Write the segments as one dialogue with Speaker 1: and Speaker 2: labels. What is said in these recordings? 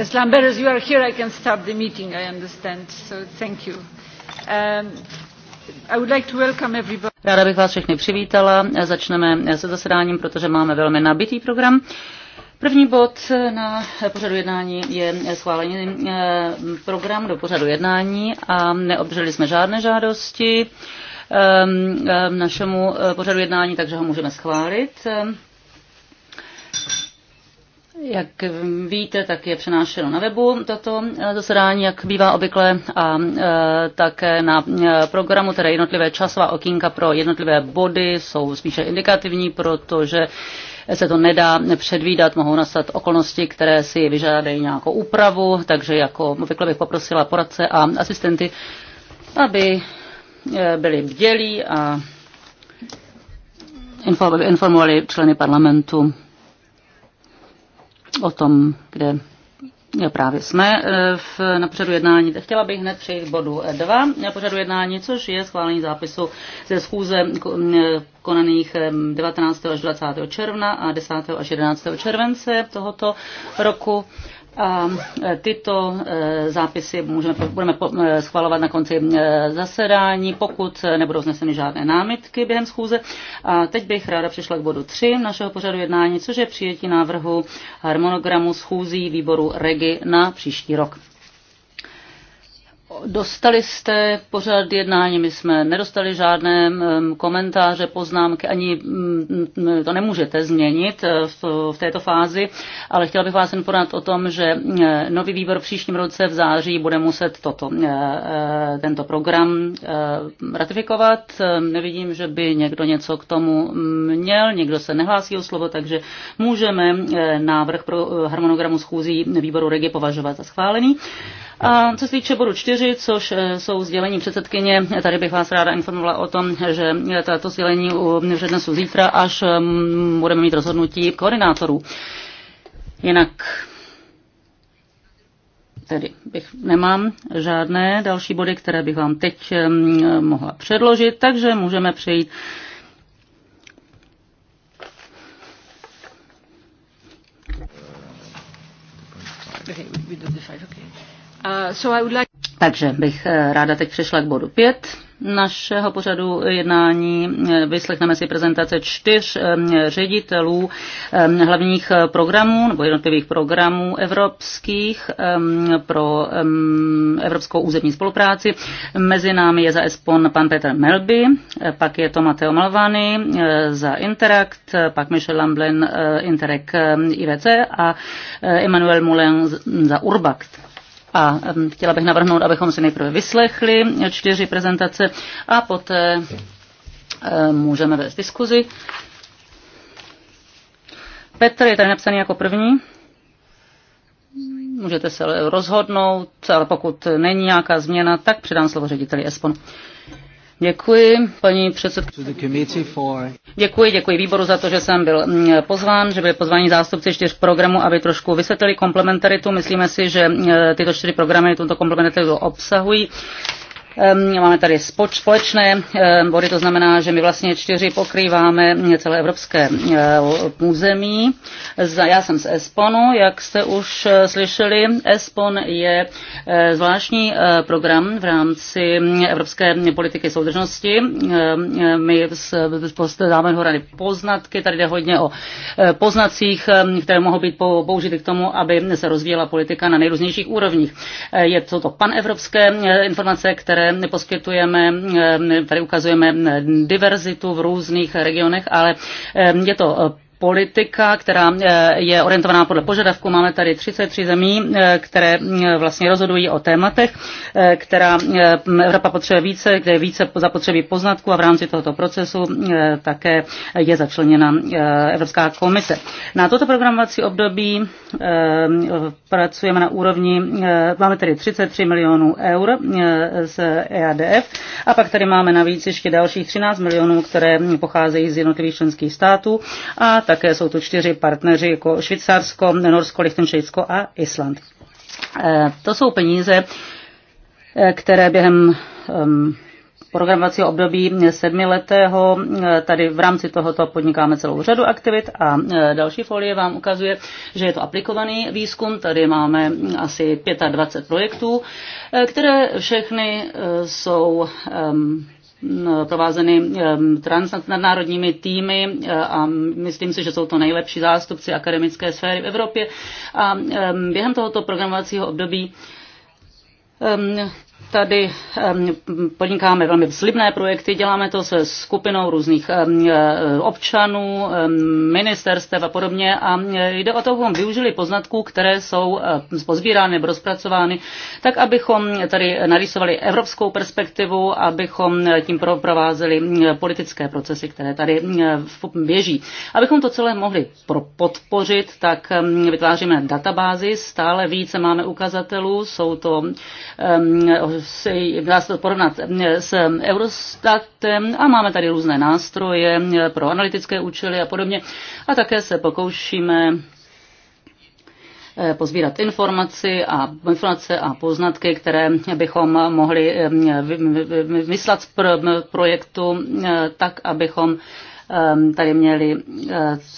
Speaker 1: Ms. Lambert, you are here, I can the meeting, I understand, so thank you.
Speaker 2: Um, Ráda bych vás všechny přivítala. Začneme se zasedáním, protože máme velmi nabitý program. První bod na pořadu jednání je schválení eh, program do pořadu jednání a neobdrželi jsme žádné žádosti ehm, ehm, našemu eh, pořadu jednání, takže ho můžeme schválit. Jak víte, tak je přenášeno na webu toto eh, zasedání, jak bývá obvykle, a eh, také na eh, programu, tedy jednotlivé časová okýnka pro jednotlivé body jsou spíše indikativní, protože se to nedá předvídat, mohou nastat okolnosti, které si vyžádají nějakou úpravu, takže jako obvykle bych poprosila poradce a asistenty, aby byli bdělí a informovali členy parlamentu o tom, kde Právě jsme eh, v, na pořadu jednání. Chtěla bych hned přejít k bodu 2 na pořadu jednání, což je schválení zápisu ze schůze eh, konaných 19. Eh, až 20. června a 10. až 11. července tohoto roku. A e, tyto e, zápisy můžeme, budeme e, schvalovat na konci zasedání, pokud nebudou vzneseny žádné námitky během schůze. A teď bych ráda přišla k bodu 3 našeho pořadu jednání, což je přijetí návrhu harmonogramu schůzí výboru REGI na příští rok. Dostali jste pořád jednání, my jsme nedostali žádné komentáře, poznámky, ani to nemůžete změnit e, v této fázi, ale chtěla bych vás informovat o tom, že e, nový výbor v příštím roce v září bude muset toto, e, tento program ratifikovat. Nevidím, že by někdo něco k tomu měl, někdo se nehlásí o slovo, takže můžeme návrh pro harmonogramu schůzí výboru regie považovat za schválený. A co se týče bodu 4, 4, což eh, jsou sdělení předsedkyně. Tady bych vás ráda informovala o tom, že tato sdělení jsou zítra, až mm, budeme mít rozhodnutí koordinátorů. Jinak tedy bych nemám žádné další body, které bych vám teď mm, mohla předložit, takže můžeme přejít Okay, we do the five, okay. Uh, Takže bych eh, ráda teď přišla k bodu 5 našeho pořadu jednání. Vyslechneme si prezentace čtyř ředitelů hlavních eh, programů nebo jednotlivých programů evropských pro evropskou územní spolupráci. Mezi námi je za ESPON pan Petr Melby, eh, pak je to Mateo Malvany za Interact, pak Michel Lamblen Interact IVC a Emmanuel Moulin za Urbact. A chtěla bych navrhnout, abychom si nejprve vyslechli čtyři prezentace a poté můžeme vést diskuzi. Petr je tady napsaný jako první. Můžete se rozhodnout, ale pokud není nějaká změna, tak předám slovo řediteli ESPON. Děkuji, paní předsedkyně. Děkuji, děkuji výboru za to, že jsem byl mm, pozván, že byli pozváni zástupci čtyř programů, aby trošku vysvětlili komplementaritu. Myslíme si, že mm, tyto čtyři programy tuto komplementaritu obsahují. Ehm, máme tady spoč, společné ehm, body, to znamená, že my vlastně čtyři pokrýváme celé evropské eh, území. Já jsem z ESPONu, jak jste už eh, slyšeli. ESPON je eh, zvláštní program v rámci evropské politiky soudržnosti. Ehm, my dáme hromady poznatky, tady jde hodně o poznacích, které mohou být použity k tomu, aby se rozvíjela politika na nejrůznějších úrovních. Je to to panevropské informace, které které poskytujeme, eh, tady ukazujeme diverzitu v různých regionech, ale eh, je to eh, politika, která je orientovaná podle požadavku. Máme tady 33 zemí, které vlastně rozhodují o tématech, která Evropa potřebuje více, kde je více zapotřebí poznatku a v rámci tohoto procesu také je začleněna Evropská komise. Na toto programovací období Ehm, pracujeme na úrovni, eh, máme tedy 33 milionů eur eh, z EADF a pak tady máme navíc ještě dalších 13 milionů, které pocházejí z jednotlivých členských států a také jsou tu čtyři partneři jako Švýcarsko, Norsko, Lichtenštejnsko a Island. Eh, to jsou peníze, které během ehm, programovacího období sedmiletého. Tady v rámci tohoto podnikáme celou řadu aktivit a e, další folie vám ukazuje, že je to aplikovaný výzkum. Tady máme asi 25 projektů, e, které všechny e, jsou no, provázeny transnárodními týmy a myslím si, že jsou to nejlepší zástupci akademické sféry v Evropě. A během tohoto programovacího období tady podnikáme velmi slibné projekty, děláme to se skupinou různých e, občanů, ministerstev a podobně a jde o to, abychom využili poznatků, které jsou pozbírány nebo rozpracovány, tak abychom tady narýsovali evropskou perspektivu, abychom tím provázeli politické procesy, které tady běží. Abychom to celé mohli podpořit, tak vytváříme databázy, stále více máme ukazatelů, jsou to si dá se to porovnat eh, s Eurostatem a máme tady různé nástroje eh, pro analytické účely a podobně. A také se pokoušíme eh, pozbírat informaci a, informace a poznatky, které bychom mohli vyslat z projektu tak, abychom tady měli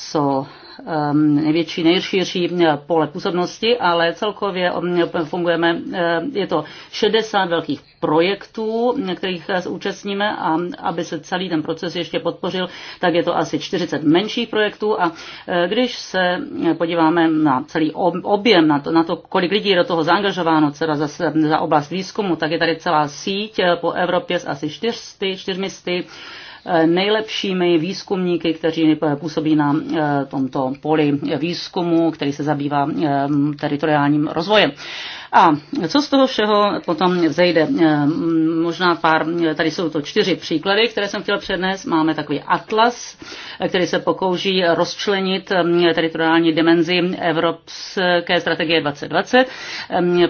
Speaker 2: co Um, největší, nejširší eh, pole působnosti, ale celkově um, fungujeme, eh, je to 60 velkých projektů, kterých se účastníme a aby se celý ten proces ještě podpořil, tak je to asi 40 menších projektů a eh, když se podíváme na celý objem, na to, na to kolik lidí je do toho zaangažováno, třeba za, za oblast výzkumu, tak je tady celá síť po Evropě s asi 400, 400 nejlepšími výzkumníky, kteří působí na eh, tomto poli výzkumu, který se zabývá eh, teritoriálním rozvojem. A co z toho všeho potom vzejde? Eh, možná pár, tady jsou to čtyři příklady, které jsem chtěl přednést. Máme takový atlas, eh, který se pokouší rozčlenit eh, teritoriální dimenzi Evropské strategie 2020.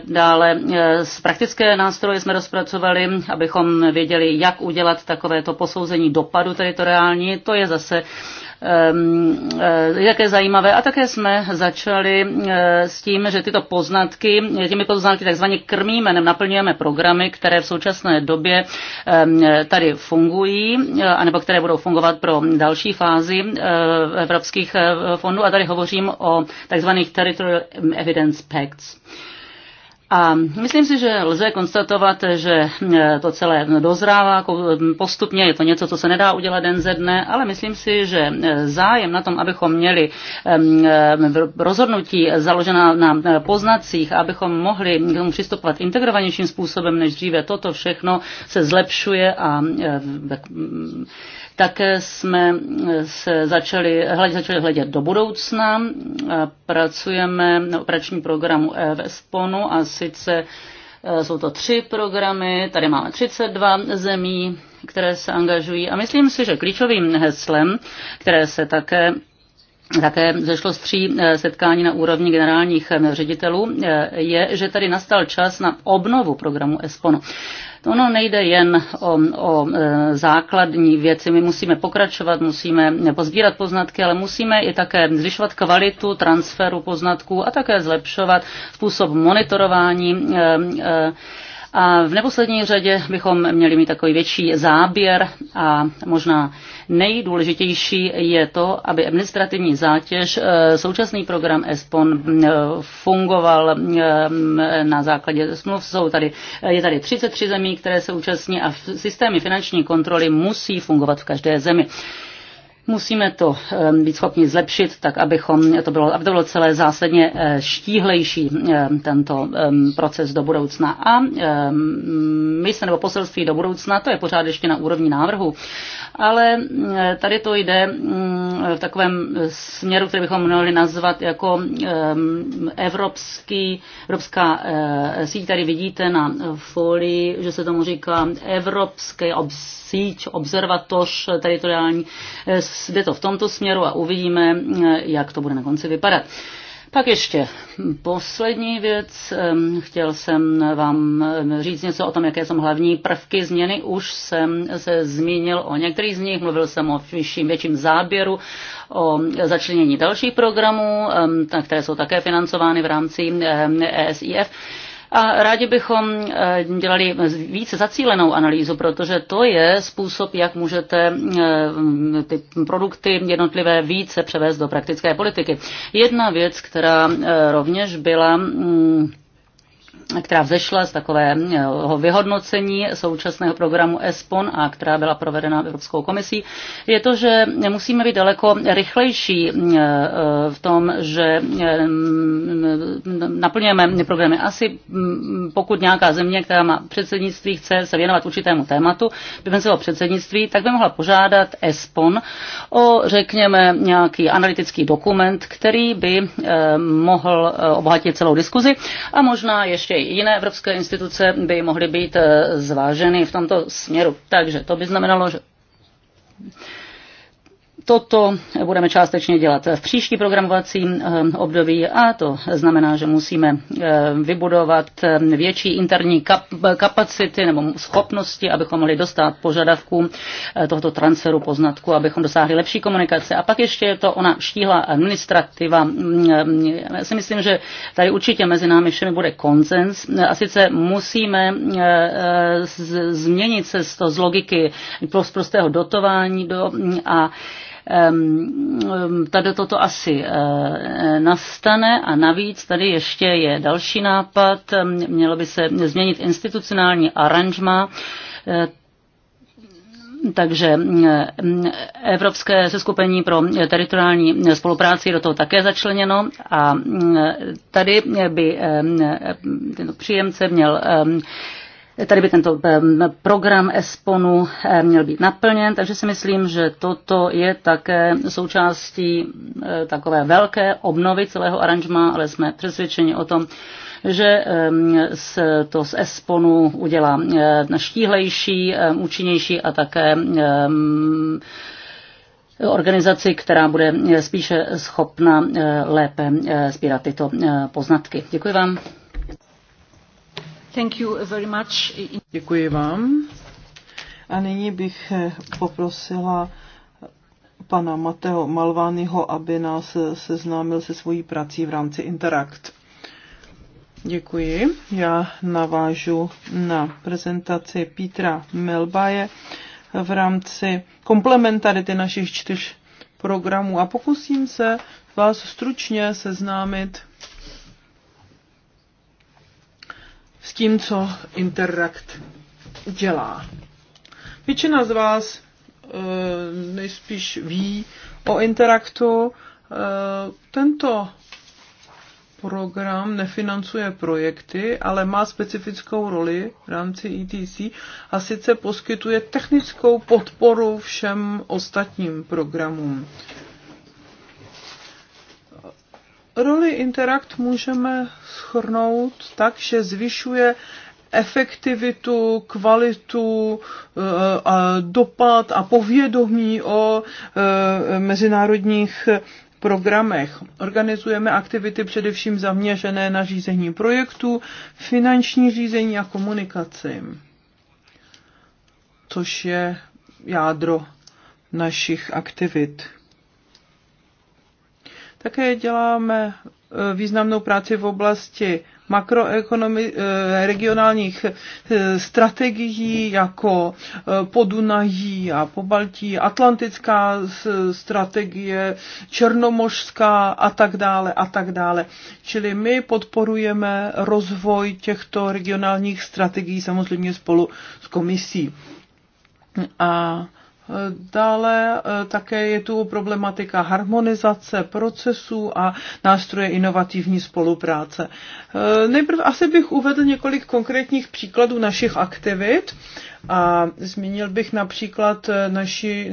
Speaker 2: Dále z praktické nástroje jsme rozpracovali, abychom věděli, jak udělat takovéto posouzení dopadu teritoriální. To je zase Ehm, eh, jaké zajímavé. A také jsme začali eh, s tím, že tyto poznatky, těmi poznatky takzvaně krmíme, naplňujeme programy, které v současné době ehm, tady fungují, eh, anebo které budou fungovat pro další fázi evropských fondů. A tady hovořím o takzvaných Territorial Evidence Pacts. A myslím si, že lze konstatovat, že e, to celé dozrává jako, e, postupně, je to něco, co se nedá udělat den ze dne, ale myslím si, že e, zájem na tom, abychom měli rozhodnutí založená na poznacích, abychom mohli k tomu přistupovat integrovanějším způsobem než dříve, toto všechno se zlepšuje a také jsme eh, se začali, hled, začali hledět do budoucna. Pracujeme na operačním programu EVSPONu a sice eh, jsou to tři programy, tady máme 32 zemí, které se angažují a myslím si, že klíčovým heslem, které se také také zešlo z tří eh, setkání na úrovni generálních ředitelů, je, že tady nastal čas na obnovu programu ESPONu. To Ono nejde jen o, o e, základní věci, my musíme pokračovat, musíme pozbírat poznatky, ale musíme i také zvyšovat kvalitu transferu poznatků a také zlepšovat způsob monitorování e, e, a v neposlední řadě bychom měli mít takový větší záběr a možná nejdůležitější je to, aby administrativní zátěž eh, současný program ESPON eh, fungoval eh, na základě smluv. Jsou tady, je tady 33 zemí, které se účastní a systémy finanční kontroly musí fungovat v každé zemi. Musíme to být schopni zlepšit, tak abychom, to bylo, aby to bylo celé zásadně eh, štíhlejší tento proces do budoucna. A mise nebo poselství do budoucna, to je pořád ještě na úrovni návrhu, ale eh, tady to jde mm, v takovém eh, směru, který bychom mohli nazvat jako evropský, evropská síť. Tady vidíte na folii, že se tomu říká Evropské obs síť, observatoř teritoriální. Eh, jde to v tomto směru a uvidíme, eh, jak to bude na konci vypadat. Pak ještě poslední věc. Ehm, chtěl jsem vám ehm, říct něco o tom, jaké jsou hlavní prvky změny. Už jsem se zmínil o některých z nich, mluvil jsem o vyšším, větším záběru, o začlenění dalších programů, ehm, které jsou také financovány v rámci ESIF. E a rádi bychom eh, dělali více zacílenou analýzu, protože to je způsob, jak můžete eh, ty produkty jednotlivé více převést do praktické politiky. Jedna věc, která eh, rovněž byla mm, která vzešla z takového vyhodnocení současného programu ESPON a která byla provedena Evropskou komisí, je to, že musíme být daleko rychlejší eh, v tom, že eh, naplňujeme programy. Asi mm, pokud nějaká země, která má předsednictví, chce se věnovat určitému tématu, se o předsednictví, tak by mohla požádat ESPON o, řekněme, nějaký analytický dokument, který by eh, mohl obohatit celou diskuzi a možná ještě ještě i jiné evropské instituce by mohly být eh, zváženy v tomto směru. Takže to by znamenalo, že Toto budeme částečně dělat v příští programovacím eh, období a to znamená, že musíme eh, vybudovat eh, větší interní kapacity nebo schopnosti, abychom mohli dostat požadavkům tohoto transferu poznatku, abychom dosáhli lepší komunikace. A pak ještě je to ona štíhla administrativa. Mm, já si myslím, že tady určitě mezi námi všemi bude konsens a sice musíme změnit se z, to, z logiky prostého dotování do, mm, a Tady toto asi eh, nastane a navíc tady ještě je další nápad. Mělo by se změnit institucionální aranžma eh, takže eh, Evropské seskupení pro teritoriální spolupráci je do toho také začleněno a mm, tady by tento příjemce měl Tady by tento program ESPONu měl být naplněn, takže si myslím, že toto je také součástí e, takové velké obnovy celého aranžma, ale jsme přesvědčeni o tom, že to z ESPONu udělá e, štíhlejší, účinnější a také organizaci, která bude spíše schopna e, lépe sbírat tyto poznatky. Děkuji vám.
Speaker 3: Děkuji vám. A nyní bych eh, poprosila pana Mateo Malványho, aby nás eh, seznámil se svojí prací v rámci Interact. Děkuji. Já navážu na prezentaci Petra Melbaje v rámci komplementarity našich čtyř programů a pokusím se vás stručně seznámit s tím, co Interact dělá. Většina z vás eh, nejspíš ví o Interaktu. Eh, tento program nefinancuje projekty, ale má specifickou roli v rámci ETC a sice poskytuje technickou podporu všem ostatním programům. Roli Interact můžeme schrnout tak, že zvyšuje efektivitu, kvalitu, eh, a dopad a povědomí o eh, mezinárodních programech. Organizujeme aktivity především zaměřené na řízení projektů, finanční řízení a komunikaci, což je jádro našich aktivit. Také děláme e, významnou práci v oblasti e, regionálních e, strategií jako Podunají a Pobaltí, Atlantická strategie, Černomořská a tak dále a tak dále. Čili my podporujeme rozvoj těchto regionálních strategií samozřejmě spolu s komisí. A Dále eh, také je tu problematika harmonizace procesů a nástroje inovativní spolupráce. Eh, nejprve asi bych uvedl několik konkrétních příkladů našich aktivit a zmínil bych například eh, naši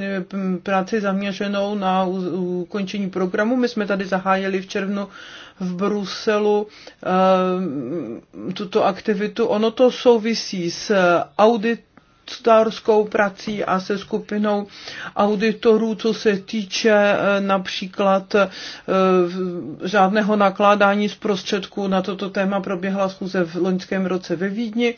Speaker 3: práci zaměřenou na ukončení programu. My jsme tady zahájili v červnu v Bruselu tuto aktivitu. Ono to souvisí s audit auditorskou prací a se skupinou auditorů, co se týče eh, například žádného eh, nakládání z prostředků. Na toto téma proběhla schůze v loňském roce ve Vídni.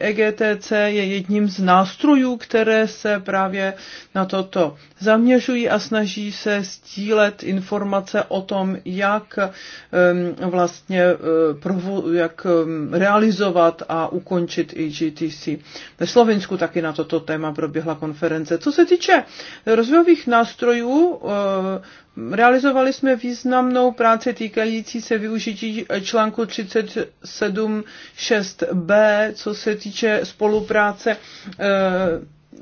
Speaker 3: EGTC je jedním z nástrojů, které se právě na toto zaměřují a snaží se stílet informace o tom, jak ehm, vlastně eh, jak ehm, realizovat a ukončit EGTC. Ve slovy Slovinsku taky na toto téma proběhla konference. Co se týče rozvojových nástrojů, eh, realizovali jsme významnou práci týkající se využití článku 37.6b, co se týče spolupráce eh,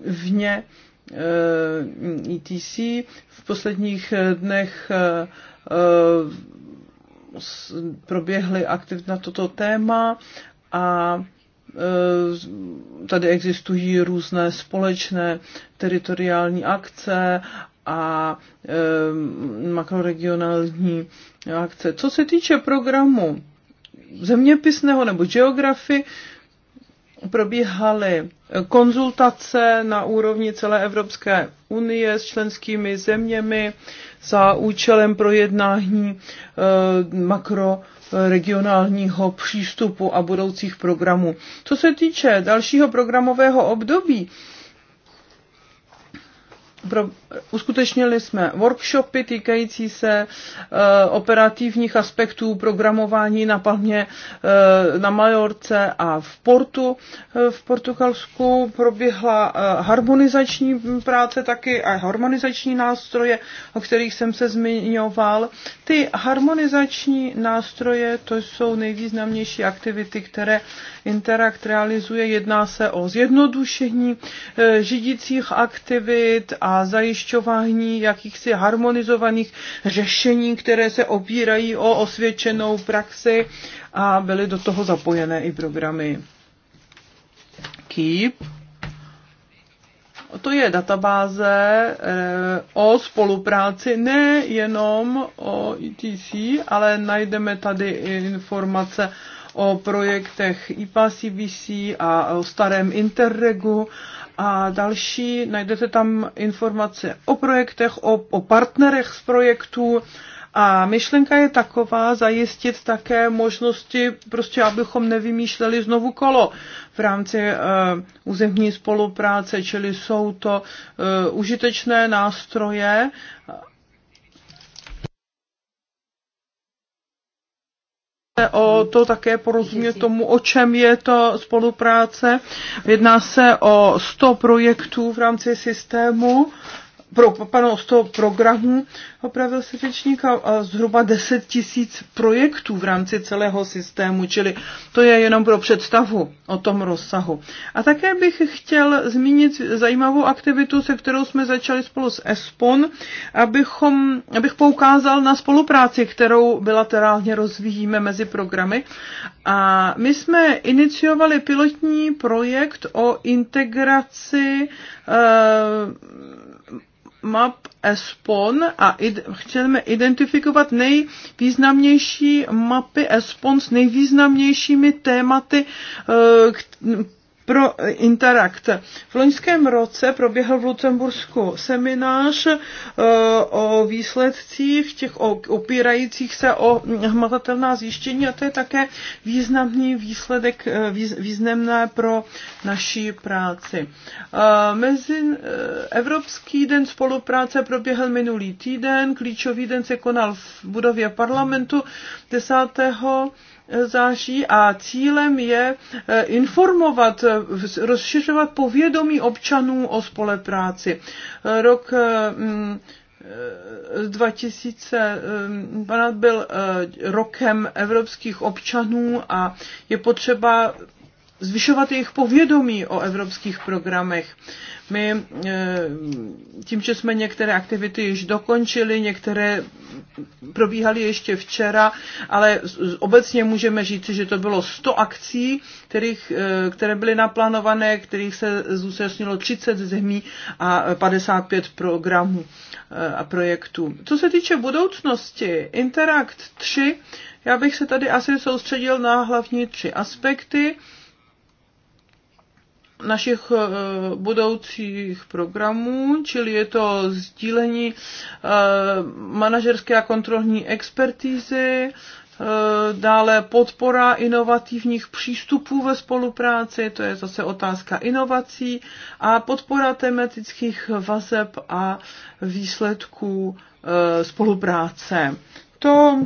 Speaker 3: vně ETC. Eh, v posledních dnech proběhly aktiv na toto téma a Eh, tady existují různé společné teritoriální akce a eh, makroregionální akce. Co se týče programu zeměpisného nebo geografy, probíhaly konzultace na úrovni celé Evropské unie s členskými zeměmi za účelem projednání eh, makro regionálního přístupu a budoucích programů. Co se týče dalšího programového období, pro, uskutečnili jsme workshopy týkající se e, operativních aspektů programování na Palmě, e, na Majorce a v Portu. E, v Portugalsku proběhla e, harmonizační práce taky a harmonizační nástroje, o kterých jsem se zmiňoval. Ty harmonizační nástroje, to jsou nejvýznamnější aktivity, které Interact realizuje. Jedná se o zjednodušení židicích eh, aktivit a zajišťování jakýchsi harmonizovaných řešení, které se opírají o osvědčenou praxi a byly do toho zapojené i programy Keep. To je databáze eh, o spolupráci nejenom o ETC, ale najdeme tady informace o projektech IPA CBC a o starém Interregu a další. Najdete tam informace o projektech, o, o partnerech z projektů. A myšlenka je taková zajistit také možnosti, prostě abychom nevymýšleli znovu kolo v rámci uh, územní spolupráce, čili jsou to uh, užitečné nástroje, se o to také porozumět tomu, o čem je to spolupráce. Jedná se o 100 projektů v rámci systému pro, pardon, toho programu opravil se řečník, a, a zhruba 10 tisíc projektů v rámci celého systému, čili to je jenom pro představu o tom rozsahu. A také bych chtěl zmínit zajímavou aktivitu, se kterou jsme začali spolu s ESPON, abychom, abych poukázal na spolupráci, kterou bilaterálně rozvíjíme mezi programy. A my jsme iniciovali pilotní projekt o integraci e, Map ESPON a id- chceme identifikovat nejvýznamnější mapy ESPON s nejvýznamnějšími tématy, eh, pro e, Interact. V loňském roce proběhl v Lucembursku seminář e, o výsledcích těch opírajících se o hmatatelná zjištění a to je také významný výsledek, e, významné pro naší práci. Mezi Evropský den spolupráce proběhl minulý týden, klíčový den se konal v budově parlamentu 10 září a cílem je eh, informovat, eh, rozšiřovat povědomí občanů o spolupráci. Rok 2012 eh, mm, byl rokem evropských občanů a je potřeba zvyšovat jejich povědomí o evropských programech. My e, tím, že jsme některé aktivity již dokončili, některé probíhaly ještě včera, ale obecně můžeme říci, že to bylo 100 akcí, kterých, e, které byly naplánované, kterých se zúčastnilo 30 zemí a 55 programů e, a projektů. Co se týče budoucnosti, Interact 3, já bych se tady asi soustředil na hlavní tři aspekty našich eh, budoucích programů, čili je to sdílení eh, manažerské a kontrolní expertízy, eh, dále podpora inovativních přístupů ve spolupráci, to je zase otázka inovací, a podpora tematických vazeb a výsledků spolupráce. To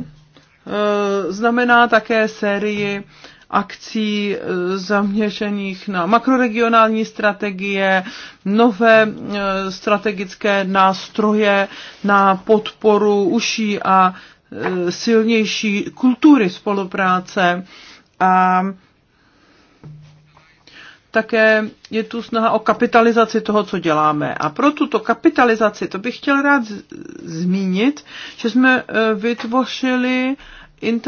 Speaker 3: znamená také sérii akcí eh, zaměřených na makroregionální strategie, nové eh, strategické nástroje na podporu uší a eh, silnější kultury spolupráce. A také je tu snaha o kapitalizaci toho, co děláme. A pro tuto kapitalizaci, to bych chtěl rád zmínit, že jsme vytvořili Eh,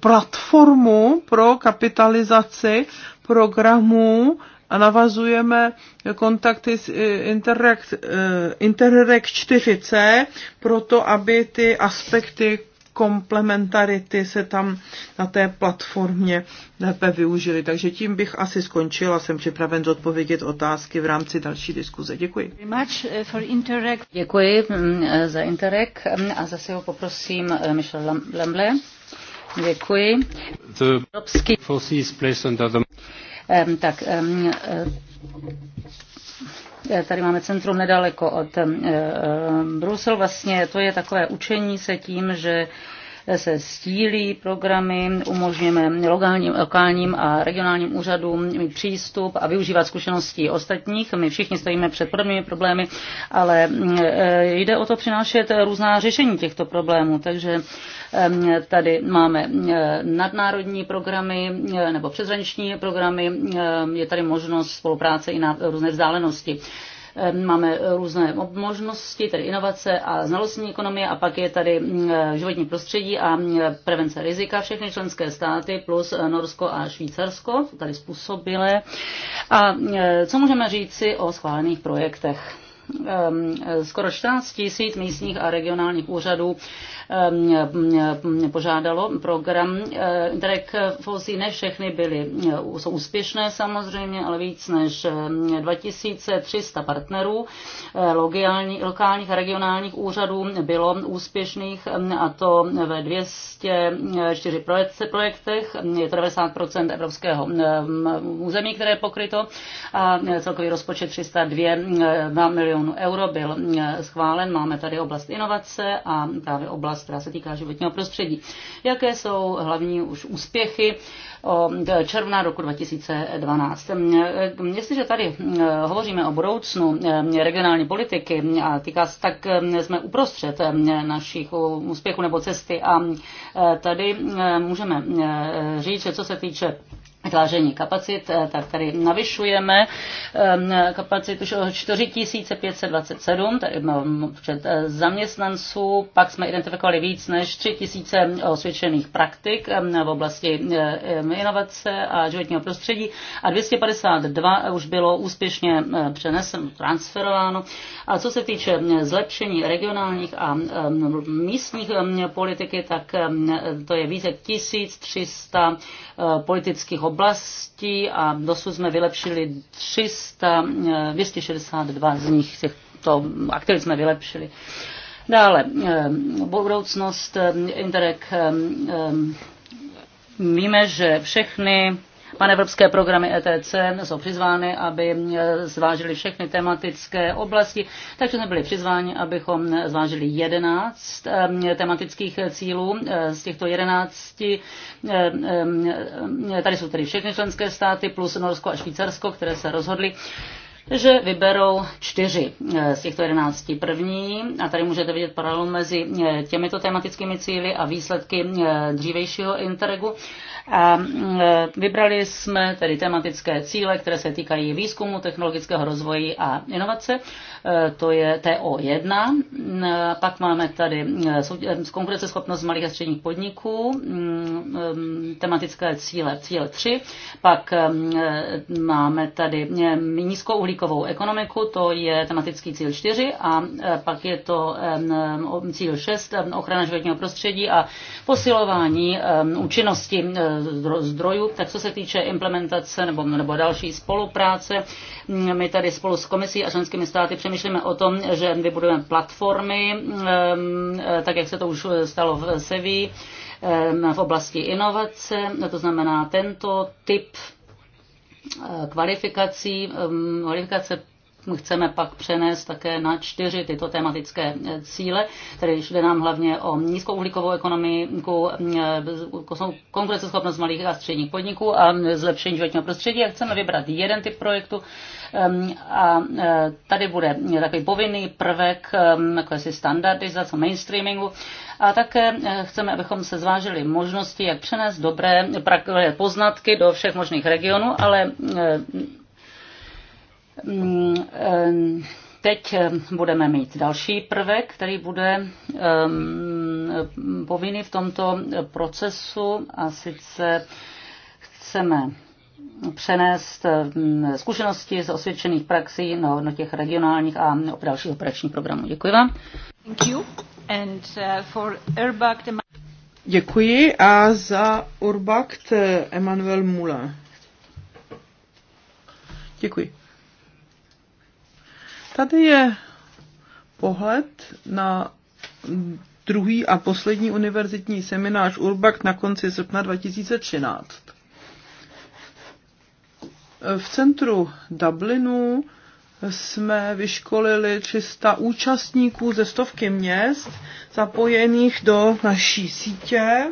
Speaker 3: platformu pro kapitalizaci programů a navazujeme kontakty s eh, eh, Interreg, 4C, proto aby ty aspekty komplementarity se tam na té platformě lépe využili. Takže tím bych asi skončila. Jsem připraven zodpovědět otázky v rámci další diskuze. Děkuji.
Speaker 2: Děkuji mm, za Interreg mm, a zase ho poprosím Michel Lemble. Děkuji. Evropský... Tak e, tady máme centrum nedaleko od e, e, Brusel. Vlastně to je takové učení se tím, že se stílí programy, umožňujeme lokálním, lokálním a regionálním úřadům mít přístup a využívat zkušeností ostatních. My všichni stojíme před podobnými problémy, ale eh, jde o to přinášet různá řešení těchto problémů. Takže ehm, tady máme eh, nadnárodní programy eh, nebo přezraniční programy, ehm, je tady možnost spolupráce i na různé vzdálenosti. Ehm, máme eh, různé možnosti, tedy inovace a znalostní ekonomie a pak je tady mm, eh, životní prostředí a mm, eh, prevence rizika. Všechny členské státy plus Norsko a Švýcarsko tady způsobilé. A mm, co můžeme říci o schválených projektech? Ehm, skoro 14 tisíc místních a regionálních úřadů Ehm, ehm, požádalo program eh, Interreg Fosí. Ne všechny byly, eh, jsou úspěšné samozřejmě, ale víc než 2300 ehm, partnerů eh, lokálních a regionálních úřadů bylo úspěšných a to ve 204 projektech. Je to 90% evropského území, které je pokryto a celkový rozpočet 302 milionů euro byl schválen. Máme tady oblast inovace a právě oblast oblast, která se týká životního prostředí. Jaké jsou hlavní už úspěchy od června roku 2012? Jestliže tady hovoříme o budoucnu regionální politiky a týká se, tak jsme uprostřed našich úspěchů nebo cesty a tady můžeme říct, že co se týče vytváření kapacit, eh, tak tady navyšujeme ehm, kapacitu o 4527 počet ehm, eh, zaměstnanců, pak jsme identifikovali víc než 3000 osvědčených praktik ehm, v oblasti eh, inovace a životního prostředí a 252 už bylo úspěšně přenesen, transferováno. A co se týče zlepšení regionálních a místních politiky, tak to je více 1300 Eh, politických oblastí a dosud jsme vylepšili 300, 262 eh, z nich, těchto aktivit jsme vylepšili. Dále, eh, budoucnost Interreg Víme, že všechny Panevropské programy ETC jsou přizvány, aby eh, zvážili všechny tematické oblasti, takže jsme byli přizváni, abychom zvážili 11 eh, tematických cílů. Eh, z těchto 11 tady jsou tedy všechny členské státy plus Norsko a Švýcarsko, které se rozhodly že vyberou čtyři z těchto jedenácti první. A tady můžete vidět paralelu mezi těmito tematickými cíly a výsledky dřívejšího Interregu. A mm, eh, vybrali jsme tedy tematické cíle, které se týkají výzkumu, technologického rozvoje a inovace. Eh, to je TO1. Mm, eh, pak máme tady konkurenceschopnost malých a středních podniků, mm, tematické cíle, cíl 3. Pak máme tady nízkouhlíkovou ekonomiku, to je tematický cíl 4 a pak je to cíl 6, ochrana životního prostředí a posilování účinnosti zdrojů. Tak co se týče implementace nebo, nebo další spolupráce, mm, my tady spolu s komisí a členskými státy přemýšlíme o tom, že vybudujeme platformy, eh, tak jak se to už stalo v Seví, v oblasti inovace, to znamená tento typ eh, kvalifikací, kvalifikace chceme pak přenést také na čtyři tyto tematické eh, cíle, tedy jde nám hlavně o nízkouhlíkovou ekonomiku, eh, konkurenceschopnost malých a středních podniků a zlepšení životního prostředí a chceme vybrat jeden typ projektu eh, a tady bude takový povinný prvek jakési standardizace, mainstreamingu a také chceme, abychom se zvážili možnosti, jak přenést dobré poznatky do všech možných regionů, ale Mm, teď budeme mít další prvek, který bude povinný v tomto procesu a sice chceme přenést zkušenosti z osvědčených praxí na hodnotě regionálních a dalších operačních programů. Děkuji vám.
Speaker 1: Thank you. And, uh, for
Speaker 3: Děkuji a za Urbakt Emanuel Mula. Děkuji. Tady je pohled na druhý a poslední univerzitní seminář Urbak na konci srpna 2013. V centru Dublinu jsme vyškolili 300 účastníků ze stovky měst zapojených do naší sítě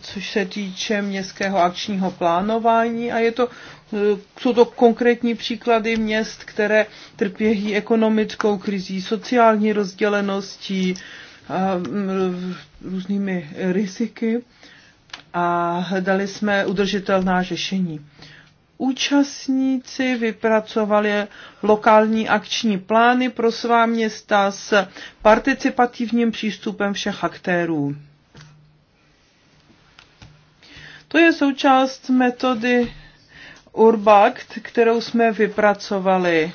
Speaker 3: což se týče městského akčního plánování a je to, eh, jsou to konkrétní příklady měst, které trpějí ekonomickou krizí, sociální rozděleností, a mm, různými riziky a hledali jsme udržitelná řešení. Účastníci vypracovali lokální akční plány pro svá města s participativním přístupem všech aktérů. To je součást metody Urbact, kterou jsme vypracovali.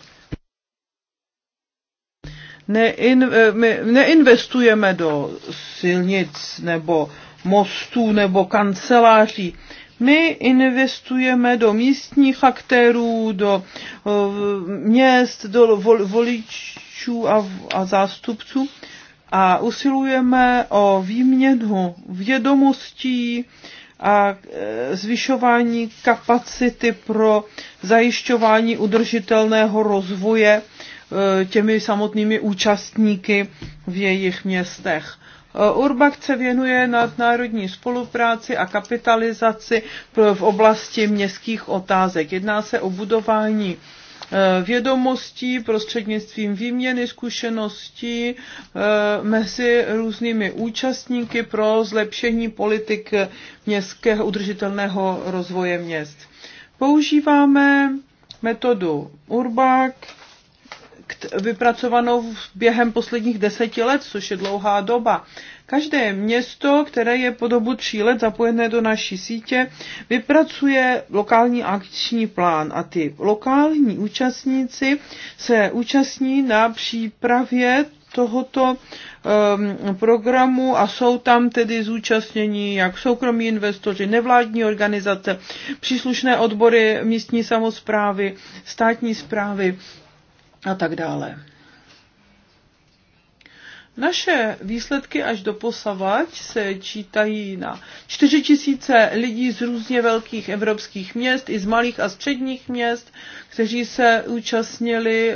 Speaker 3: Nein, eh, my neinvestujeme do silnic nebo mostů nebo kanceláří. My investujeme do místních aktérů, do eh, měst, do voličů a, a zástupců a usilujeme o výměnu vědomostí, a e, zvyšování kapacity pro zajišťování udržitelného rozvoje e, těmi samotnými účastníky v jejich městech. E, Urbak se věnuje nadnárodní spolupráci a kapitalizaci v oblasti městských otázek. Jedná se o budování Eh, vědomostí, prostřednictvím výměny zkušeností eh, mezi různými účastníky pro zlepšení politik městského udržitelného rozvoje měst. Používáme metodu Urbak, vypracovanou během posledních deseti let, což je dlouhá doba. Každé město, které je po dobu tří let zapojené do naší sítě, vypracuje lokální akční plán a ty lokální účastníci se účastní na přípravě tohoto um, programu a jsou tam tedy zúčastnění jak soukromí investoři, nevládní organizace, příslušné odbory místní samozprávy, státní zprávy a tak dále. Naše výsledky až do posavať se čítají na 4 tisíce lidí z různě velkých evropských měst i z malých a středních měst, kteří se účastnili eh,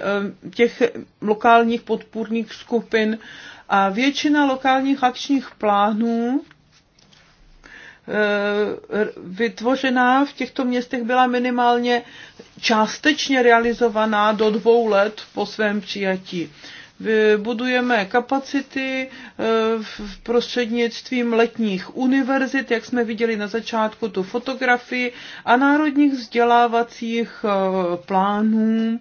Speaker 3: těch lokálních podpůrných skupin a většina lokálních akčních plánů eh, vytvořená v těchto městech byla minimálně částečně realizovaná do dvou let po svém přijatí. Eh, budujeme kapacity eh, v prostřednictvím letních univerzit, jak jsme viděli na začátku tu fotografii, a národních vzdělávacích eh, plánů.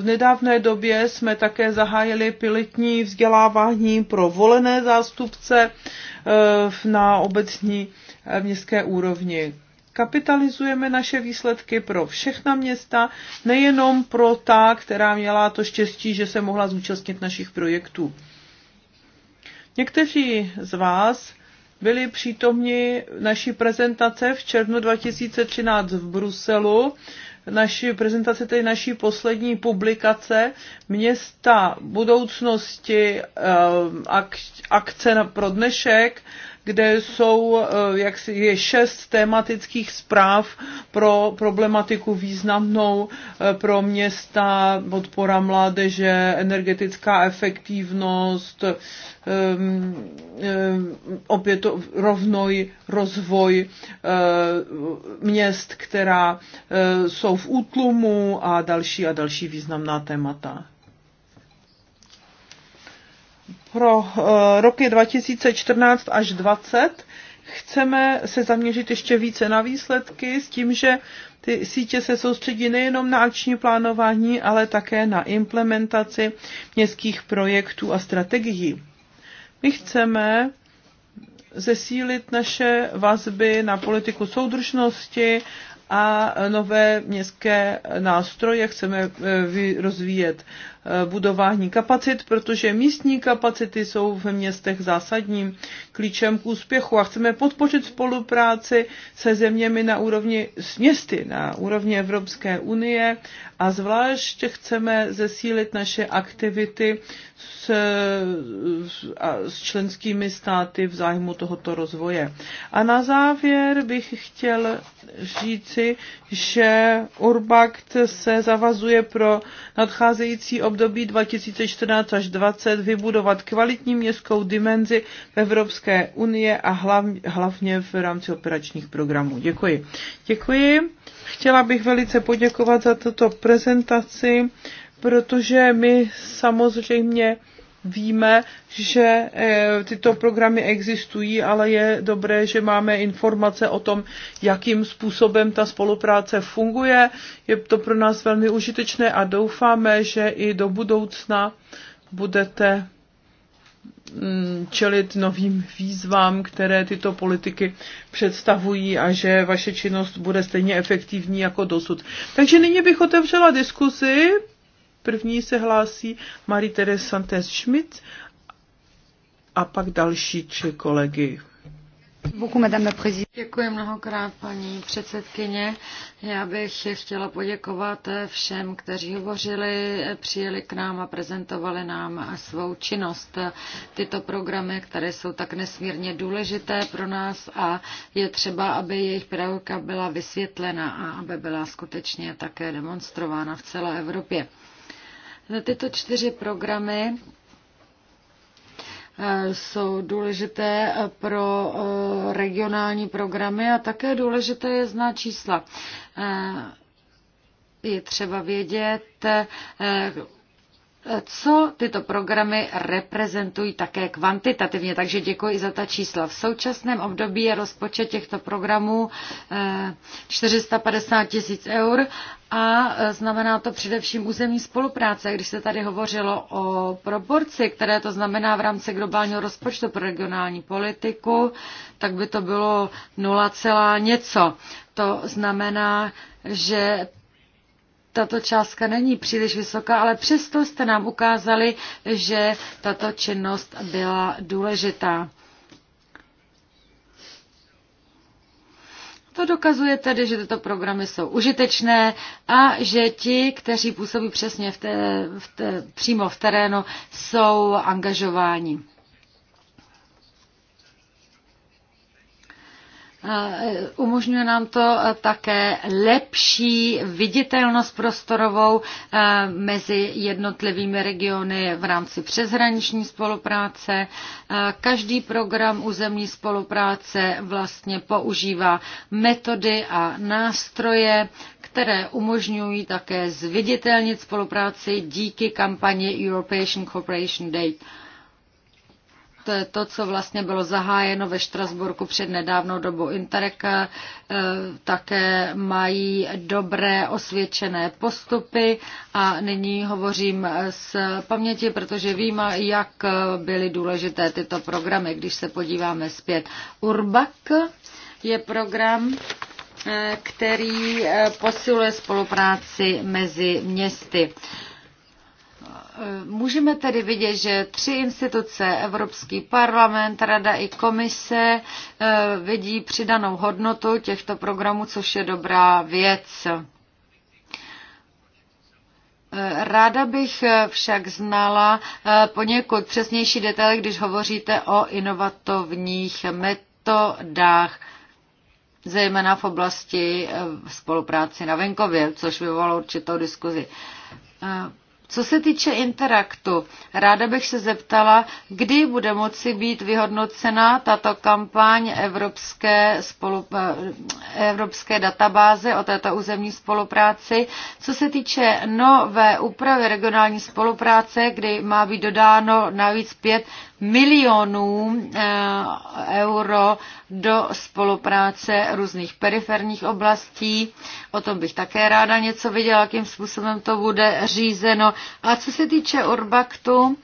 Speaker 3: V nedávné době jsme také zahájili pilotní vzdělávání pro volené zástupce na obecní městské úrovni kapitalizujeme naše výsledky pro všechna města, nejenom pro ta, která měla to štěstí, že se mohla zúčastnit našich projektů. Někteří z vás byli přítomni naší prezentace v červnu 2013 v Bruselu, naší prezentace, tedy naší poslední publikace Města budoucnosti eh, akce pro dnešek kde jsou eh, jak je šest tematických zpráv pro problematiku významnou eh, pro města, podpora mládeže, energetická efektivnost, ehm, ehm, opět rovnoj rozvoj eh, měst, která jsou v útlumu a další a další významná témata pro eh, roky 2014 až 2020 chceme se zaměřit ještě více na výsledky s tím, že ty sítě se soustředí nejenom na akční plánování, ale také na implementaci městských projektů a strategií. My chceme zesílit naše vazby na politiku soudržnosti a nové městské nástroje. Chceme eh, rozvíjet Eh, budování kapacit, protože místní kapacity jsou v městech zásadním klíčem k úspěchu a chceme podpořit spolupráci se zeměmi na úrovni s městy, na úrovni Evropské unie a zvlášť chceme zesílit naše aktivity s, s členskými státy v zájmu tohoto rozvoje. A na závěr bych chtěl říci, že Urbact se zavazuje pro nadcházející období období 2014 až 2020 vybudovat kvalitní městskou dimenzi v Evropské unie a hlavně v rámci operačních programů. Děkuji. Děkuji. Chtěla bych velice poděkovat za tuto prezentaci, protože my samozřejmě víme, že eh, tyto programy existují, ale je dobré, že máme informace o tom, jakým způsobem ta spolupráce funguje. Je to pro nás velmi užitečné a doufáme, že i do budoucna budete mm, čelit novým výzvám, které tyto politiky představují a že vaše činnost bude stejně efektivní jako dosud. Takže nyní bych otevřela diskuzi První se hlásí Marie-Therese Santés Schmidt a pak další tři kolegy.
Speaker 1: Děkuji mnohokrát, paní předsedkyně. Já bych chtěla poděkovat všem, kteří hovořili, přijeli k nám a prezentovali nám svou činnost. Tyto programy, které jsou tak nesmírně důležité pro nás a je třeba, aby jejich pedagogika byla vysvětlena a aby byla skutečně také demonstrována v celé Evropě. Tyto čtyři programy eh, jsou důležité pro eh, regionální programy a také důležité je znát čísla. Eh, je třeba vědět, co tyto programy reprezentují také kvantitativně. Takže děkuji za ta čísla. V současném období je rozpočet těchto programů 450 eh, tisíc eur a eh, znamená to především územní spolupráce. Když se tady hovořilo o proporci, které to znamená v rámci globálního rozpočtu pro regionální politiku, tak by to bylo 0, něco. To znamená, že tato částka není příliš vysoká, ale přesto jste nám ukázali, že tato činnost byla důležitá. To dokazuje tedy, že tyto programy jsou užitečné a že ti, kteří působí přesně v té, v té, přímo v terénu, jsou angažováni. E, umožňuje nám to e, také lepší viditelnost prostorovou e, mezi jednotlivými regiony v rámci přeshraniční spolupráce. Každý program územní spolupráce vlastně používá metody a nástroje, které umožňují také zviditelnit spolupráci díky kampani European Cooperation Day. To je to, co vlastně bylo zahájeno ve Štrasburku před nedávnou dobou. Interreg eh, také mají dobré osvědčené postupy a nyní hovořím z paměti, protože vím, jak byly důležité tyto programy, když se podíváme zpět. Urbak je program, eh, který eh, posiluje spolupráci mezi městy. Eh, můžeme tedy vidět, že tři instituce, Evropský parlament, Rada i komise, eh, vidí přidanou hodnotu těchto programů, což je dobrá věc. Eh, ráda bych však znala poněkud přesnější detaily, když hovoříte o inovativních metodách zejména v oblasti spolupráce na venkově, což vyvolalo určitou diskuzi. Co se týče Interaktu, ráda bych se zeptala, kdy bude moci být vyhodnocena tato kampaň Evropské, spolu, eh, Evropské databáze o této územní spolupráci. Co se týče nové úpravy regionální spolupráce, kdy má být dodáno navíc pět milionů eh, euro do spolupráce různých periferních oblastí. O tom bych také ráda něco viděla, jakým způsobem to bude řízeno. A co se týče Urbaktu,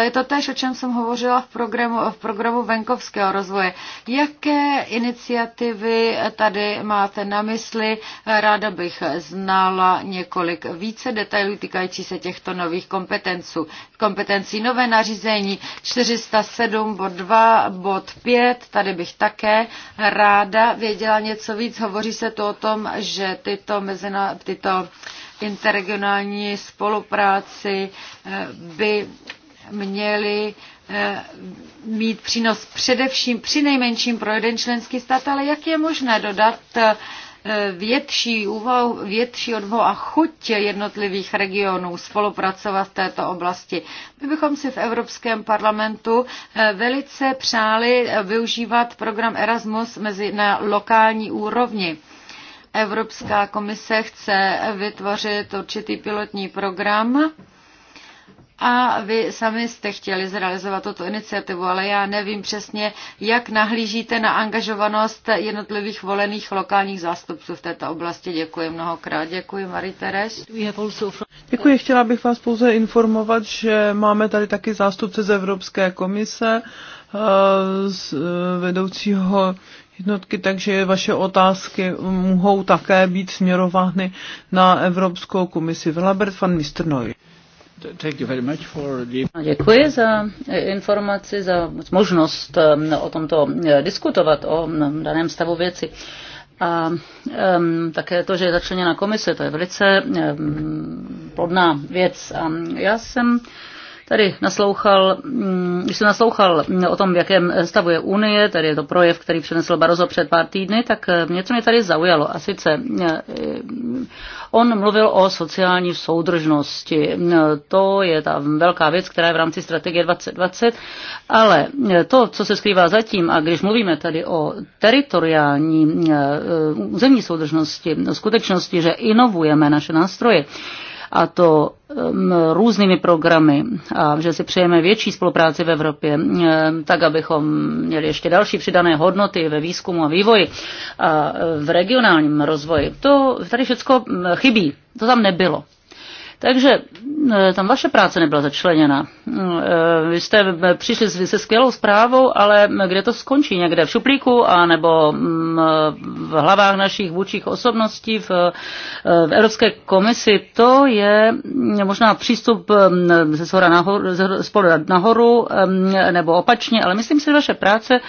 Speaker 1: je to též, o čem jsem hovořila v programu, v programu venkovského rozvoje. Jaké iniciativy tady máte na mysli? Ráda bych znala několik více detailů týkající se těchto nových kompetenců. Kompetencí nové nařízení 407 bod 2 bod 5. Tady bych také ráda věděla něco víc. Hovoří se tu o tom, že tyto, mezina, tyto interregionální spolupráci eh, by měly eh, mít přínos především při nejmenším pro jeden členský stát, ale jak je možné dodat eh, větší, úvahu, větší odvo a chuť jednotlivých regionů spolupracovat v této oblasti. My bychom si v Evropském parlamentu eh, velice přáli využívat program Erasmus mezi na lokální úrovni. Evropská komise chce vytvořit určitý pilotní program, a vy sami jste chtěli zrealizovat tuto iniciativu, ale já nevím přesně, jak nahlížíte na angažovanost jednotlivých volených lokálních zástupců v této oblasti. Děkuji mnohokrát. Děkuji, Marie Tereš.
Speaker 3: Děkuji. Chtěla bych vás pouze informovat, že máme tady taky zástupce z Evropské komise, eh, z eh, vedoucího jednotky, takže vaše otázky mohou také být směrovány na Evropskou komisi. Vlabert van Mistrnoj. Děkuji
Speaker 2: za informaci, za
Speaker 3: možnost
Speaker 2: um, o tomto uh, diskutovat, o um, daném stavu věci. A um, také to, že je začleněna komise, to je velice um, plodná věc. A já jsem uh, Tady naslouchal, mm, když jsem naslouchal mm, o tom, v jakém stavu je Unie, tady je to projev, který přinesl Barozo před pár týdny, tak eh, něco mě tady zaujalo. A sice eh, eh, on mluvil o sociální soudržnosti. No, to je ta velká věc, která je v rámci strategie 2020, ale to, co se skrývá zatím, a když mluvíme tady o teritoriální zemní soudržnosti, skutečnosti, že inovujeme naše nástroje, a to různými programy a že si přejeme větší spolupráci v Evropě, tak abychom měli ještě další přidané hodnoty ve výzkumu a vývoji a v regionálním rozvoji. To tady všechno chybí, to tam nebylo. Takže e, tam vaše práce nebyla začleněna. Mm, e, vy jste e, přišli se skvělou zprávou, ale kde to skončí? Někde v šuplíku a nebo mm, v hlavách našich vůčích osobností v, v Evropské komisi? To je mm, možná přístup ze spodu nahoru nebo opačně, ale myslím si, že vaše práce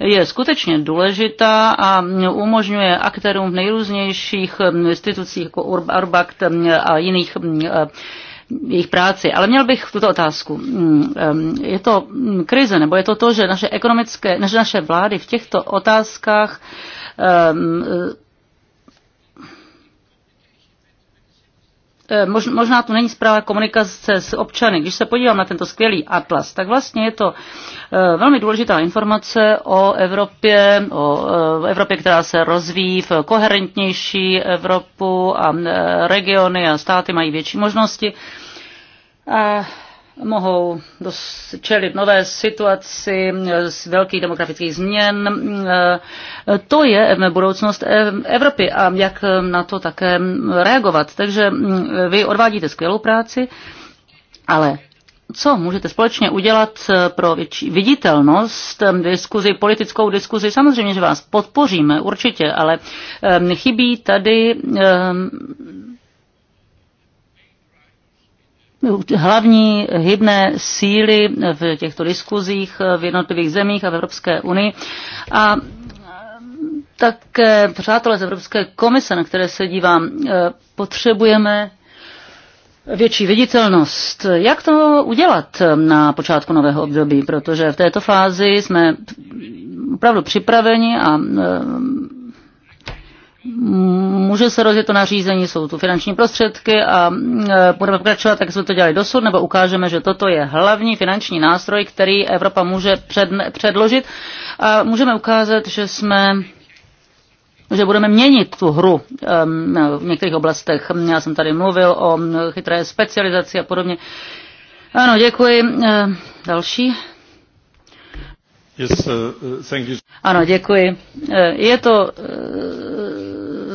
Speaker 2: je skutečně důležitá a umožňuje aktérům v nejrůznějších institucích jako Urbakt a jiných e, jejich práci. Ale měl bych tuto otázku. E, je to krize, nebo je to to, že naše ekonomické, naše, naše vlády v těchto otázkách e, Eh, možná to není správná komunikace s občany. Když se podívám na tento skvělý atlas, tak vlastně je to eh, velmi důležitá informace o Evropě, o eh, Evropě, která se rozvíjí v koherentnější Evropu a regiony a státy mají větší možnosti. A mohou čelit nové situaci z velkých demografických změn. To je budoucnost Evropy a jak na to také reagovat. Takže vy odvádíte skvělou práci, ale co můžete společně udělat pro větší viditelnost, diskuzi, politickou diskuzi. Samozřejmě, že vás podpoříme, určitě, ale ehm, chybí tady ehm, hlavní hybné síly v těchto diskuzích v jednotlivých zemích a v Evropské unii. A tak přátelé z Evropské komise, na které se dívám, eh, potřebujeme větší viditelnost. Jak to udělat na počátku nového období? Protože v této fázi jsme opravdu připraveni a eh, Může se rozjet to nařízení, jsou tu finanční prostředky a e, budeme pokračovat, tak jsme to dělali dosud, nebo ukážeme, že toto je hlavní finanční nástroj, který Evropa může před, předložit a můžeme ukázat, že jsme že budeme měnit tu hru v některých oblastech. Já jsem tady mluvil o chytré specializaci a podobně. Ano, děkuji. E, další. Uh, uh, ano, děkuji. Eh, je to eh,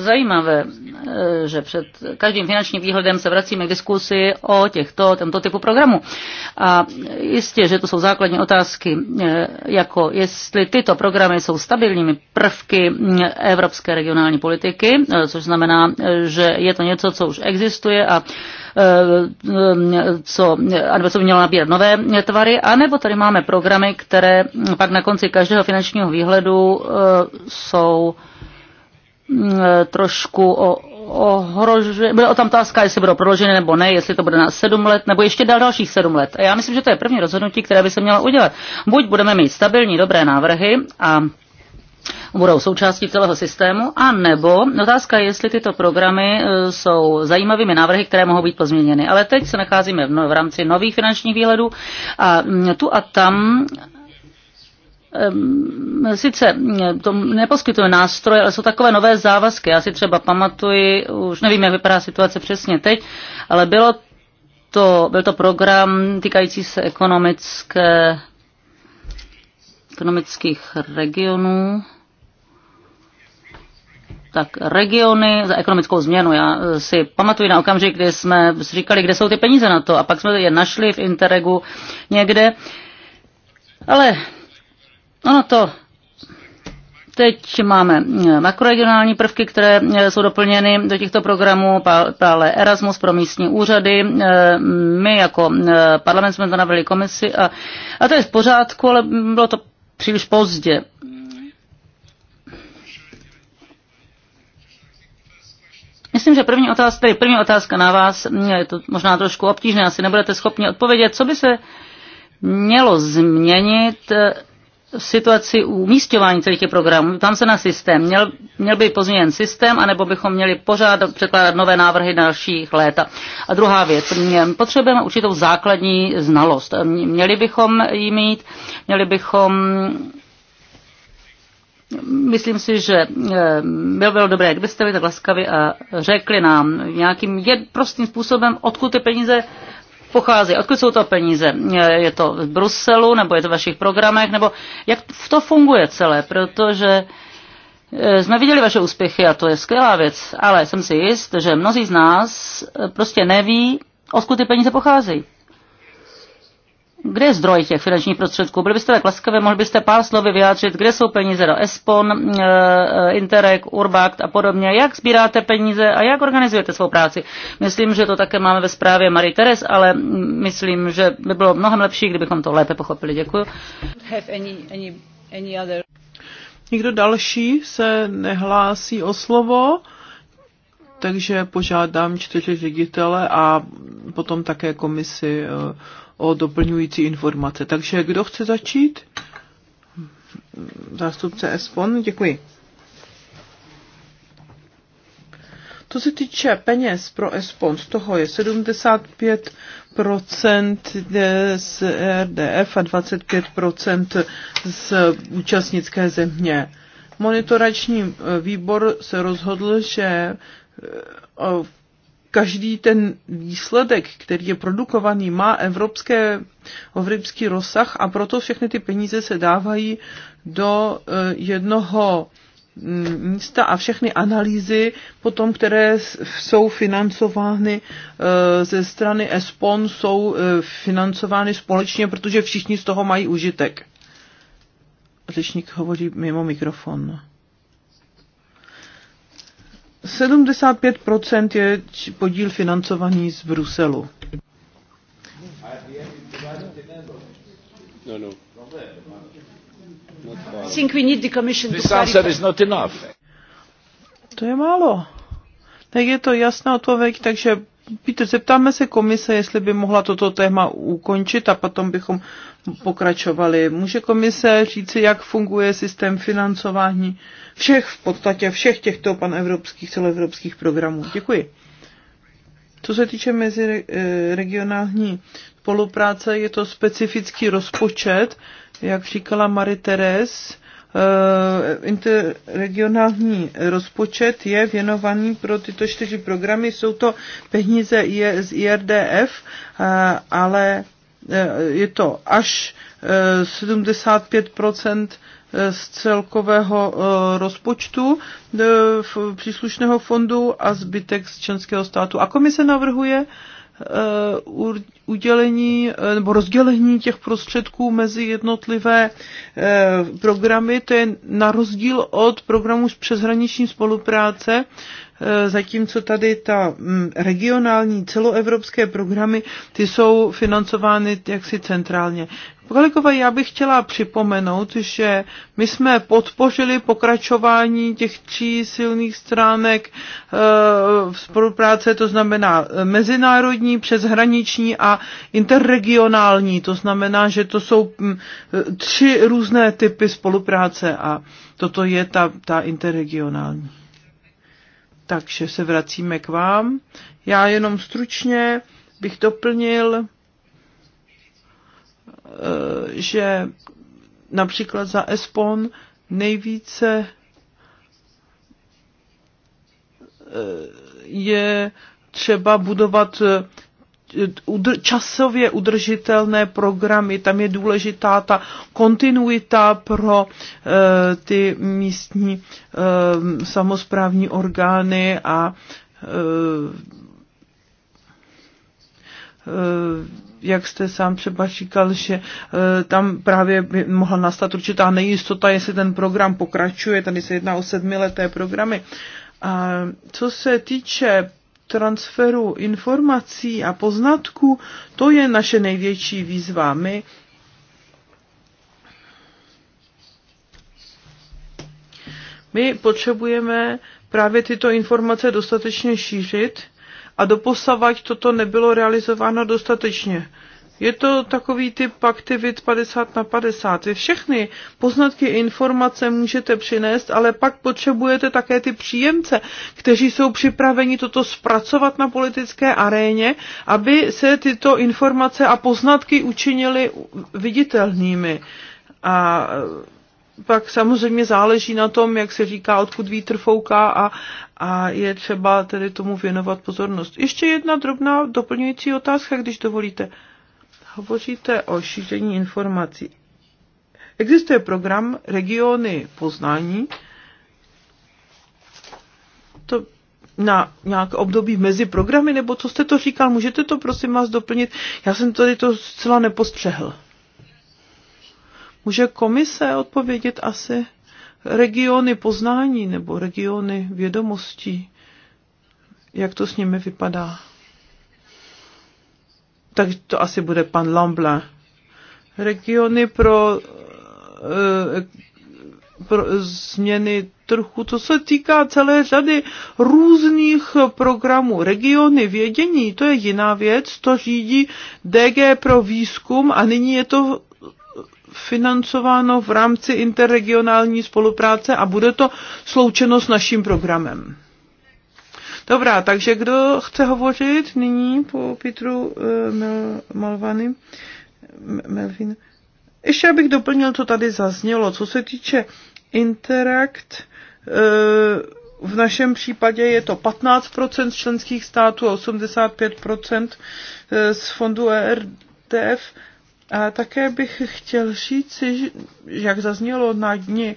Speaker 2: zajímavé Eh, že před každým finančním výhledem se vracíme k diskusi o těchto, tomto typu programu. A jistě, že to jsou základní otázky, eh, jako jestli tyto programy jsou stabilními prvky eh, evropské regionální politiky, což znamená, že je to něco, co už existuje a co, anebo co by mělo nabírat nové tvary, anebo tady máme programy, které hm, pak na konci každého finančního výhledu jsou hm, trošku o ohrožuje, byla tam otázka, jestli budou prodlouženy nebo ne, jestli to bude na sedm let, nebo ještě dal dalších sedm let. A já myslím, že to je první rozhodnutí, které by se mělo udělat. Buď budeme mít stabilní, dobré návrhy a budou součástí celého systému, a nebo otázka jestli tyto programy e, jsou zajímavými návrhy, které mohou být pozměněny. Ale teď se nacházíme v, no, v rámci nových finančních výhledů a mm, tu a tam Ehm, sice eh, to neposkytuje nástroje, ale jsou takové nové závazky. Já si třeba pamatuji, už nevím, jak vypadá situace přesně teď, ale bylo to, byl to program týkající se ekonomické, ekonomických regionů tak regiony za ekonomickou změnu. Já eh, si pamatuju na okamžik, kdy jsme říkali, kde jsou ty peníze na to a pak jsme je našli v Interregu někde. Ale Ono to Teď máme eh, makroregionální prvky, které eh, jsou doplněny do těchto programů, ale Erasmus pro místní úřady. Eh, My jako parlament jsme to navrhli komisi a, a to je v pořádku, ale bylo to příliš pozdě. Myslím, že první otázka, tedy první otázka na vás, mm, je to možná trošku obtížné, asi nebudete schopni odpovědět, co by se mělo změnit situaci umístěvání celých těch programů. Tam se na systém. Měl, měl by pozměněn systém, anebo bychom měli pořád překládat nové návrhy dalších léta. A druhá věc. Potřebujeme určitou základní znalost. Měli bychom ji mít, měli bychom Myslím si, že eh, bylo, velmi dobré, kdybyste byli tak laskavi a řekli nám nějakým prostým způsobem, odkud ty peníze pochází, odkud jsou to peníze? Je to v Bruselu, nebo je to v vašich programech, nebo jak to funguje celé, protože e, jsme viděli vaše úspěchy a to je skvělá věc, ale jsem si jist, že mnozí z nás prostě neví, odkud ty peníze pocházejí. Kde je zdroj těch finančních prostředků? Byli byste tak laskavé, mohli byste pár slovy vyjádřit, kde jsou peníze do ESPON, eh, eh, Interreg, Urbact a podobně. Jak sbíráte peníze a jak organizujete svou práci? Myslím, že to také máme ve zprávě Marie Teres, ale myslím, že by bylo mnohem lepší, kdybychom to lépe pochopili. Děkuji.
Speaker 3: Nikdo další se nehlásí o slovo, takže požádám čtyři ředitele a potom také komisi eh, o doplňující informace. Takže kdo chce začít? Zástupce ESPON, děkuji. Co se týče peněz pro ESPON, z toho je 75% z RDF a 25% z účastnické země. Monitorační výbor se rozhodl, že eh, každý ten výsledek, který je produkovaný, má evropské, evropský rozsah a proto všechny ty peníze se dávají do e, jednoho mm, místa a všechny analýzy potom, které jsou financovány e, ze strany ESPON, jsou e, financovány společně, protože všichni z toho mají užitek. Řečník hovoří mimo mikrofon. 75 je podíl financovaný z Bruselu.
Speaker 1: No, no.
Speaker 2: I think we need the commission to This answer is not enough.
Speaker 3: To je málo. Tak je to jasná odpověď, takže Peter, zeptáme se komise, jestli by mohla toto téma ukončit a potom bychom pokračovali. Může komise říci, jak funguje systém financování všech v podstatě všech těchto panevropských, celoevropských programů. Děkuji. Co se týče meziregionální eh, spolupráce, je to specifický rozpočet, jak říkala Marie Teres, eh, interregionální rozpočet je věnovaný pro tyto čtyři programy. Jsou to peníze z IRDF, eh, ale Eh, je to až 75 eh, eh, z celkového rozpočtu příslušného fondu a zbytek z členského státu. A komise navrhuje udělení nebo rozdělení těch prostředků mezi jednotlivé programy, to je na rozdíl od programů s přeshraniční spolupráce, E, zatímco tady ta mm, regionální celoevropské programy, ty jsou financovány jaksi centrálně. Kolegové, já bych chtěla připomenout, že my jsme podpořili pokračování těch tří silných stránek e, v spolupráce, to znamená mezinárodní, přeshraniční a interregionální. To znamená, že to jsou mm, tři různé typy spolupráce a toto je ta, ta interregionální. Takže se vracíme k vám. Já jenom stručně bych doplnil, eh, že například za ESPON nejvíce eh, je třeba budovat eh, časově udržitelné programy, tam je důležitá ta kontinuita pro eh, ty místní eh, samozprávní orgány a eh, jak jste sám třeba říkal, že tam právě by mohla nastat určitá nejistota, jestli ten program pokračuje, tady se jedná o sedmileté programy. A co se týče transferu informací a poznatků, to je naše největší výzva. My My potřebujeme právě tyto informace dostatečně šířit a doposavať toto nebylo realizováno dostatečně. Je to takový typ aktivit 50 na 50. Vy všechny poznatky informace můžete přinést, ale pak potřebujete také ty příjemce, kteří jsou připraveni toto zpracovat na politické aréně, aby se tyto informace a poznatky učinily viditelnými. A pak samozřejmě záleží na tom, jak se říká, odkud vítr fouká a, a je třeba tedy tomu věnovat pozornost. Ještě jedna drobná doplňující otázka, když dovolíte hovoříte o šíření informací. Existuje program Regiony poznání, to na nějaké období mezi programy, nebo co jste to říkal, můžete to prosím vás doplnit? Já jsem tady to zcela nepostřehl. Může komise odpovědět asi regiony poznání nebo regiony vědomostí? Jak to s nimi vypadá? tak to asi bude pan Lambla. Regiony pro, eh, pro změny trhu, to se týká celé řady různých programů. Regiony vědění, to je jiná věc, to řídí DG pro výzkum a nyní je to financováno v rámci interregionální spolupráce a bude to sloučeno s naším programem. Dobrá, takže kdo chce hovořit nyní po Petru eh, Mel, Malvany? Melvin. Ještě abych doplnil, co tady zaznělo. Co se týče interakt, eh, v našem případě je to 15% z členských států a 85% eh, z fondu ERDF. A také bych chtěl říct, že, jak zaznělo na dní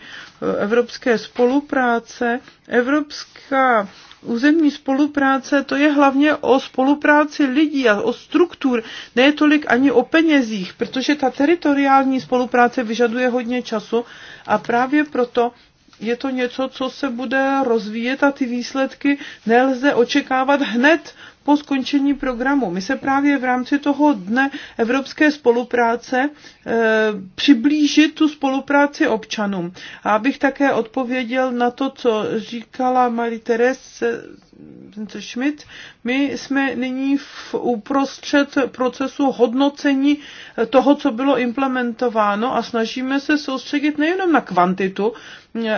Speaker 3: evropské spolupráce, Evropská územní spolupráce, to je hlavně o spolupráci lidí a o struktur, ne tolik ani o penězích, protože ta teritoriální spolupráce vyžaduje hodně času a právě proto je to něco, co se bude rozvíjet a ty výsledky nelze očekávat hned po skončení programu. My se právě v rámci toho dne evropské spolupráce e, přiblížit tu spolupráci občanům. A abych také odpověděl na to, co říkala Marie Therese Schmidt, my jsme nyní v uprostřed procesu hodnocení toho, co bylo implementováno a snažíme se soustředit nejenom na kvantitu,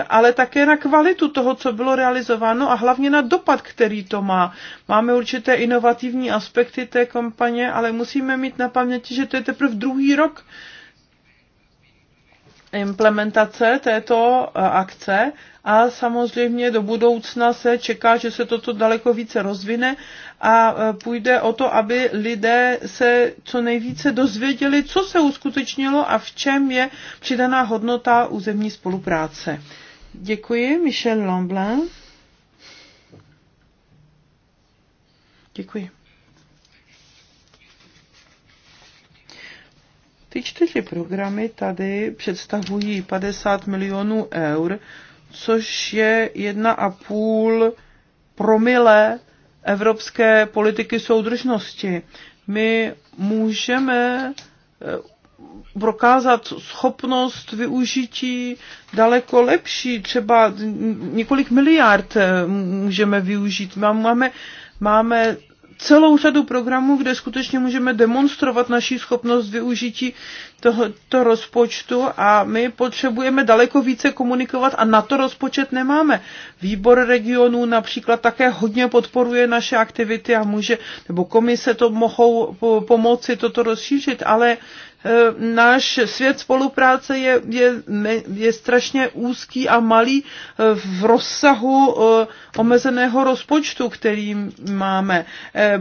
Speaker 3: ale také na kvalitu toho, co bylo realizováno a hlavně na dopad, který to má. Máme určité inovativní aspekty té kampaně, ale musíme mít na paměti, že to je teprve druhý rok, implementace této eh, akce a samozřejmě do budoucna se čeká, že se toto daleko více rozvine a eh, půjde o to, aby lidé se co nejvíce dozvěděli, co se uskutečnilo a v čem je přidaná hodnota územní spolupráce. Děkuji, Michel Lamblin. Děkuji. Ty čtyři programy tady představují 50 milionů eur, což je 1,5 promile evropské politiky soudržnosti. My můžeme eh, prokázat schopnost využití daleko lepší, třeba několik miliard eh, můžeme využít. Máme, máme celou řadu programů, kde skutečně můžeme demonstrovat naší schopnost využití tohoto rozpočtu a my potřebujeme daleko více komunikovat a na to rozpočet nemáme. Výbor regionů například také hodně podporuje naše aktivity a může, nebo komise to mohou pomoci toto rozšířit, ale Eh, náš svět spolupráce je, je, je strašně úzký a malý eh, v rozsahu eh, omezeného rozpočtu, který máme.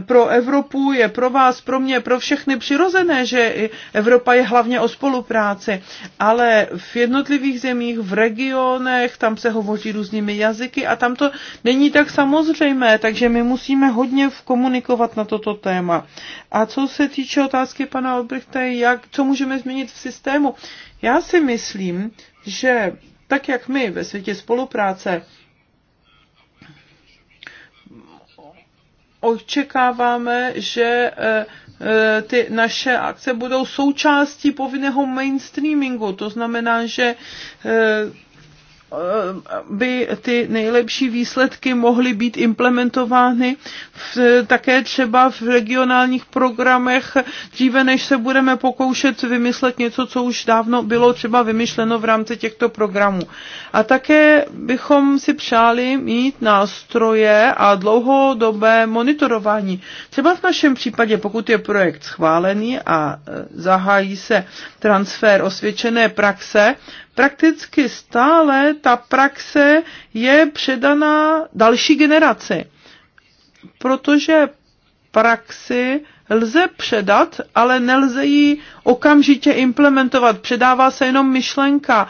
Speaker 3: Pro Evropu je pro vás, pro mě, pro všechny přirozené, že Evropa je hlavně o spolupráci, ale v jednotlivých zemích, v regionech, tam se hovoří různými jazyky a tam to není tak samozřejmé, takže my musíme hodně komunikovat na toto téma. A co se týče otázky pana Obrichta, jak co můžeme změnit v systému. Já si myslím, že tak jak my ve světě spolupráce očekáváme, že eh, eh, ty naše akce budou součástí povinného mainstreamingu. To znamená, že eh, Eh, by ty nejlepší výsledky mohly být implementovány v, také třeba v regionálních programech, dříve než se budeme pokoušet vymyslet něco, co už dávno bylo třeba vymyšleno v rámci těchto programů. A také bychom si přáli mít nástroje a dlouhodobé monitorování. Třeba v našem případě, pokud je projekt schválený a eh, zahájí se transfer osvědčené praxe, prakticky stále ta praxe je předaná další generaci. Protože praxi lze předat, ale nelze ji okamžitě implementovat. Předává se jenom myšlenka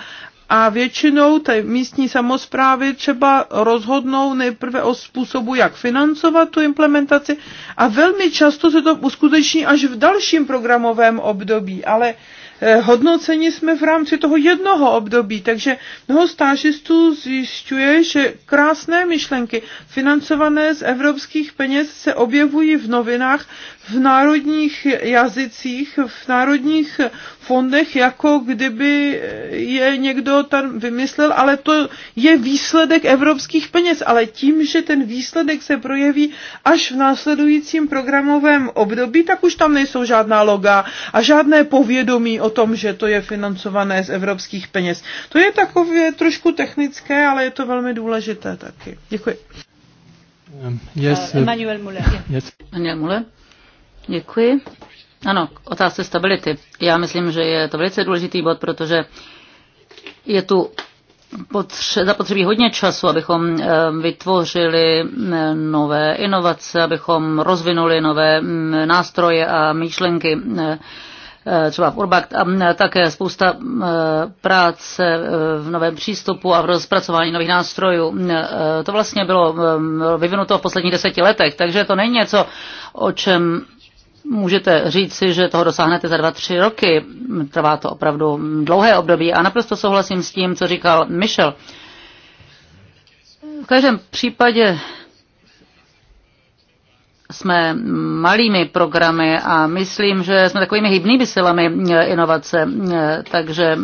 Speaker 3: a většinou ty místní samozprávy třeba rozhodnou nejprve o způsobu, jak financovat tu implementaci a velmi často se to uskuteční až v dalším programovém období, ale Eh, hodnoceni jsme v rámci toho jednoho období, takže mnoho stážistů zjišťuje, že krásné myšlenky financované z evropských peněz se objevují v novinách v národních jazycích, v národních fondech, jako kdyby je někdo tam vymyslel, ale to je výsledek evropských peněz. Ale tím, že ten výsledek se projeví až v následujícím programovém období, tak už tam nejsou žádná loga a žádné povědomí o tom, že to je financované z evropských peněz. To je takové trošku technické, ale je to velmi důležité taky. Děkuji. Um, yes, uh, Emmanuel Muller. Yes.
Speaker 2: Emmanuel Muller. Děkuji. Ano, otázce stability. Já myslím, že je to velice důležitý bod, protože je tu potře- zapotřebí hodně času, abychom eh, vytvořili eh, nové inovace, abychom rozvinuli nové mm, nástroje a myšlenky eh, třeba v Urbakt a také spousta práce v novém přístupu a v rozpracování nových nástrojů. To vlastně bylo vyvinuto v posledních deseti letech, takže to není něco, o čem můžete říct si, že toho dosáhnete za dva, tři roky. Trvá to opravdu dlouhé období a naprosto souhlasím s tím, co říkal Michel. V každém případě jsme malými programy a myslím, že jsme takovými hybnými silami inovace, takže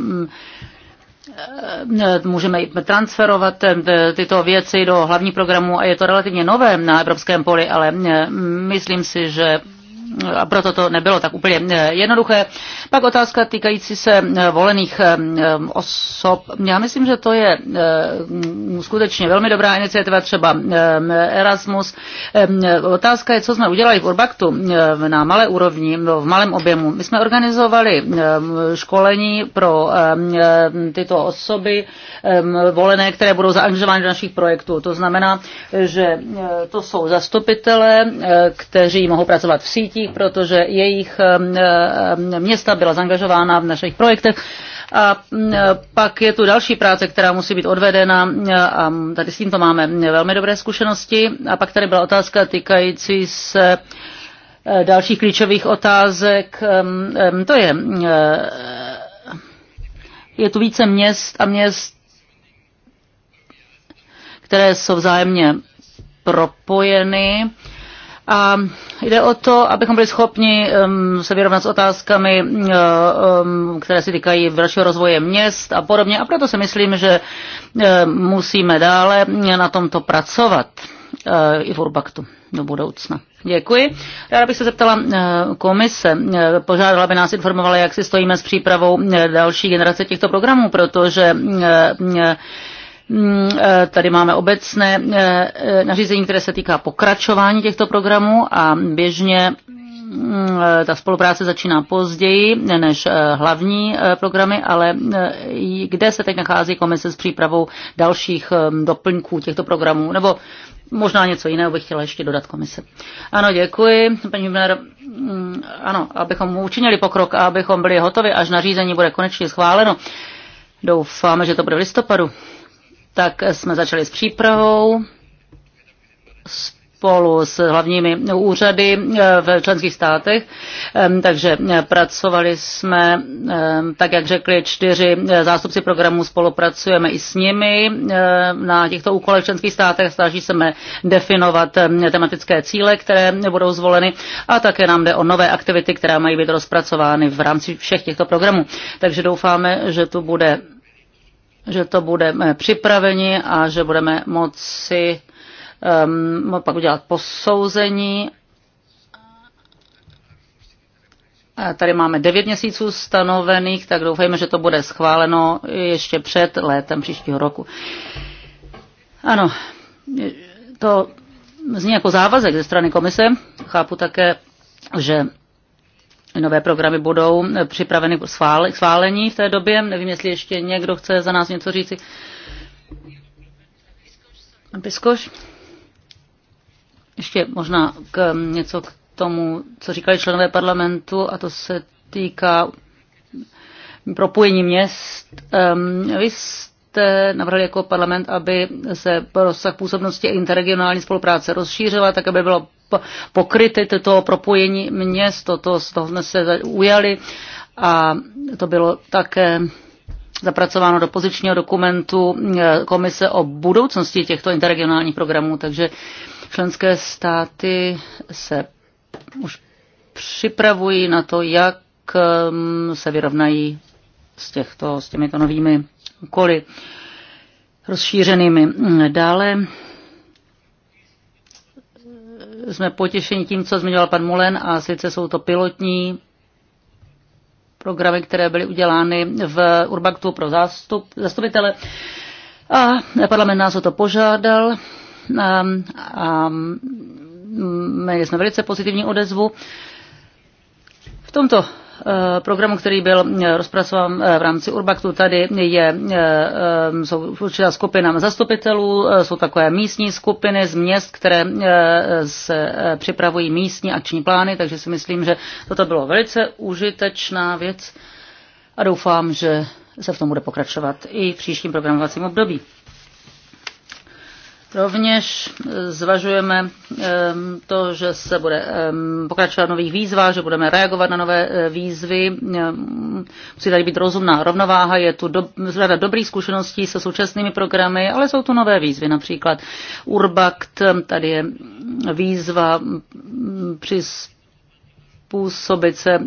Speaker 2: eh, můžeme transferovat eh, tyto věci do hlavní programu a je to relativně nové na evropském poli, ale eh, myslím si, že a proto to nebylo tak úplně eh, jednoduché. Pak otázka týkající se eh, volených eh, osob. Já myslím, že to je skutečně velmi dobrá iniciativa, třeba Erasmus. Otázka je, co jsme udělali v Urbaktu na malé úrovni, no, v malém objemu. My jsme organizovali školení pro tyto osoby volené, které budou zaangažovány do našich projektů. To znamená, že to jsou zastupitelé, kteří mohou pracovat v sítích, protože jejich města byla zaangažována v našich projektech. A pak je tu další práce, která musí být odvedena a tady s tímto máme velmi dobré zkušenosti. A pak tady byla otázka týkající se e, dalších klíčových otázek. To je, e, je tu více měst a měst, které jsou vzájemně propojeny a jde o to, abychom byli schopni um, se vyrovnat s otázkami, um, které se týkají dalšího rozvoje měst a podobně. A proto si myslím, že um, musíme dále na tomto pracovat uh, i v Urbaktu do budoucna. Děkuji. Já bych se zeptala eh, komise. Eh, požádala, aby nás informovala, jak si stojíme s přípravou další generace těchto programů, protože Mm, eh, tady máme obecné eh, eh, nařízení, které se týká pokračování těchto programů a běžně mm, ta spolupráce začíná později než hlavní programy, ale kde se teď nachází komise s přípravou dalších doplňků těchto programů? Nebo možná něco jiného bych chtěla ještě dodat komise. Ano, děkuji, paní Hübner. Mm, ano, abychom učinili pokrok a abychom byli hotovi, až nařízení bude konečně schváleno. Doufáme, že to bude v listopadu tak jsme začali s přípravou spolu s hlavními úřady eh, v členských státech. Takže eh, pracovali jsme, tak jak řekli čtyři eh, zástupci programu, spolupracujeme i s nimi na těchto úkolech v členských státech. Snaží se definovat tematické cíle, které budou zvoleny a také nám jde o nové aktivity, které mají být rozpracovány v rámci všech těchto programů. Takže doufáme, že tu bude že to budeme připraveni a že budeme moci um, pak udělat posouzení. A tady máme devět měsíců stanovených, tak doufejme, že to bude schváleno ještě před létem příštího roku. Ano, to zní jako závazek ze strany komise. Chápu také, že nové programy budou připraveny k schválení v té době. Nevím, jestli ještě někdo chce za nás něco říci. Piskoš? Ještě možná k, um, něco k tomu, co říkali členové parlamentu, a to se týká propojení měst. Um, vy jste navrhli jako parlament, aby se rozsah působnosti interregionální spolupráce rozšířila, tak aby bylo pokryty toto propojení měst, toto, z toho jsme se ujali a to bylo také zapracováno do pozičního dokumentu eh, Komise o budoucnosti těchto interregionálních programů, takže členské státy se už připravují na to, jak ehm, se vyrovnají s, těchto, s těmito novými úkoly rozšířenými. Dále jsme potěšeni tím, co zmiňoval pan Mulen, a sice jsou to pilotní programy, které byly udělány v Urbaktu pro zástup, zastupitele. A parlament nás o to požádal um, a, a um, měli jsme velice pozitivní odezvu. V tomto Eh, programu, který byl eh, rozpracován eh, v rámci Urbaktu. Tady je, jsou určitá skupina zastupitelů, jsou takové místní skupiny z měst, které se připravují místní akční plány, takže si myslím, že toto bylo velice užitečná věc a doufám, že se v tom bude pokračovat i v příštím programovacím období. Rovněž eh, zvažujeme ehm, to, že se bude ehm, pokračovat nových výzvách, že budeme reagovat na nové eh, výzvy. Ehm, musí tady být rozumná rovnováha, je tu do, dobrých zkušeností se současnými programy, ale jsou tu nové výzvy, například Urbakt, tady je výzva mm, při působit se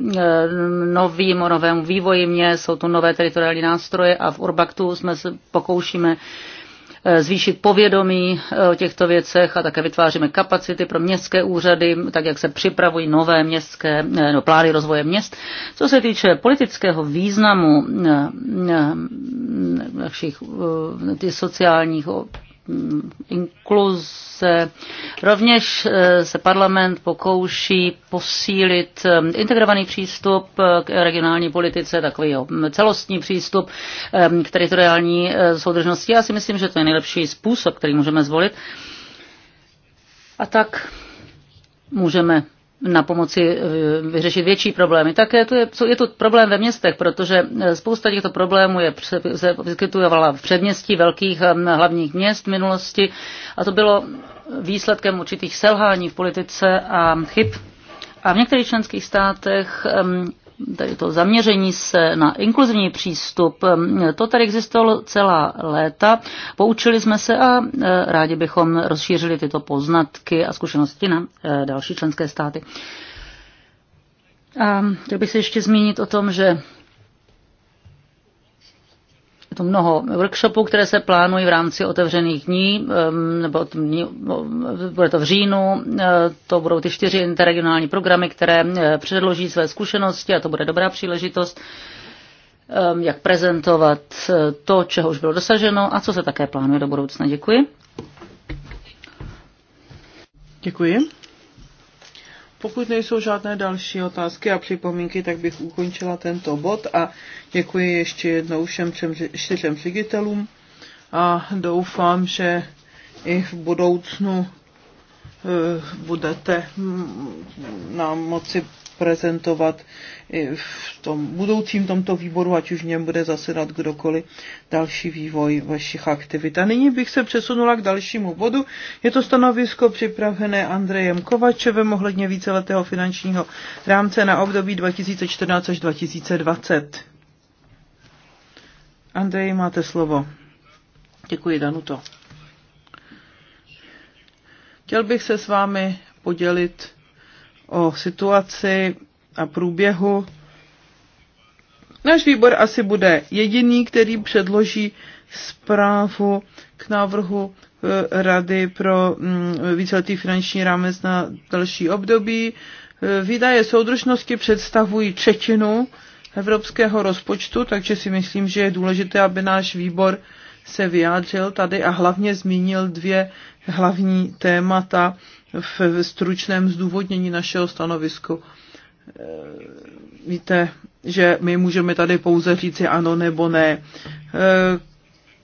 Speaker 2: novým, novému vývoji mě, jsou tu nové teritoriální nástroje a v Urbaktu jsme se pokoušíme Eh, zvýšit povědomí eh, o těchto věcech a také vytváříme kapacity pro městské úřady, tak jak se připravují nové městské eh, no, plány rozvoje měst. Co se týče politického významu našich sociálních Mm, inkluze. Rovněž eh, se parlament pokouší posílit eh, integrovaný přístup k regionální politice, takový celostní přístup eh, k teritoriální soudržnosti. Já si myslím, že to je nejlepší způsob, který můžeme zvolit. A tak můžeme na pomoci eh, vyřešit větší problémy. Také to je, je to problém ve městech, protože eh, spousta těchto problémů je, se vyskytovala v předměstí velkých eh, hlavních měst v minulosti a to bylo výsledkem určitých selhání v politice a chyb. A v některých členských státech ehm, tady to zaměření se na inkluzivní přístup, to tady existovalo celá léta. Poučili jsme se a e, rádi bychom rozšířili tyto poznatky a zkušenosti na e, další členské státy. A chtěl bych se ještě zmínit o tom, že tu mnoho workshopů, které se plánují v rámci otevřených dní, nebo bude to v říjnu, e, to budou ty čtyři interregionální programy, které e, předloží své zkušenosti a to bude dobrá příležitost, jak prezentovat e, to, čeho už bylo dosaženo a
Speaker 3: co se také plánuje
Speaker 2: do budoucna. Děkuji. Děkuji.
Speaker 3: Pokud nejsou žádné další otázky a připomínky, tak bych ukončila tento bod a děkuji ještě jednou všem třem, čtyřem ředitelům a doufám, že i v budoucnu eh, budete mm, nám moci prezentovat v tom budoucím tomto výboru, ať už v něm bude zasedat kdokoliv další vývoj vašich aktivit. A nyní bych se přesunula k dalšímu bodu. Je to stanovisko připravené Andrejem Kovačevem ohledně víceletého finančního rámce na období 2014 až 2020. Andrej, máte slovo. Děkuji, Danuto. Chtěl bych se s vámi podělit o situaci a průběhu. Náš výbor asi bude jediný, který předloží zprávu k návrhu eh, Rady pro mm, víceletý finanční rámec na další období. Eh, výdaje soudržnosti představují třetinu evropského rozpočtu, takže si myslím, že je důležité, aby náš výbor se vyjádřil tady a hlavně zmínil dvě hlavní témata v stručném zdůvodnění našeho stanovisku. Eh, víte, že my můžeme tady pouze říci ano nebo ne. Eh,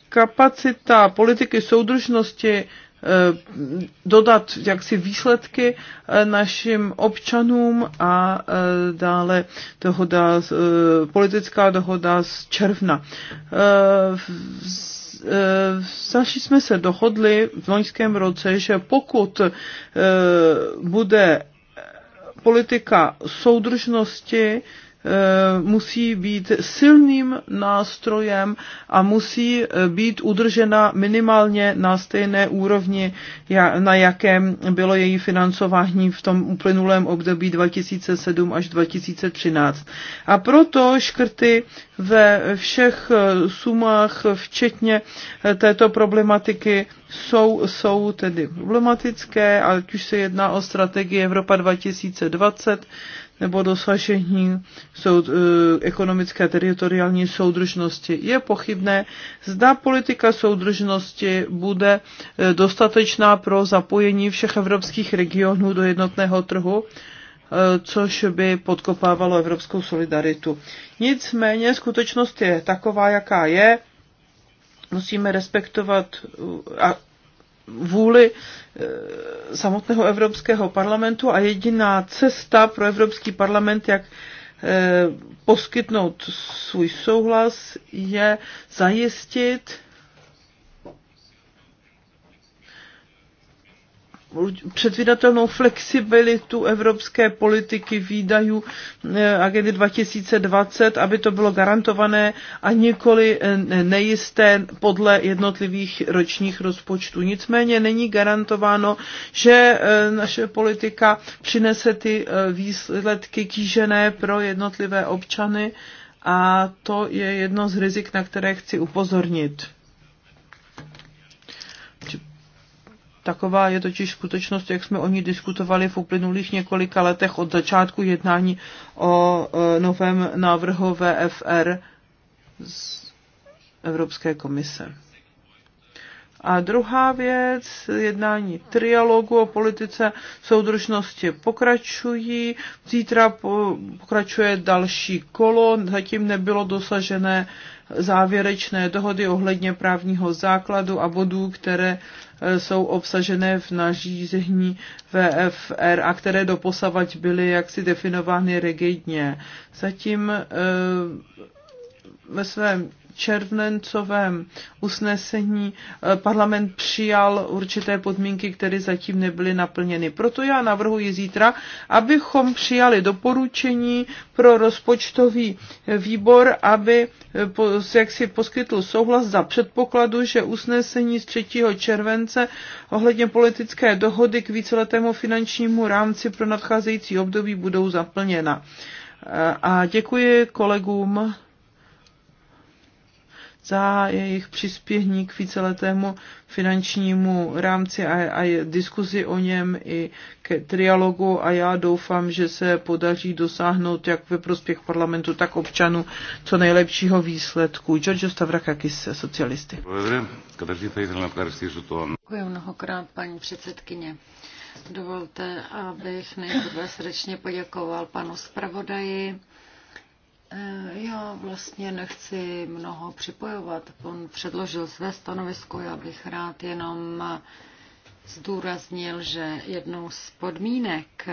Speaker 3: kapacita politiky soudržnosti eh, dodat jaksi výsledky našim občanům a dále dohoda, politická dohoda z června. Zaši jsme se dohodli v loňském roce, že pokud bude politika soudržnosti Eh, musí být silným nástrojem a musí eh, být udržena minimálně na stejné úrovni, na jakém bylo její financování v tom uplynulém období 2007 až 2013. A proto škrty ve všech eh, sumách, včetně této problematiky, jsou, jsou tedy problematické, ať už se jedná o strategii Evropa 2020, nebo dosažení soud, eh, ekonomické a teritoriální soudržnosti. Je pochybné, zda politika soudržnosti bude eh, dostatečná pro zapojení všech evropských regionů do jednotného trhu eh, což by podkopávalo evropskou solidaritu. Nicméně skutečnost je taková, jaká je. Musíme respektovat a vůli eh, samotného Evropského parlamentu a jediná cesta pro Evropský parlament, jak eh, poskytnout svůj souhlas, je zajistit Předvídatelnou flexibilitu evropské politiky výdajů eh, agendy 2020, aby to bylo garantované a nikoli eh, nejisté podle jednotlivých ročních rozpočtů. Nicméně není garantováno, že eh, naše politika přinese ty výsledky kýžené pro jednotlivé občany a to je jedno z rizik, na které chci upozornit. Taková je totiž skutečnost, jak jsme o ní diskutovali v uplynulých několika letech od začátku jednání o e, novém návrhu VFR z Evropské komise. A druhá věc, jednání trialogu o politice soudržnosti pokračují. Zítra pokračuje další kolo, zatím nebylo dosažené závěrečné dohody ohledně právního základu a bodů, které e, jsou obsažené v nařízení VFR a které doposavať byly jaksi definovány rigidně. Zatím e, ve svém červnencovém usnesení eh, parlament přijal určité podmínky, které zatím nebyly naplněny. Proto já navrhuji zítra, abychom přijali doporučení pro rozpočtový výbor, aby eh, jak si poskytl souhlas za předpokladu, že usnesení z 3. července ohledně politické dohody k víceletému finančnímu rámci pro nadcházející období budou zaplněna. Eh, a děkuji kolegům za jejich přispění k víceletému finančnímu rámci a, a diskuzi o něm i k trialogu a já doufám, že se podaří dosáhnout jak ve prospěch parlamentu, tak občanů co nejlepšího výsledku. George Stavrakakis, socialisty.
Speaker 1: Děkuji mnohokrát, paní předsedkyně. Dovolte, abych nejprve srdečně poděkoval panu zpravodaji Eh, já vlastně nechci mnoho připojovat. On předložil své stanovisko, já bych rád jenom zdůraznil, že jednou z podmínek,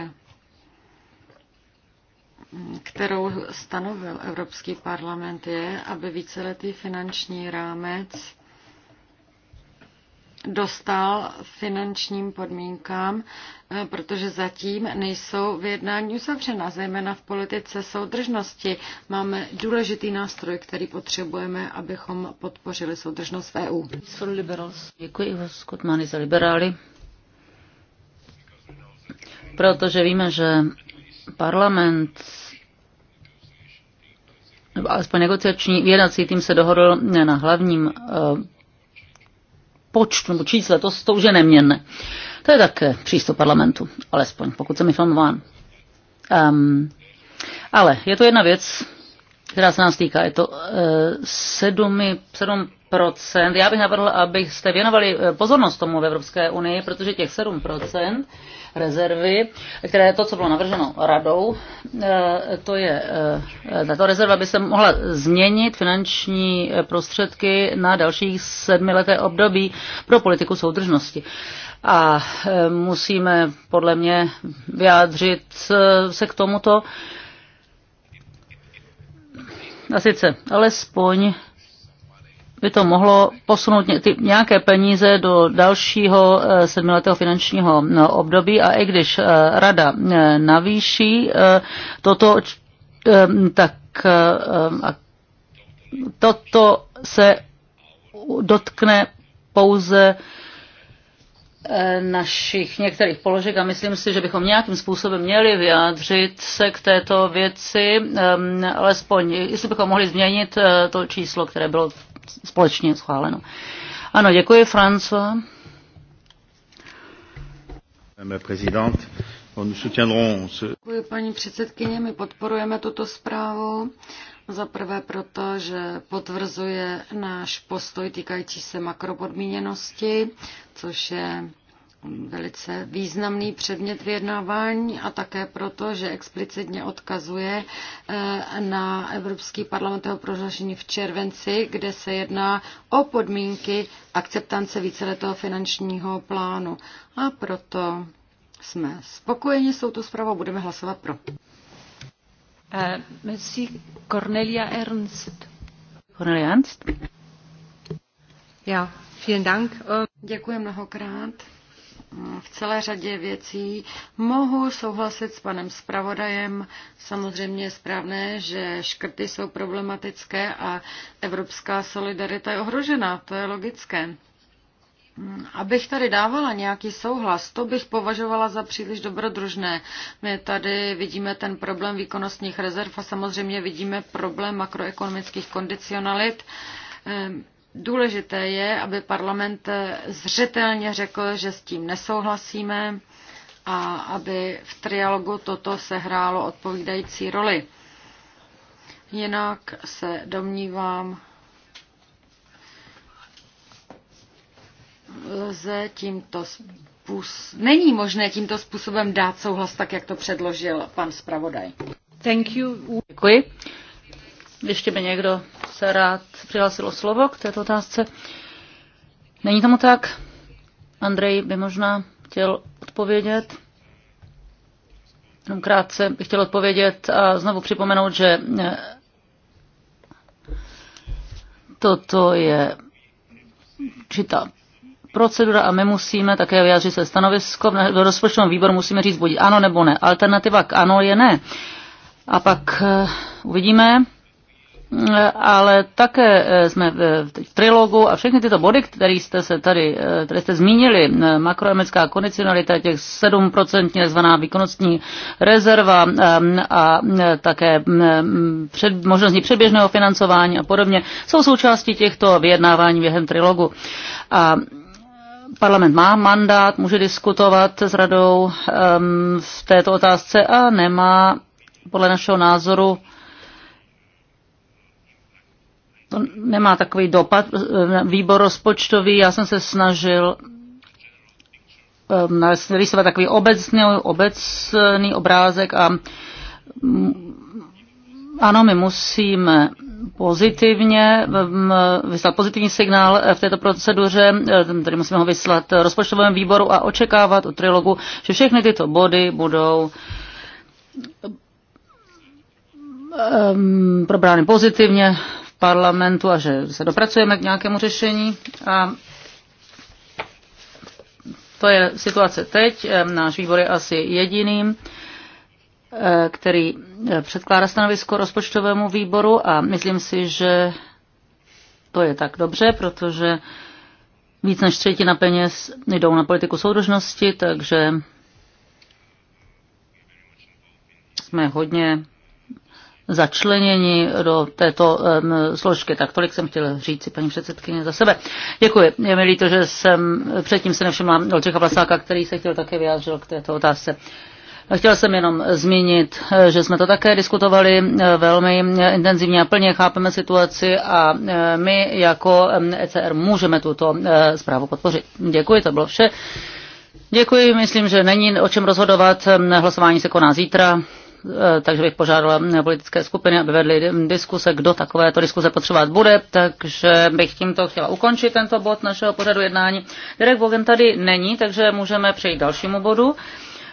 Speaker 1: kterou stanovil Evropský parlament, je, aby víceletý finanční rámec dostal finančním podmínkám, eh, protože zatím nejsou vyjednání uzavřena, zejména v politice soudržnosti. Máme důležitý nástroj, který potřebujeme, abychom podpořili soudržnost v EU.
Speaker 2: Děkuji, Skutmany za liberály. Protože víme, že parlament alespoň negociační vědací tým se dohodl na hlavním eh, počtu nebo čísle, to, to už je neměnné. To je tak přístup parlamentu, alespoň pokud jsem informován. Um, ale je to jedna věc, která se nás týká. Je to 7, eh, 7 já bych navrhl, abyste věnovali eh, pozornost tomu v Evropské unii, protože těch 7 rezervy, které to, co bylo navrženo radou, eh, to je, tato rezerva by se mohla změnit finanční prostředky na dalších sedmileté období pro politiku soudržnosti. A musíme podle mě vyjádřit se k tomuto, a sice alespoň by to mohlo posunout nějaké peníze do dalšího eh, sedmiletého finančního no, období a i když eh, rada eh, navýší toto, tak toto se dotkne pouze Eh, našich některých položek a myslím si, že bychom nějakým způsobem měli vyjádřit se k této věci, ehm, alespoň jestli bychom mohli změnit eh, to číslo, které bylo společně schváleno. Ano, děkuji, François.
Speaker 1: Děkuji, paní předsedkyně, my podporujeme tuto zprávu. Za prvé proto, že potvrzuje náš postoj týkající se makropodmíněnosti, což je velice významný předmět vyjednávání a také proto, že explicitně odkazuje eh, na Evropský parlament jeho prohlášení v červenci, kde se jedná o podmínky akceptance víceletého finančního plánu. A proto jsme spokojeni s touto zprávou, budeme hlasovat pro. Uh, merci Cornelia Ernst. Cornelia Ernst. Ja, vielen Dank. Děkuji mnohokrát v celé řadě věcí. Mohu souhlasit s panem zpravodajem. Samozřejmě je správné, že škrty jsou problematické a evropská solidarita je ohrožená. To je logické. Abych tady dávala nějaký souhlas, to bych považovala za příliš dobrodružné. My tady vidíme ten problém výkonnostních rezerv a samozřejmě vidíme problém makroekonomických kondicionalit Důležité je, aby parlament zřetelně řekl, že s tím nesouhlasíme a aby v trialogu toto sehrálo odpovídající roli. Jinak se domnívám, lze tímto způsob... není možné tímto způsobem dát souhlas tak, jak to předložil pan zpravodaj.
Speaker 2: Thank you. Děkuji. Ještě by někdo se rád o slovo k této otázce. Není tomu tak? Andrej by možná chtěl odpovědět. Jenom krátce bych chtěl odpovědět a znovu připomenout, že eh, toto je určitá procedura a my musíme také vyjádřit se stanovisko. Do rozpočtovém výboru musíme říct buď ano nebo ne. Alternativa k ano je ne. A pak eh, uvidíme, ale také eh, jsme v trilogu a všechny tyto body, které jste se tady, eh, které jste zmínili, eh, makroemická kondicionalita, těch 7% tzv. výkonnostní rezerva ehm, a také mm, před, možnosti předběžného financování a podobně, jsou součástí těchto vyjednávání během trilogu. A parlament má mandát, může diskutovat s radou ehm, v této otázce a nemá podle našeho názoru to nemá takový dopad. Eh, výbor rozpočtový, já jsem se snažil ehm, narysovat takový obecný, obecný obrázek a ano, my musíme pozitivně, ehm, vyslat pozitivní signál eh, v této proceduře, ehm, tady musíme ho vyslat rozpočtovému výboru a očekávat od trilogu, že všechny tyto body budou probrány pozitivně, parlamentu a že se dopracujeme k nějakému řešení. A to je situace teď. E, náš výbor je asi jediným, e, který e, předkládá stanovisko rozpočtovému výboru a myslím si, že to je tak dobře, protože víc než třetina peněz jdou na politiku soudržnosti, takže jsme hodně začlenění do této složky. Tak tolik jsem chtěl říct si paní předsedkyně za sebe. Děkuji. Je mi líto, že jsem předtím se nevšimla Olčecha Vlasáka, který se chtěl také vyjádřit k této otázce. Chtěl jsem jenom zmínit, že jsme to také diskutovali eh, velmi intenzivně a plně chápeme situaci a eh, my jako ECR e můžeme tuto eh, zprávu podpořit. Děkuji, to bylo vše. Děkuji, myslím, že není o čem rozhodovat. Hlasování se koná zítra Eh, takže bych požádala politické skupiny, aby vedly diskuse, kdo takovéto diskuse potřebovat bude, takže bych tímto chtěla ukončit tento bod našeho pořadu jednání. Derek Vogen tady není, takže můžeme přejít dalšímu bodu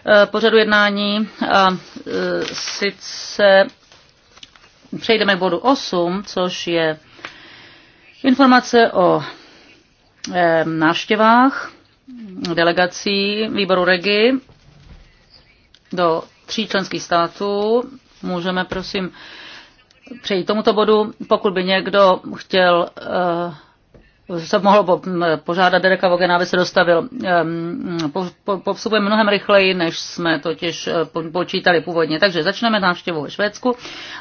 Speaker 2: eh, pořadu jednání a eh, sice přejdeme k bodu 8, což je informace o návštěvách delegací výboru Regi do tří členských států. Můžeme, prosím, přejít tomuto bodu. Pokud by někdo chtěl eh, se mohl požádat Dereka Vogena, aby se dostavil. Ehm, Povstupujeme mnohem rychleji, než jsme totiž eh, počítali původně. Takže začneme návštěvu ve Švédsku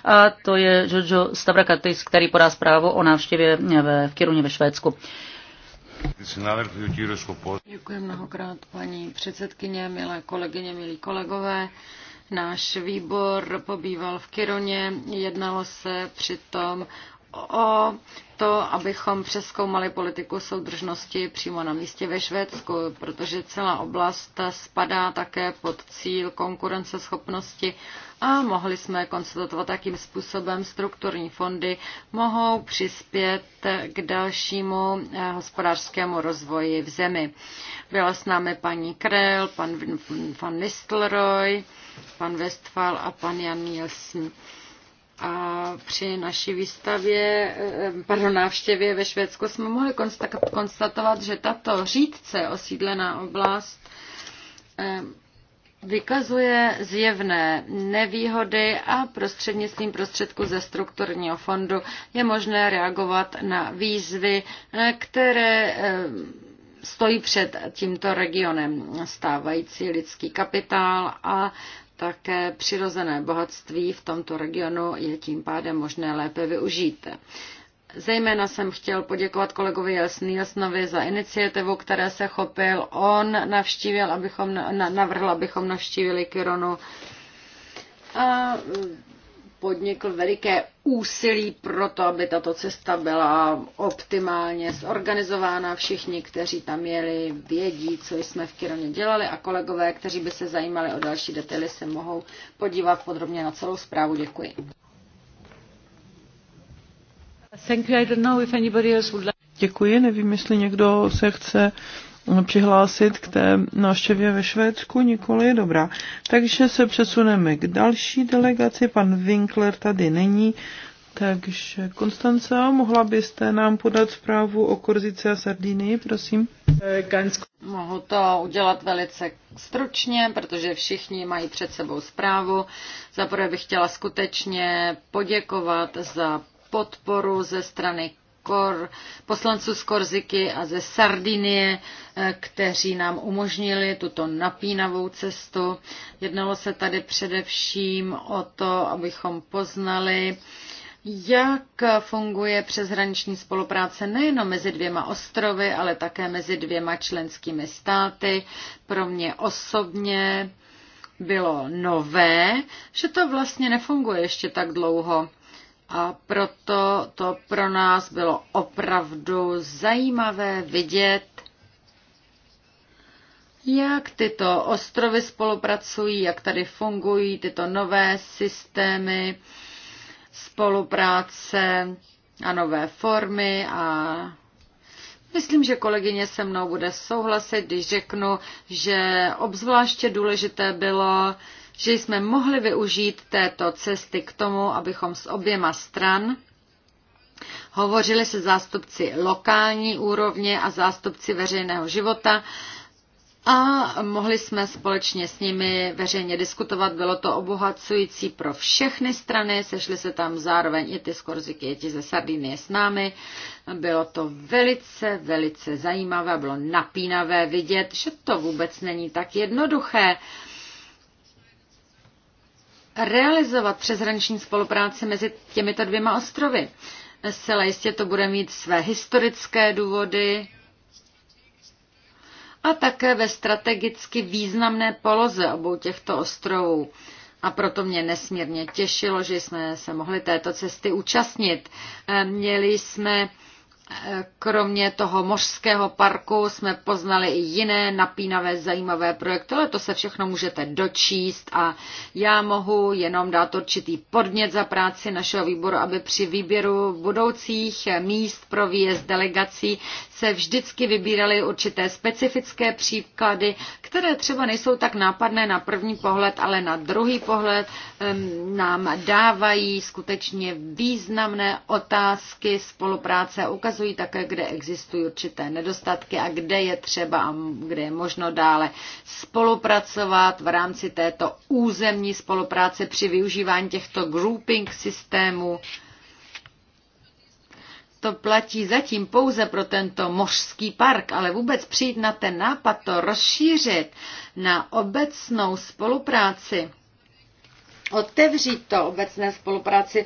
Speaker 2: a to je Jojo Stavrakatis, který podá zprávu o návštěvě v Kiruně ve Švédsku.
Speaker 1: Děkuji mnohokrát, paní předsedkyně, milé kolegyně, milí kolegové. Náš výbor pobýval v Kironě, jednalo se přitom o to, abychom přeskoumali politiku soudržnosti přímo na místě ve Švédsku, protože celá oblast spadá také pod cíl konkurenceschopnosti a mohli jsme konstatovat, jakým způsobem strukturní fondy mohou přispět k dalšímu eh, hospodářskému rozvoji v zemi. Byla s námi paní Krell, pan Van Nistelrooy, pan Westphal a pan Jan Nielsen. A při naší výstavě, eh, pardon, návštěvě ve Švédsku jsme mohli konstatovat, že tato řídce osídlená oblast eh, vykazuje zjevné nevýhody a prostřednictvím prostředku ze strukturního fondu je možné reagovat na výzvy, eh, které stojí před tímto regionem stávající lidský kapitál a také přirozené bohatství v tomto regionu je tím pádem možné lépe využít. Zejména jsem chtěl poděkovat kolegovi Jasnovi za iniciativu, které se chopil. On navštívil, abychom, navrhl, abychom navštívili Kironu. A podnikl veliké úsilí pro to, aby tato cesta byla optimálně zorganizována. Všichni, kteří tam jeli, vědí, co jsme v Kironě dělali a kolegové, kteří by se zajímali o další detaily, se mohou podívat podrobně na celou zprávu. Děkuji.
Speaker 3: Děkuji, nevím, jestli někdo se chce přihlásit k té návštěvě ve Švédsku, nikoli je dobrá. Takže se přesuneme k další delegaci, pan Winkler tady není, takže Konstance, mohla byste nám podat zprávu o Korzice a Sardinii, prosím?
Speaker 1: Mohu to udělat velice stručně, protože všichni mají před sebou zprávu. Zaprvé bych chtěla skutečně poděkovat za podporu ze strany Kor, poslanců z Korziky a ze Sardinie, eh, kteří nám umožnili tuto napínavou cestu. Jednalo se tady především o to, abychom poznali, jak funguje přeshraniční spolupráce nejen mezi dvěma ostrovy, ale také mezi dvěma členskými státy. Pro mě osobně bylo nové, že to vlastně nefunguje ještě tak dlouho. A proto to pro nás bylo opravdu zajímavé vidět, jak tyto ostrovy spolupracují, jak tady fungují tyto nové systémy spolupráce a nové formy a Myslím, že kolegyně se mnou bude souhlasit, když řeknu, že obzvláště důležité bylo že jsme mohli využít této cesty k tomu, abychom s oběma stran hovořili se zástupci lokální úrovně a zástupci veřejného života a mohli jsme společně s nimi veřejně diskutovat. Bylo to obohacující pro všechny strany, sešli se tam zároveň i ty z Korziky, i ti ze Sardinie s námi. Bylo to velice, velice zajímavé, bylo napínavé vidět, že to vůbec není tak jednoduché realizovat přeshraniční spolupráci mezi těmito dvěma ostrovy. Zcela jistě to bude mít své historické důvody a také ve strategicky významné poloze obou těchto ostrovů. A proto mě nesmírně těšilo, že jsme se mohli této cesty účastnit. Měli jsme Kromě toho mořského parku jsme poznali i jiné napínavé, zajímavé projekty, ale to se všechno můžete dočíst a já mohu jenom dát určitý podnět za práci našeho výboru, aby při výběru budoucích míst pro výjezd delegací se vždycky vybíraly určité specifické příklady, které třeba nejsou tak nápadné na první pohled, ale na druhý pohled nám dávají skutečně významné otázky spolupráce a ukazují, ukazují také, kde existují určité nedostatky a kde je třeba a kde je možno dále spolupracovat v rámci této územní spolupráce při využívání těchto grouping systémů. To platí zatím pouze pro tento mořský park, ale vůbec přijít na ten nápad to rozšířit na obecnou spolupráci otevřít to obecné spolupráci,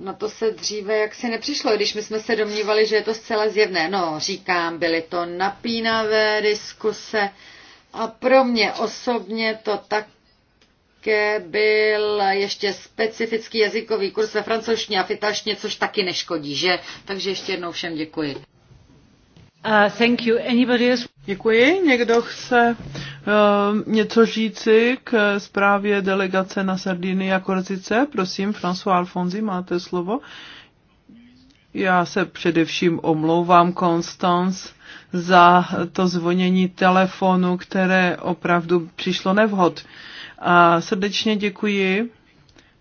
Speaker 1: na no to se dříve jaksi nepřišlo, když my jsme se domnívali, že je to zcela zjevné. No, říkám, byly to napínavé diskuse a pro mě osobně to tak byl ještě specifický jazykový kurz ve francouzštině a v italštině, což taky neškodí, že? Takže ještě jednou všem děkuji.
Speaker 3: Uh, thank you. Anybody else? Děkuji. Někdo chce Ehm, něco říci k zprávě delegace na Sardiny a Korzice? Prosím, François Alfonzi, máte slovo. Já se především omlouvám, Constance za to zvonění telefonu, které opravdu přišlo nevhod. A srdečně děkuji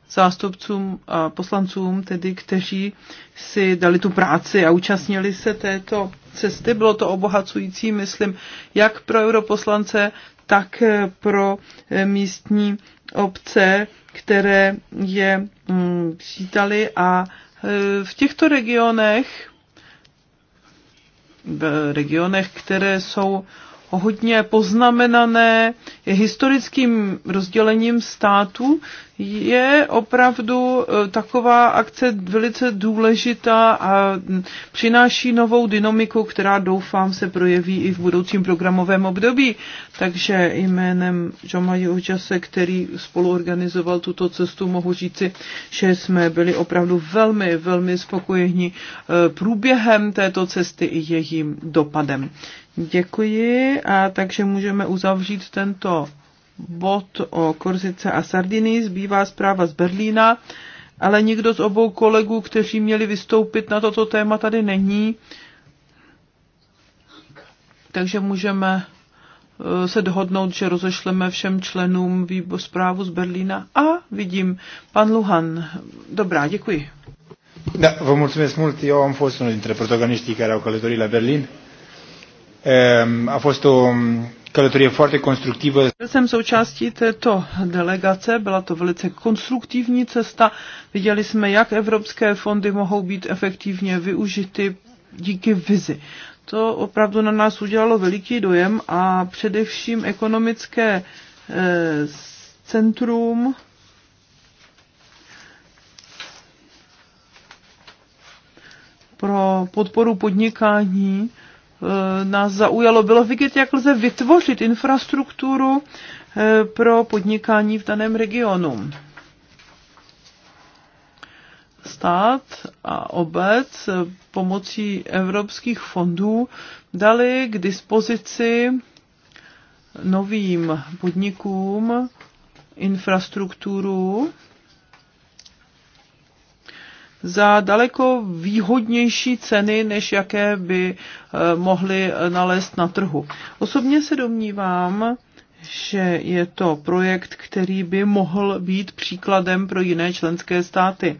Speaker 3: zástupcům a poslancům, tedy, kteří si dali tu práci a účastnili se této cesty. Bylo to obohacující, myslím, jak pro europoslance, tak eh, pro eh, místní obce, které je mm, přítali a eh, v těchto regionech, v regionech, které jsou hodně poznamenané historickým rozdělením států, je opravdu e, taková akce velice důležitá a přináší novou dynamiku, která doufám se projeví i v budoucím programovém období. Takže jménem Joma Jočase, který spoluorganizoval tuto cestu, mohu říci, že jsme byli opravdu velmi, velmi spokojeni e, průběhem této cesty i jejím dopadem. Děkuji a takže můžeme uzavřít tento bod o Korzice a Sardiny. Zbývá zpráva z Berlína, ale nikdo z obou kolegů, kteří měli vystoupit na toto téma, tady není. Takže můžeme eh, se dohodnout, že rozešleme všem členům výbo- zprávu z Berlína. A vidím, pan Luhan. Dobrá, děkuji.
Speaker 2: Da, vă mulțumesc mult. Eu am fost unul dintre protagoniștii care au călătorit la Berlin. Ehm, a fost o mm, călătorie foarte constructivă.
Speaker 3: jsem součástí této delegace, byla to velice konstruktivní cesta. Viděli jsme, jak evropské fondy mohou být efektivně využity díky vizi. To opravdu na nás udělalo veliký dojem a především ekonomické eh, centrum pro podporu podnikání eh, Eh, nás zaujalo, bylo vidět, jak lze vytvořit infrastrukturu eh, pro podnikání v daném regionu. Stát a obec eh, pomocí evropských fondů dali k dispozici novým podnikům infrastrukturu, za daleko výhodnější ceny, než jaké by eh, mohly eh, nalézt na trhu. Osobně se domnívám, že je to projekt, který by mohl být příkladem pro jiné členské státy.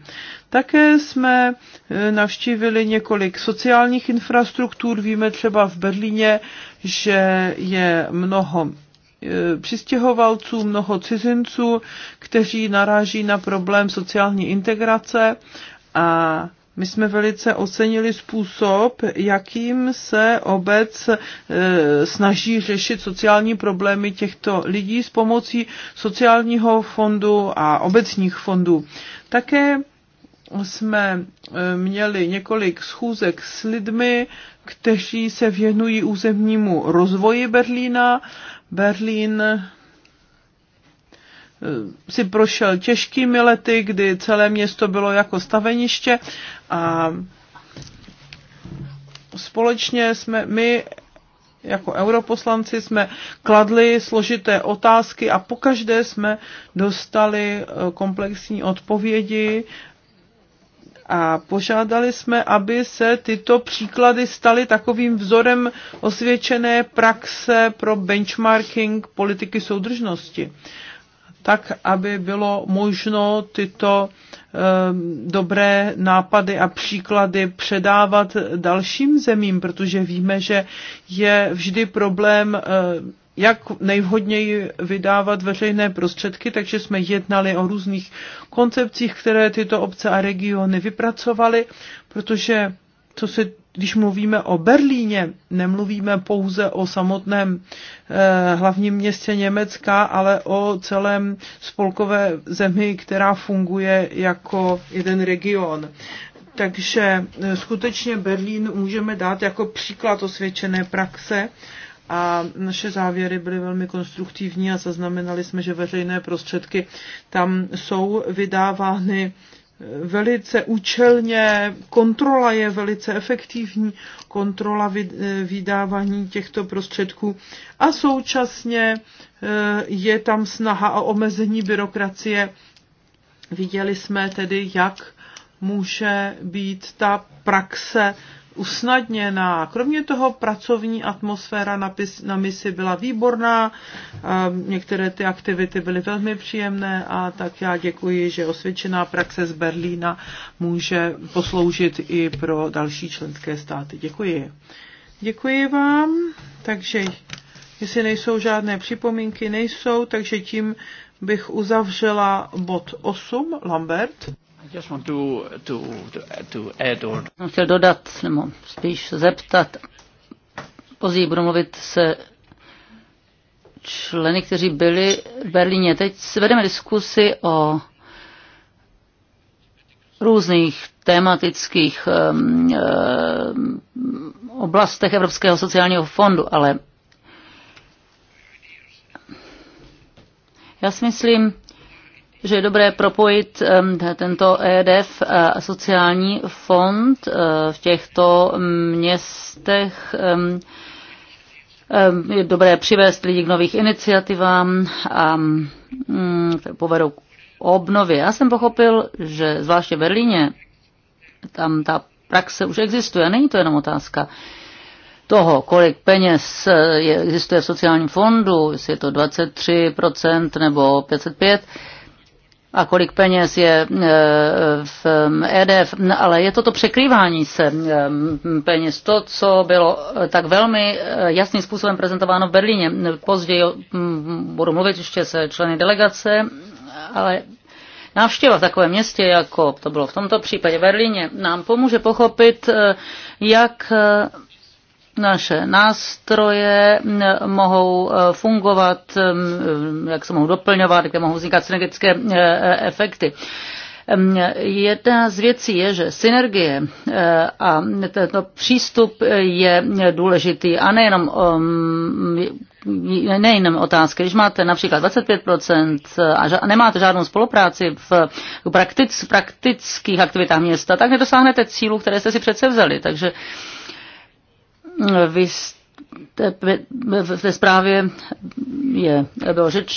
Speaker 3: Také jsme eh, navštívili několik sociálních infrastruktur. Víme třeba v Berlíně, že je mnoho přistěhovalců, mnoho cizinců, kteří naráží na problém sociální integrace a my jsme velice ocenili způsob, jakým se obec e, snaží řešit sociální problémy těchto lidí s pomocí sociálního fondu a obecních fondů. Také jsme e, měli několik schůzek s lidmi, kteří se věnují územnímu rozvoji Berlína. Berlín Eh, si prošel těžkými lety, kdy celé město bylo jako staveniště a společně jsme my jako europoslanci jsme kladli složité otázky a pokaždé jsme dostali eh, komplexní odpovědi a požádali jsme, aby se tyto příklady staly takovým vzorem osvědčené praxe pro benchmarking politiky soudržnosti tak aby bylo možno tyto ehm, dobré nápady a příklady předávat dalším zemím, protože víme, že je vždy problém eh, jak nejvhodněji vydávat veřejné prostředky, takže jsme jednali o různých koncepcích, které tyto obce a regiony vypracovaly, protože co se když mluvíme o Berlíně, nemluvíme pouze o samotném eh, hlavním městě Německa, ale o celém spolkové zemi, která funguje jako jeden region. Takže eh, skutečně Berlín můžeme dát jako příklad osvědčené praxe a naše závěry byly velmi konstruktivní a zaznamenali jsme, že veřejné prostředky tam jsou vydávány velice účelně, kontrola je velice efektivní, kontrola eh, vydávání těchto prostředků a současně eh, je tam snaha o omezení byrokracie. Viděli jsme tedy, jak může být ta praxe usnadněná. Kromě toho pracovní atmosféra na, pis, na misi byla výborná, některé ty aktivity byly velmi příjemné a tak já děkuji, že osvědčená praxe z Berlína může posloužit i pro další členské státy. Děkuji. Děkuji vám. Takže jestli nejsou žádné připomínky, nejsou, takže tím bych uzavřela bod 8, Lambert. Jsem
Speaker 2: chtěl dodat, nebo spíš zeptat. Později budu mluvit se členy, kteří byli v Berlíně. Teď vedeme diskusi o různých tematických um, oblastech Evropského sociálního fondu, ale já si myslím, že je dobré propojit tento EDF a sociální fond e, v těchto městech. Je dobré přivést lidi k nových iniciativám a mm, povedou k obnově. Já jsem pochopil, že zvláště v Berlíně tam ta praxe už existuje. Není to jenom otázka toho, kolik peněz e, existuje v sociálním fondu, jestli je to 23% nebo 505%, a kolik peněz je e, v EDF, ale je to to překrývání se e, peněz. To, co bylo e, tak velmi jasným způsobem prezentováno v Berlíně. Později budu mluvit ještě se členy delegace, ale Návštěva v takovém městě, jako to bylo v tomto případě v Berlíně, nám pomůže pochopit, jak naše nástroje mohou e, fungovat, e, jak se mohou doplňovat, kde mohou vznikat synergické e, efekty. Jedna z věcí je, že synergie a tento přístup je důležitý a nejenom nejenom otázky. Když máte například 25% a nemáte žádnou spolupráci v praktic, praktických aktivitách města, tak nedosáhnete cílů, které jste si přece vzali. Takže vy v té zprávě je, bylo, řeč,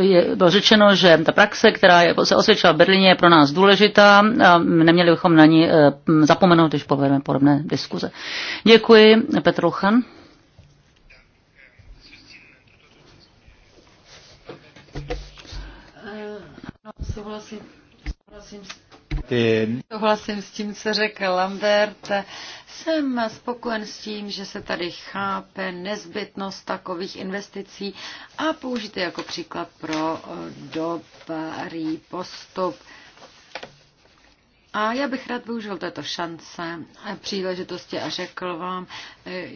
Speaker 2: je, bylo řečeno, že ta praxe, která je, se osvědčila v Berlíně, je pro nás důležitá a neměli bychom na ní eh, zapomenout, když povedeme podobné diskuze. Děkuji, Petr Luchan.
Speaker 1: Eh, no, souhlasím, souhlasím, souhlasím s tím, co řekl Lambert. Jsem spokojen s tím, že se tady chápe nezbytnost takových investicí a použijte jako příklad pro eh, dobrý postup. A já bych rád využil této šance a eh, příležitosti a řekl vám, eh,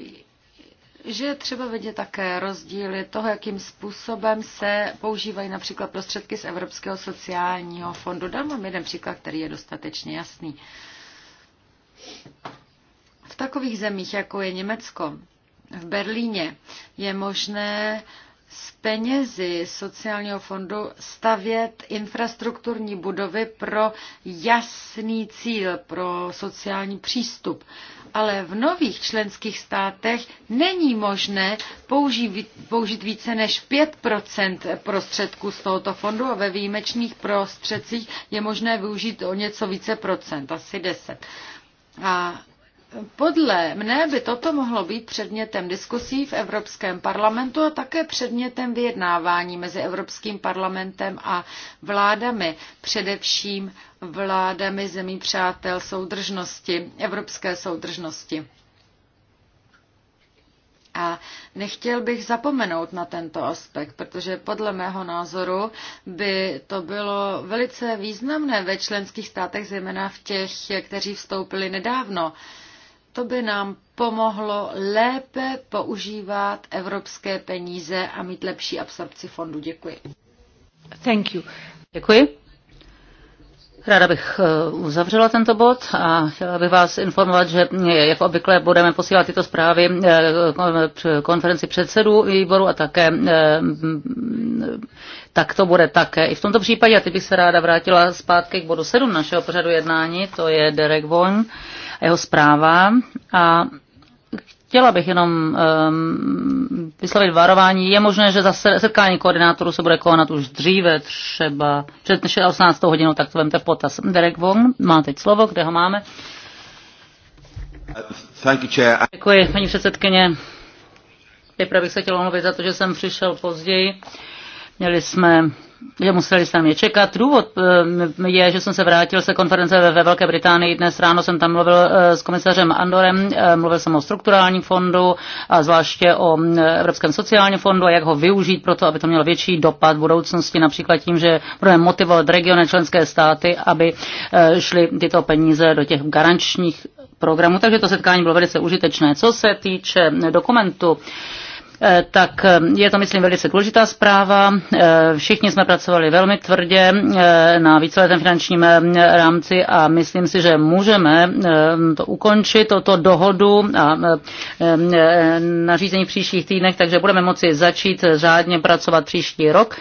Speaker 1: že je třeba vidět také rozdíly toho, jakým způsobem se používají například prostředky z Evropského sociálního fondu. Dám vám jeden příklad, který je dostatečně jasný takových zemích, jako je Německo, v Berlíně, je možné z penězi sociálního fondu stavět infrastrukturní budovy pro jasný cíl, pro sociální přístup. Ale v nových členských státech není možné použít, použít více než 5 prostředků z tohoto fondu a ve výjimečných prostředcích je možné využít o něco více procent, asi 10. A podle mne by toto mohlo být předmětem diskusí v Evropském parlamentu a také předmětem vyjednávání mezi Evropským parlamentem a vládami, především vládami zemí přátel soudržnosti, evropské soudržnosti. A nechtěl bych zapomenout na tento aspekt, protože podle mého názoru by to bylo velice významné ve členských státech, zejména v těch, kteří vstoupili nedávno. Uh, to by nám pomohlo lépe používat evropské peníze a mít lepší absorpci fondu. Děkuji.
Speaker 2: Thank you. Děkuji. Ráda bych eh, uzavřela tento bod a chtěla bych vás informovat, že jako obvykle budeme posílat tyto zprávy eh, konferenci předsedů výboru a také mm, tak to bude také. I v tomto případě, a teď bych se ráda vrátila zpátky k bodu 7 našeho pořadu jednání, to je Derek Von jeho zpráva a Chtěla bych jenom um, vyslovit varování. Je možné, že za setkání koordinátorů se bude konat už dříve, třeba před 18. hodinou, tak to vemte potaz. Derek Wong má teď slovo, kde ho máme.
Speaker 1: Thank you, chair. Děkuji, paní
Speaker 2: předsedkyně. Nejprve bych se chtěl omluvit za to, že jsem přišel později. Měli jsme že museli jste mě čekat. Důvod eh, je, že jsem se vrátil se konference ve Velké Británii. Dnes ráno jsem tam mluvil eh, s komisařem Andorem, eh, mluvil jsem o strukturálním fondu a zvláště o mm, Evropském sociálním fondu a jak ho využít pro to, aby to mělo větší dopad v budoucnosti, například tím, že budeme motivovat regiony členské státy, aby šly tyto peníze do těch garančních programů. Takže to setkání bylo velice užitečné. Co se týče dokumentu, Eh, tak eh, je to, myslím, velice důležitá zpráva. Eh, všichni jsme pracovali velmi tvrdě na víceletém finančním rámci a myslím si, že můžeme to ukončit, toto dohodu a nařízení v příštích týdnech, takže budeme moci začít řádně pracovat příští rok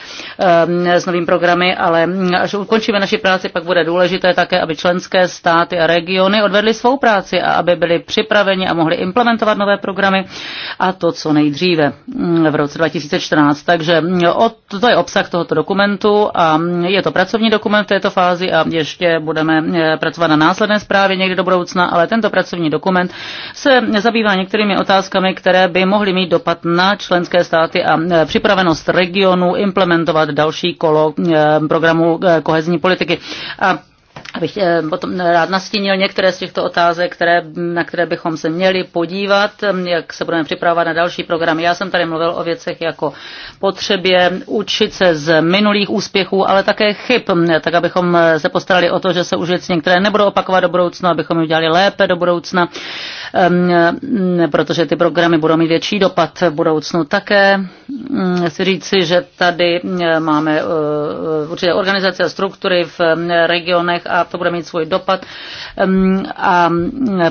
Speaker 2: s novým programy, ale až ukončíme naši práci, pak bude důležité také, aby členské státy a regiony odvedly svou práci a aby byly připraveni a mohli implementovat nové programy a to co nejdříve v roce 2014. Takže to je obsah tohoto dokumentu a je to pracovní dokument v této fázi a ještě budeme eh, pracovat na následné zprávě někdy do budoucna, ale tento pracovní dokument se zabývá některými otázkami, které by mohly mít dopad na členské státy a eh, připravenost regionu implementovat další kolo eh, programu kohezní politiky. A abych eh, potom rád nastínil některé z těchto otázek, které, na které bychom se měli podívat, hm, jak se budeme připravovat na další programy. Já jsem tady mluvil o věcech jako potřebě učit se z minulých úspěchů, ale také chyb, hm, tak abychom eh, se postarali o to, že se už věci některé nebudou opakovat do budoucna, abychom je udělali lépe do budoucna, hm, protože ty programy budou mít větší dopad v budoucnu. Také chci říci, že tady máme eh, určité organizace a struktury v regionech a a to bude mít svůj dopad. A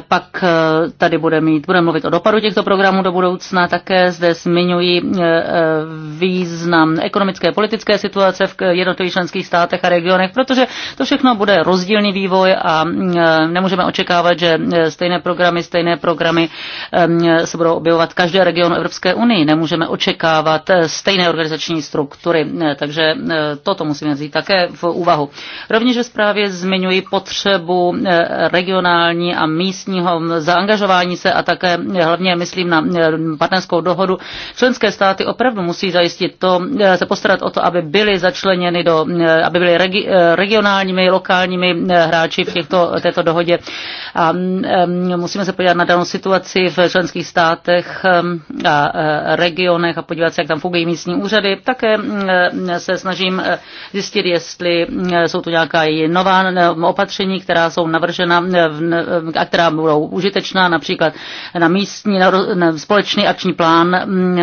Speaker 2: pak eh, tady bude mít, budeme mluvit o dopadu těchto programů do budoucna. Také zde zmiňují eh, eh, význam ekonomické politické situace v jednotlivých členských státech a regionech, protože to všechno bude rozdílný vývoj a nemůžeme očekávat, že stejné programy, stejné programy se budou objevovat v každé regionu Evropské unii. Nemůžeme očekávat stejné organizační struktury, takže toto musíme vzít také v úvahu. Rovněž ve zprávě zmiňuji zmiňuji potřebu eh, regionální a místního zaangažování se a také eh, hlavně myslím na eh, partnerskou dohodu. Členské státy opravdu musí zajistit to, se postarat o to, aby byly začleněny do, aby byly regi, regionálními, lokálními hráči v těchto, této dohodě. A mm, musíme se podívat na danou situaci v členských státech a regionech a podívat se, jak tam fungují místní úřady. Také mm, se snažím zjistit, jestli mm, jsou tu nějaká nová Um, opatření, která jsou navržena eh, eh, a která budou užitečná, například na místní na společný akční plán. Mm,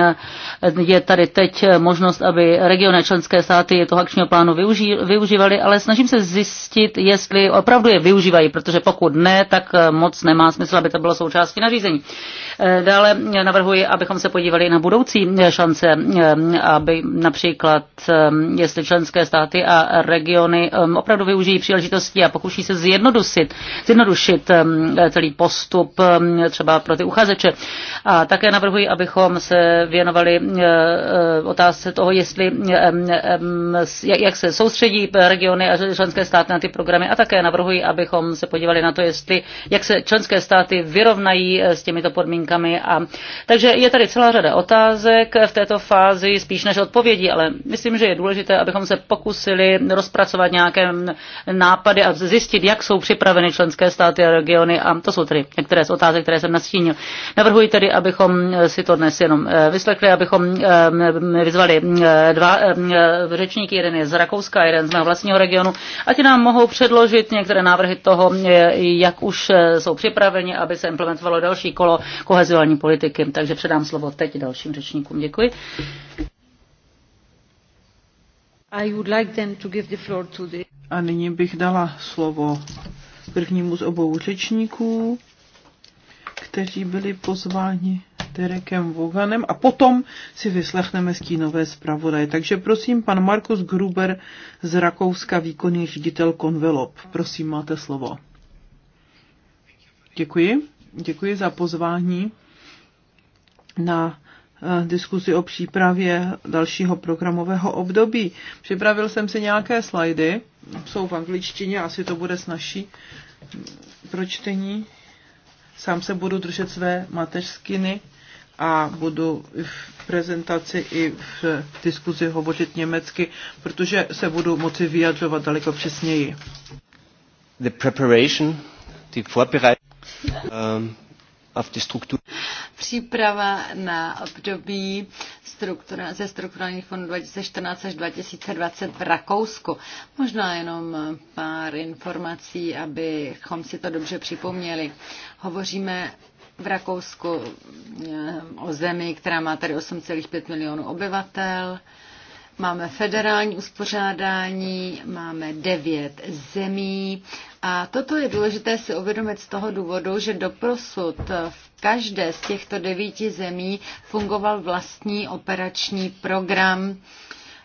Speaker 2: je tady teď eh, možnost, aby regiony členské státy toho akčního plánu využí, využívali, ale snažím se zjistit, jestli opravdu je využívají, protože pokud ne, tak moc nemá smysl, aby to bylo součástí nařízení. Eh, dále navrhuji, abychom se podívali na budoucí šance, eh, aby například, eh, jestli členské státy a regiony opravdu využijí příležitosti a pokuší se zjednodušit, zjednodušit celý postup třeba pro ty uchazeče. A také navrhuji, abychom se věnovali otázce toho, jestli, jak se soustředí regiony a členské státy na ty programy a také navrhuji, abychom se podívali na to, jestli, jak se členské státy vyrovnají s těmito podmínkami podmínkami. A, takže je tady celá řada otázek v této fázi, spíš než odpovědí, ale myslím, že je důležité, abychom se pokusili rozpracovat nějaké nápady a zjistit, jak jsou připraveny členské státy a regiony. A to jsou tedy některé z otázek, které jsem nastínil. Navrhuji tedy, abychom si to dnes jenom eh, vyslechli, abychom eh, vyzvali eh, dva řečníky, jeden je z Rakouska, jeden z mého vlastního regionu, a ti nám mohou předložit některé návrhy toho, jak už jsou připraveni, aby se implementovalo další kolo kohezuální politiky. Takže předám slovo teď dalším
Speaker 3: řečníkům. Děkuji. I would like then to give the floor to the... A nyní bych dala slovo prvnímu z obou řečníků, kteří byli pozváni Derekem Voganem a potom si vyslechneme stínové zpravodaje. Takže prosím, pan Markus Gruber z Rakouska, výkonný ředitel Konvelop. Prosím, máte slovo. Děkuji děkuji za pozvání na eh, diskuzi o přípravě dalšího programového období. Připravil jsem si nějaké slajdy, jsou v angličtině, asi to bude snažší pro čtení. Sám se budu držet své mateřskiny a budu v prezentaci i v diskuzi hovořit německy, protože se budu moci vyjadřovat daleko přesněji. The preparation, the Ehm,
Speaker 1: Příprava na období struktura, ze strukturálních fondů 2014 až 2020 v Rakousku. Možná jenom eh, pár informací, abychom si to dobře připomněli. Hovoříme v Rakousku eh, o zemi, která má tady 8,5 milionů obyvatel. Máme federální uspořádání, máme devět zemí a toto je důležité si uvědomit z toho důvodu, že doprosud v každé z těchto devíti zemí fungoval vlastní operační program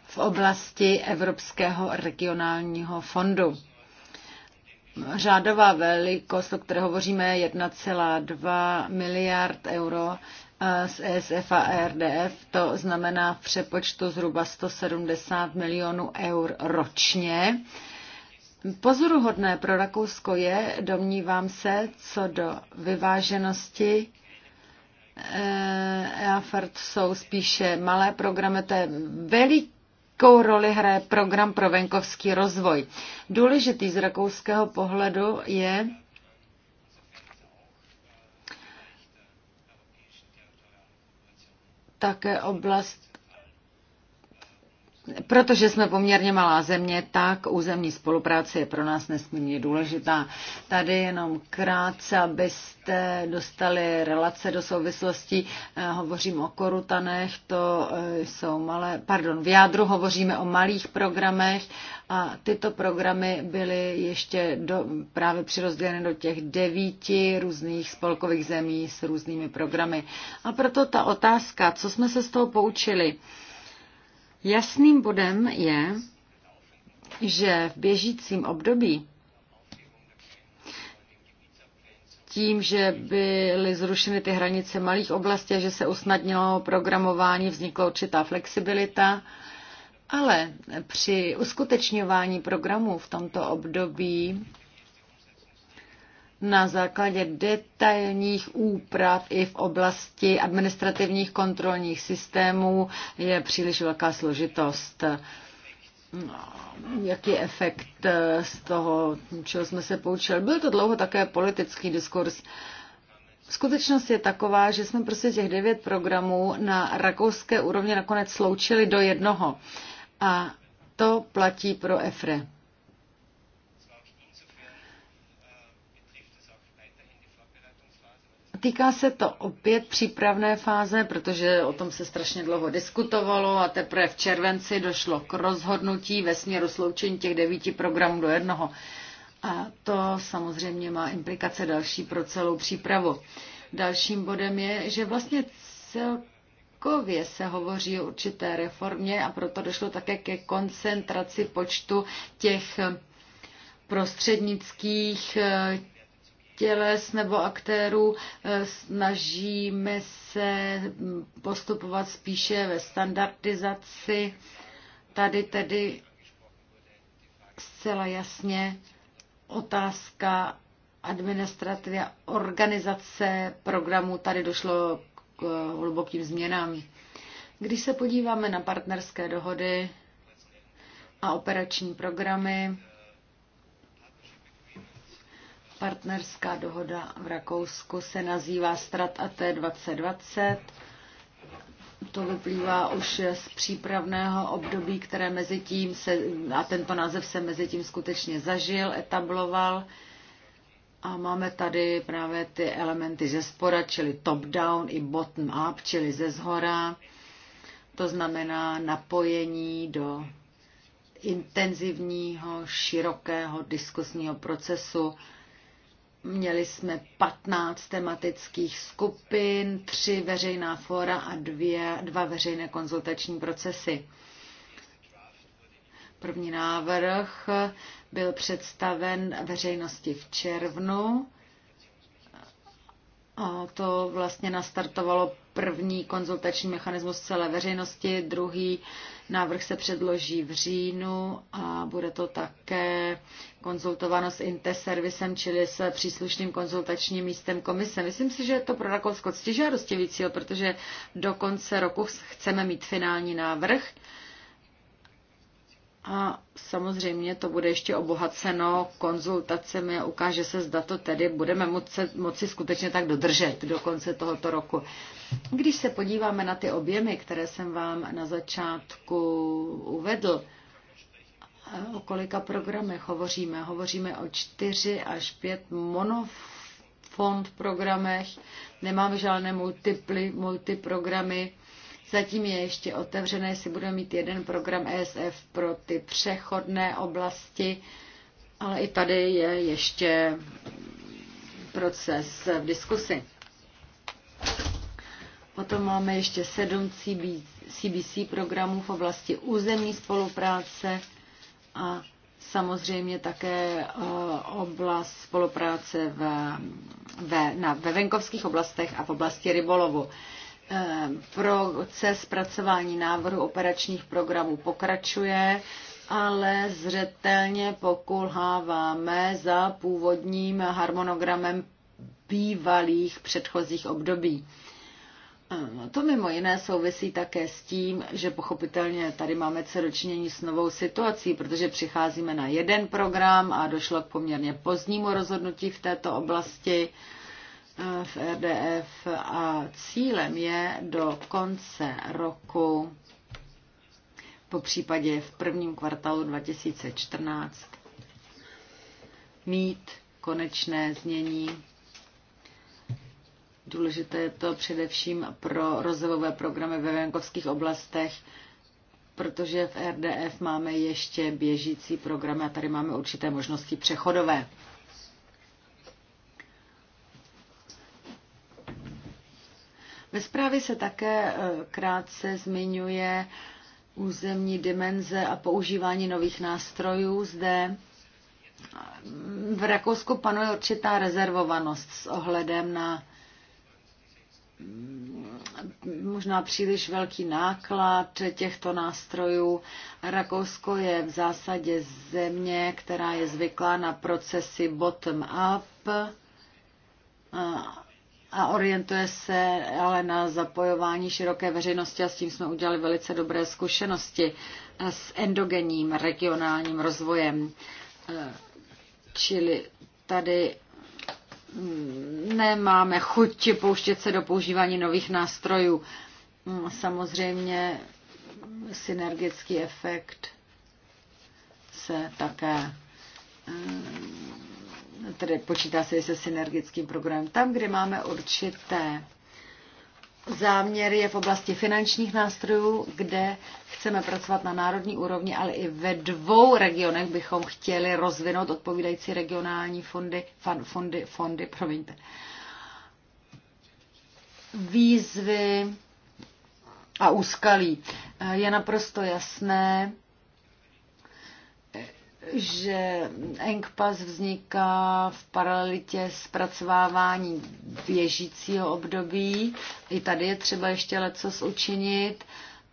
Speaker 1: v oblasti Evropského regionálního fondu. Řádová velikost, o které hovoříme, je 1,2 miliard euro z ESF a e RDF, to znamená v přepočtu zhruba 170 milionů eur ročně. Pozoruhodné pro Rakousko je, domnívám se, co do vyváženosti EAFERT eh, jsou spíše malé programy, to je velikou roli hraje program pro venkovský rozvoj. Důležitý z rakouského pohledu je, také oblast Protože jsme poměrně malá země, tak územní spolupráce je pro nás nesmírně důležitá. Tady jenom krátce, abyste dostali relace do souvislostí, eh, hovořím o korutanech, to eh, jsou malé, pardon, v jádru hovoříme o malých programech a tyto programy byly ještě do, právě přirozděleny do těch devíti různých spolkových zemí s různými programy. A proto ta otázka, co jsme se z toho poučili, Jasným bodem je, že v běžícím období tím, že byly zrušeny ty hranice malých oblastí že se usnadnilo programování, vznikla určitá flexibilita, ale při uskutečňování programů v tomto období na základě detailních úprav i v oblasti administrativních kontrolních systémů je příliš velká složitost. No, jaký efekt eh, z toho, čeho jsme se poučili? Byl to dlouho také politický diskurs. Skutečnost je taková, že jsme prostě těch devět programů na rakouské úrovni nakonec sloučili do jednoho. A to platí pro EFRE. Týká se to opět přípravné fáze, protože o tom se strašně dlouho diskutovalo a teprve v červenci došlo k rozhodnutí ve směru sloučení těch devíti programů do jednoho. A to samozřejmě má implikace další pro celou přípravu. Dalším bodem je, že vlastně celkově se hovoří o určité reformě a proto došlo také ke koncentraci počtu těch prostřednických těles nebo aktérů. Eh, snažíme se postupovat spíše ve standardizaci. Tady tedy zcela jasně otázka administrativy a organizace programu. Tady došlo k eh, hlubokým změnám. Když se podíváme na partnerské dohody a operační programy, Partnerská dohoda v Rakousku se nazývá Strat AT 2020. To vyplývá už z přípravného období, které mezi tím se, a tento název se mezi tím skutečně zažil, etabloval. A máme tady právě ty elementy ze spora, čili top-down i bottom-up, čili ze zhora. To znamená napojení do intenzivního, širokého diskusního procesu, Měli jsme 15 tematických skupin, tři veřejná fóra a dvě, dva veřejné konzultační procesy. První návrh byl představen veřejnosti v červnu to vlastně nastartovalo první konzultační mechanismus celé veřejnosti, druhý návrh se předloží v říjnu a bude to také konzultováno s Interservisem, čili s příslušným konzultačním místem komise. Myslím si, že je to pro Rakousko ctižádostivý cíl, protože do konce roku chceme mít finální návrh a samozřejmě to bude ještě obohaceno konzultacemi a ukáže se, zda to tedy budeme moci, moci skutečně tak dodržet do konce tohoto roku. Když se podíváme na ty objemy, které jsem vám na začátku uvedl, o kolika programech hovoříme? Hovoříme o čtyři až pět monofond programech, nemáme žádné multiply, multiprogramy. Zatím je ještě otevřené, jestli budeme mít jeden program ESF pro ty přechodné oblasti, ale i tady je ještě proces v diskusi. Potom máme ještě sedm CBC programů v oblasti územní spolupráce a samozřejmě také eh, oblast spolupráce ve, ve, na, ve venkovských oblastech a v oblasti rybolovu. Ehm, proces zpracování návrhu operačních programů pokračuje, ale zřetelně pokulháváme za původním harmonogramem bývalých předchozích období. Ehm, to mimo jiné souvisí také s tím, že pochopitelně tady máme co dočinění s novou situací, protože přicházíme na jeden program a došlo k poměrně pozdnímu rozhodnutí v této oblasti v RDF e a cílem je do konce roku, po případě v prvním kvartálu 2014, mít konečné znění. Důležité je to především pro rozvojové programy ve venkovských oblastech, protože v RDF e máme ještě běžící programy a tady máme určité možnosti přechodové. Ve zprávě se také e, krátce zmiňuje územní dimenze a používání nových nástrojů zde. V Rakousku panuje určitá rezervovanost s ohledem na mm, možná příliš velký náklad těchto nástrojů. Rakousko je v zásadě země, která je zvyklá na procesy bottom-up a orientuje se ale na zapojování široké veřejnosti a s tím jsme udělali velice dobré zkušenosti s endogenním regionálním rozvojem. Čili tady mm, nemáme chuť pouštět se do používání nových nástrojů. Mm, samozřejmě synergický efekt se také mm, tedy počítá se i se synergickým programem. Tam, kde máme určité záměry, je v oblasti finančních nástrojů, kde chceme pracovat na národní úrovni, ale i ve dvou regionech bychom chtěli rozvinout odpovídající regionální fondy, fan, fondy, fondy, promiňte. Výzvy a úskalí. Je naprosto jasné, že ENKPAS vzniká v paralelitě s pracovávání běžícího období. I tady je třeba ještě leco učinit,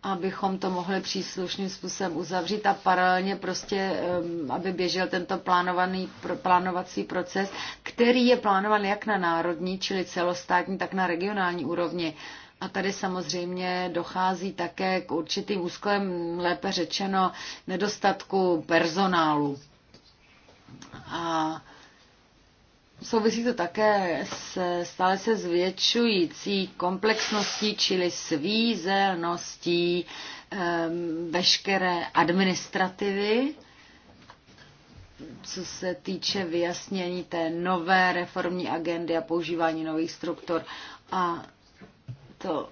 Speaker 1: abychom to mohli příslušným způsobem uzavřít a paralelně prostě, aby běžel tento plánovaný, plánovací proces, který je plánovaný jak na národní, čili celostátní, tak na regionální úrovni. A tady samozřejmě dochází také k určitým úzklem, lépe řečeno, nedostatku personálu. A Souvisí to také s stále se zvětšující komplexností, čili svízelností ehm, veškeré administrativy, co se týče vyjasnění té nové reformní agendy a používání nových struktur. A to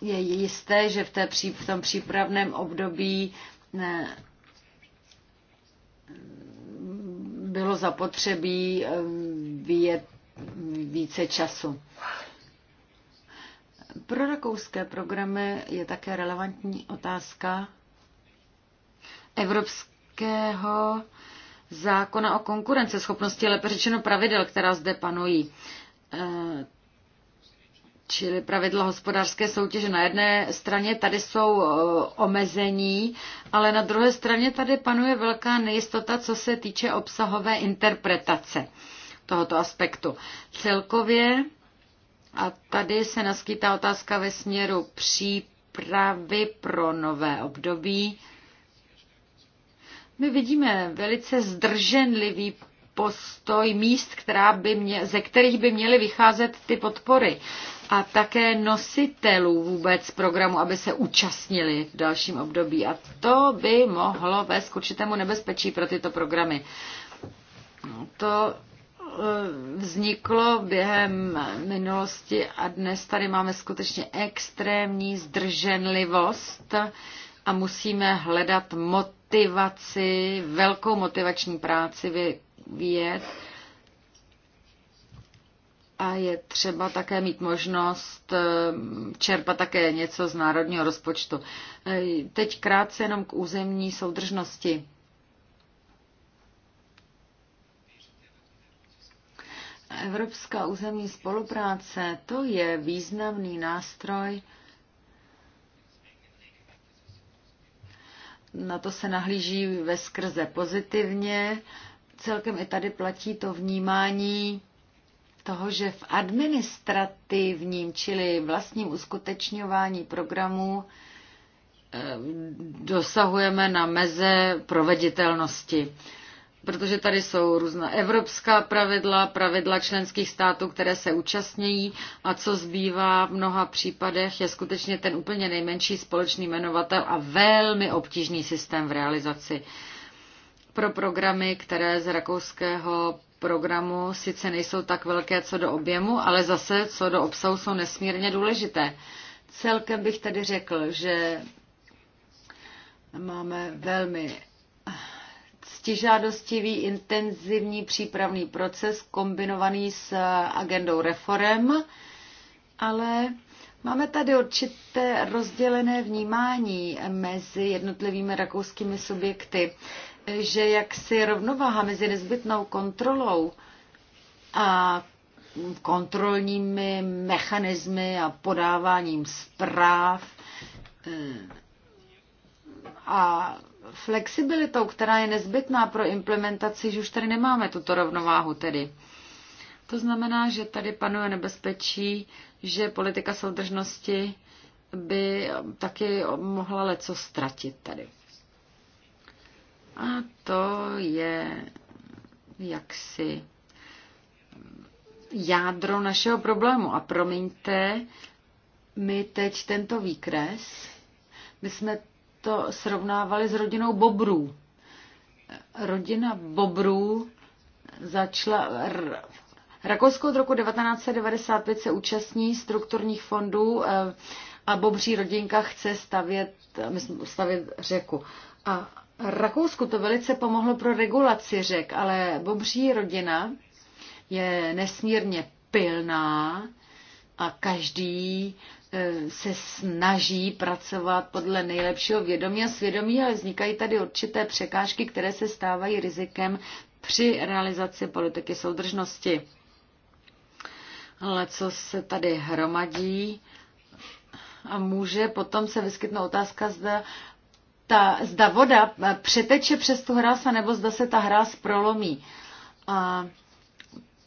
Speaker 1: je jisté, že v, té, v tom přípravném období ne, bylo zapotřebí eh, vyjet více času. Pro rakouské programy je také relevantní otázka evropského zákona o konkurenceschopnosti, lépe řečeno pravidel, která zde panují eh, čili pravidla hospodářské soutěže. Na jedné straně tady jsou e, omezení, ale na druhé straně tady panuje velká nejistota, co se týče obsahové interpretace tohoto aspektu. Celkově, a tady se naskýtá otázka ve směru přípravy pro nové období, my vidíme velice zdrženlivý postoj míst, která by mě, ze kterých by měly vycházet ty podpory a také nositelů vůbec programu, aby se účastnili v dalším období. A to by mohlo vést k určitému nebezpečí pro tyto programy. To eh, vzniklo během minulosti a dnes tady máme skutečně extrémní zdrženlivost a musíme hledat motivaci, velkou motivační práci vyvíjet a je třeba také mít možnost eh, čerpat také něco z národního rozpočtu. Eh, teď krátce jenom k územní soudržnosti. Evropská územní spolupráce, to je významný nástroj. Na to se nahlíží ve skrze pozitivně. Celkem i tady platí to vnímání toho, že v administrativním, čili vlastním uskutečňování programů eh, dosahujeme na meze proveditelnosti. Protože tady jsou různá evropská pravidla, pravidla členských států, které se účastnějí a co zbývá v mnoha případech je skutečně ten úplně nejmenší společný jmenovatel a velmi obtížný systém v realizaci pro programy, které z rakouského programu sice nejsou tak velké co do objemu, ale zase co do obsahu jsou nesmírně důležité. Celkem bych tady řekl, že máme velmi ctižádostivý, intenzivní přípravný proces kombinovaný s agendou reform, ale Máme tady určité rozdělené vnímání mezi jednotlivými rakouskými subjekty že jaksi rovnováha mezi nezbytnou kontrolou a kontrolními mechanismy a podáváním zpráv eh, a flexibilitou, která je nezbytná pro implementaci, že už tady nemáme tuto rovnováhu tedy. To znamená, že tady panuje nebezpečí, že politika soudržnosti by taky mohla leco ztratit tady. A to je jaksi jádro našeho problému. A promiňte, my teď tento výkres, my jsme to srovnávali s rodinou Bobrů. Rodina Bobrů začala... Rakousko od roku 1995 se účastní strukturních fondů eh, a Bobří rodinka chce stavět, myslím, stavět řeku. A Rakousku to velice pomohlo pro regulaci řek, ale bobří rodina je nesmírně pilná a každý e, se snaží pracovat podle nejlepšího vědomí a svědomí, ale vznikají tady určité překážky, které se stávají rizikem při realizaci politiky soudržnosti. Ale co se tady hromadí, a může potom se vyskytnout otázka, zda ta, zda voda přeteče přes tu hráz, nebo zda se ta hráz prolomí. A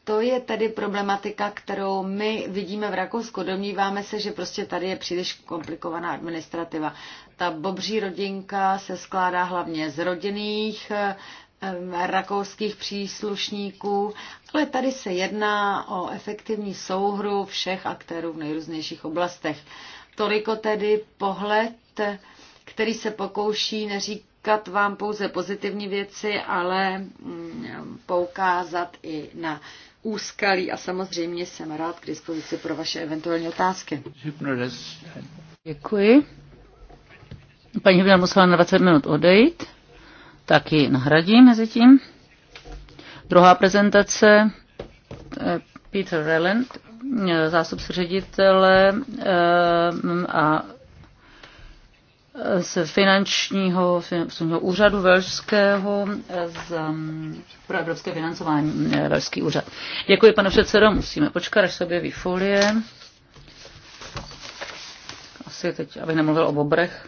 Speaker 1: to je tedy problematika, kterou my vidíme v Rakousku. Domníváme se, že prostě tady je příliš komplikovaná administrativa. Ta bobří rodinka se skládá hlavně z rodinných rakouských příslušníků, ale tady se jedná o efektivní souhru všech aktérů v nejrůznějších oblastech. Toliko tedy pohled který se pokouší neříkat vám pouze pozitivní věci, ale mm, poukázat i na úskalí a samozřejmě jsem rád k dispozici pro vaše eventuální otázky.
Speaker 2: Děkuji. Paní Hybner musela na 20 minut odejít, tak ji nahradím mezi tím. Druhá prezentace eh, Peter Reland, eh, zástupce ředitele eh, a z finančního, finančního úřadu velšského z, mm, pro evropské financování, mm, Velský úřad. Děkuji, pane předsedo, musíme počkat, až se objeví folie. Asi teď, aby nemluvil o bobrech.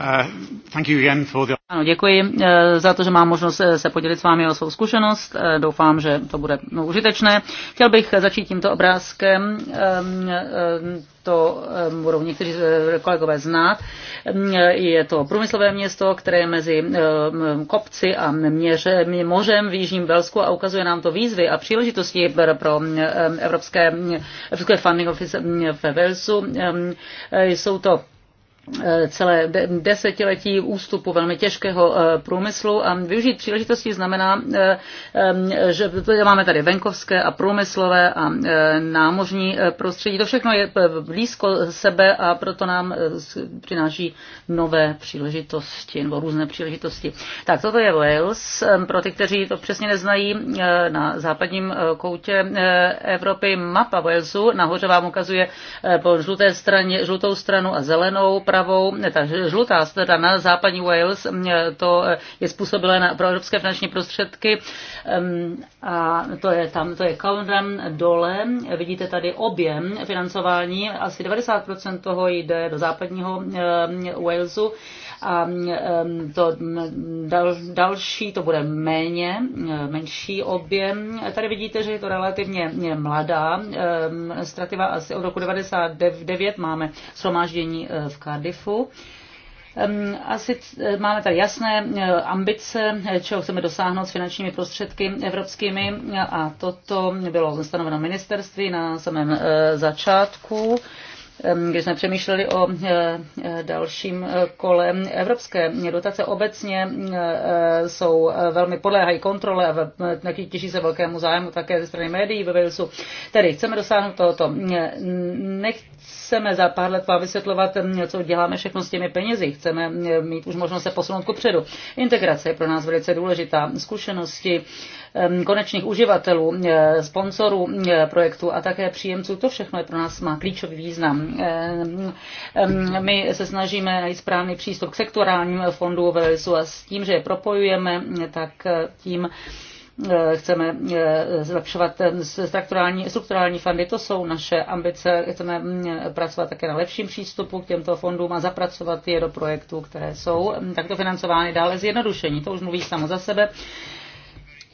Speaker 2: Uh, ano, děkuji uh, za to, že mám možnost uh, se podělit s vámi o svou zkušenost. Doufám, že to bude užitečné. Chtěl bych začít tímto obrázkem. Um, to um, budou někteří kolegové znát. Um, je to průmyslové město, které je mezi kopci a měře, mořem v Jižním Velsku a ukazuje nám to výzvy a příležitosti pro evropské, evropské funding office ve Velsu. Jsou to Eh, celé desetiletí ústupu velmi těžkého eh, průmyslu a využít příležitosti znamená, eh, že máme tady venkovské a průmyslové a námořní prostředí. To všechno je blízko sebe a proto nám přináší nové příležitosti nebo různé příležitosti. Tak toto je Wales. Pro ty, kteří to přesně neznají, na západním koutě Evropy mapa Walesu nahoře vám ukazuje po žluté straně, žlutou stranu a zelenou, prav dopravou. Ta žlutá strana na západní Wales, to je způsobilé na, pro evropské finanční prostředky a to je tam, to je Cowden dole. Vidíte tady objem financování, asi 90% toho jde do západního Walesu a to dal, další, to bude méně, menší objem. Tady vidíte, že je to relativně mladá strativa, asi od roku 99 máme shromáždění eh, v Cardiff IFU. Asi e, máme tady jasné e, ambice, čeho chceme dosáhnout s finančními prostředky evropskými a toto bylo stanoveno ministerství na samém e, začátku když jsme přemýšleli o eh, eh, dalším eh, kole evropské dotace obecně jsou velmi podléhají kontrole a těší se velkému zájmu také ze strany médií ve Walesu. Tedy chceme dosáhnout tohoto. Nechceme za pár let vám vysvětlovat, co děláme všechno s těmi penězi. Chceme mít už možnost se posunout kupředu. Integrace je pro nás velice důležitá. Zkušenosti konečných uživatelů, sponsorů projektu a také příjemců. To všechno je pro nás má klíčový význam. My se snažíme najít správný přístup k sektorálním fondu Velisu a s tím, že je propojujeme, tak tím eh, chceme eh, zlepšovat strukturální, strukturální fondy, to jsou naše ambice, chceme pracovat také na lepším přístupu k těmto fondům a zapracovat je do projektů, které jsou takto financovány dále zjednodušení, to už mluví samo za sebe.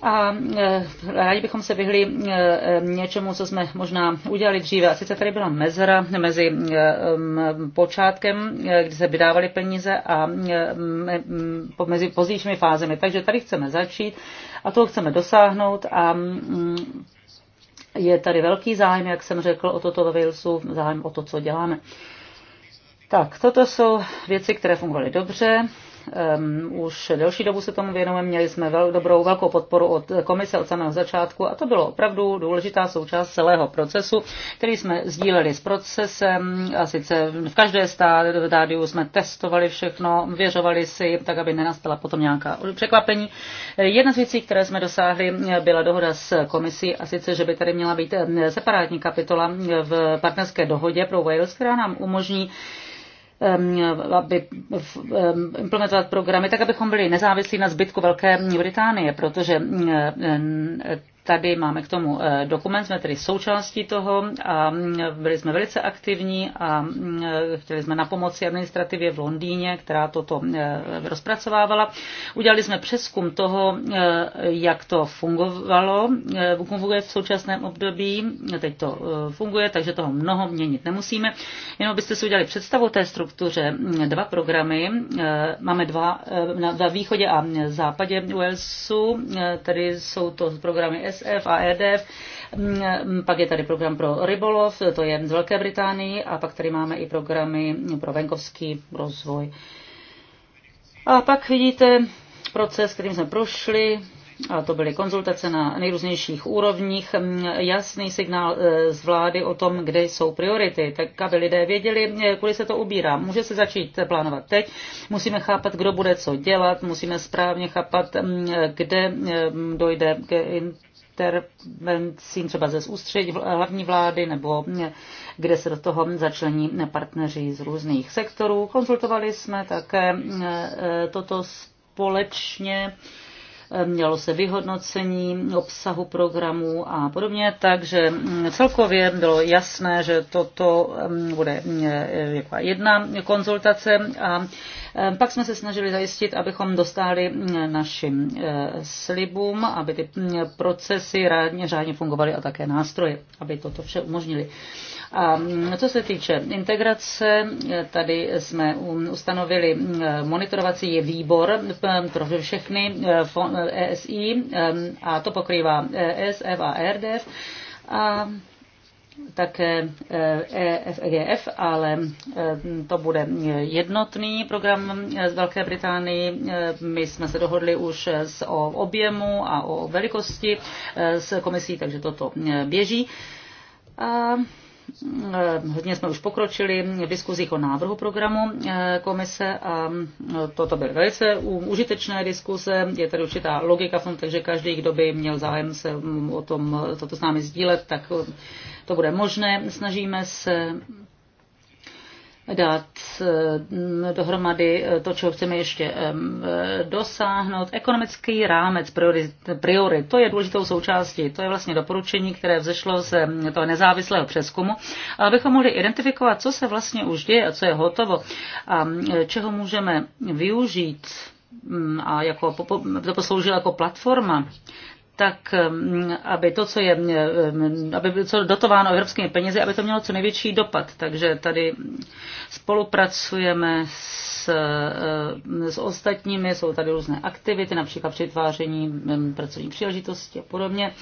Speaker 2: A eh, rádi bychom se vyhli eh, něčemu, co jsme možná udělali dříve. A sice tady byla mezera mezi eh, mm, počátkem, kdy se vydávaly peníze a mm, mezi pozdějšími fázemi. Takže tady chceme začít a toho chceme dosáhnout a mm, je tady velký zájem, jak jsem řekl, o toto ve Walesu, zájem o to, co děláme. Tak, toto jsou věci, které fungovaly dobře. Ehm, už delší dobu se tomu věnujeme, měli jsme vel, dobrou velkou podporu od komise od samého začátku a to bylo opravdu důležitá součást celého procesu, který jsme sdíleli s procesem a sice v každé stádiu jsme testovali všechno, věřovali si, tak aby nenastala potom nějaká překvapení. Jedna z věcí, které jsme dosáhli, byla dohoda s komisí a sice, že by tady měla být ehm, separátní kapitola v partnerské dohodě pro Wales, která nám umožní Ehm, aby ehm, implementovat programy, tak abychom byli nezávislí na zbytku Velké Británie, protože ehm, Tady máme k tomu eh, dokument, jsme tedy součástí toho a mm, byli jsme velice aktivní a mm, chtěli jsme na pomoci administrativě v Londýně, která toto eh, rozpracovávala. Udělali jsme přeskum toho, eh, jak to fungovalo, funguje v současném období, teď to funguje, takže toho mnoho měnit nemusíme. Jenom byste si udělali představu té struktuře, mm, dva programy, máme dva na, na východě a západě Walesu, tedy jsou to programy ESF a EDF. Mm, mm, pak je tady program pro rybolov, to je z Velké Británii, a pak tady máme i programy pro venkovský rozvoj. A pak vidíte proces, kterým jsme prošli, a to byly konzultace na nejrůznějších úrovních, mm, jasný signál e, z vlády o tom, kde jsou priority, tak aby lidé věděli, e, kudy se to ubírá. Může se začít plánovat teď, musíme chápat, kdo bude co dělat, musíme správně chápat, e, kde dojde k intervencí třeba ze ústředí hlavní vlády nebo eh, kde se do toho začlení partneři z různých sektorů. Konzultovali jsme také eh, eh, toto společně mělo se vyhodnocení obsahu programů a podobně, takže mm, celkově bylo jasné, že toto mm, bude mm, jako jedna konzultace a pak jsme se snažili zajistit, abychom dostali našim eh, slibům, aby ty procesy rádně, řádně fungovaly a také nástroje, aby toto vše umožnili. A mm, co se týče integrace, eh, tady jsme mm, ustanovili eh, monitorovací výbor mm, pro všechny ESI eh, e a to pokrývá ESF a RDF. A také EFGF, e, ale to bude jednotný program z Velké Británii. My jsme se dohodli už o objemu a o velikosti s komisí, takže toto běží. A Eh, hodně jsme už pokročili v diskuzích o návrhu programu eh, komise a eh, toto byly velice užitečné diskuze. Je tady určitá logika v tom, takže každý, kdo by měl zájem se mm, o tom, toto s námi sdílet, tak to bude možné. Snažíme se dát eh, dohromady eh, to, čeho chceme ještě eh, dosáhnout. Ekonomický rámec priorit, priorit, to je důležitou součástí. To je vlastně doporučení, které vzešlo z toho nezávislého přeskumu, abychom mohli identifikovat, co se vlastně už děje a co je hotovo a čeho můžeme využít a jako, to posloužilo jako platforma tak mm, aby to, co je mm, mm, aby co dotováno evropskými penězi, aby to mělo co největší dopad. Takže tady spolupracujeme s Eh, s, ostatními, jsou tady různé aktivity, například přetváření mm, pracovní příležitosti a podobně.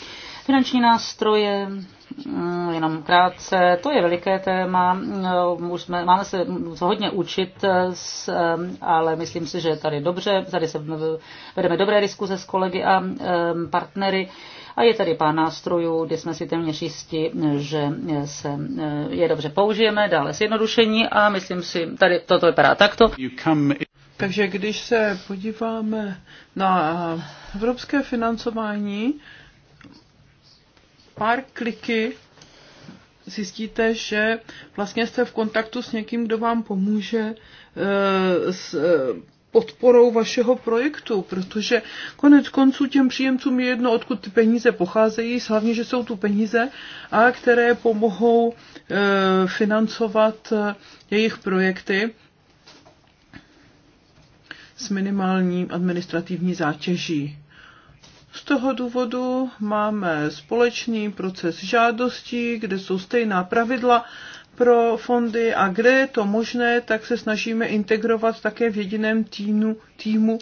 Speaker 2: Finanční nástroje, mm, jenom krátce, to je veliké téma, eh, už jsme, máme se hodně učit, eh, s, ale myslím si, že tady dobře, tady se vedeme dobré diskuze s kolegy a partnery. A je tady pár nástrojů, kde jsme si téměř jistí, že se eh, je dobře použijeme, dále zjednodušení a myslím si, tady toto vypadá takto. Takže když se
Speaker 3: podíváme na evropské financování, pár kliky zjistíte, že vlastně jste v kontaktu s někým, kdo vám pomůže eh, s eh, podporou vašeho projektu, protože konec konců těm příjemcům je jedno, odkud ty peníze pocházejí, hlavně, že jsou tu peníze, a které pomohou e, financovat eh, jejich projekty s minimální administrativní zátěží. Z toho důvodu máme společný proces žádostí, kde jsou stejná pravidla pro fondy a kde je to možné, tak se snažíme integrovat také v jediném týmu, týmu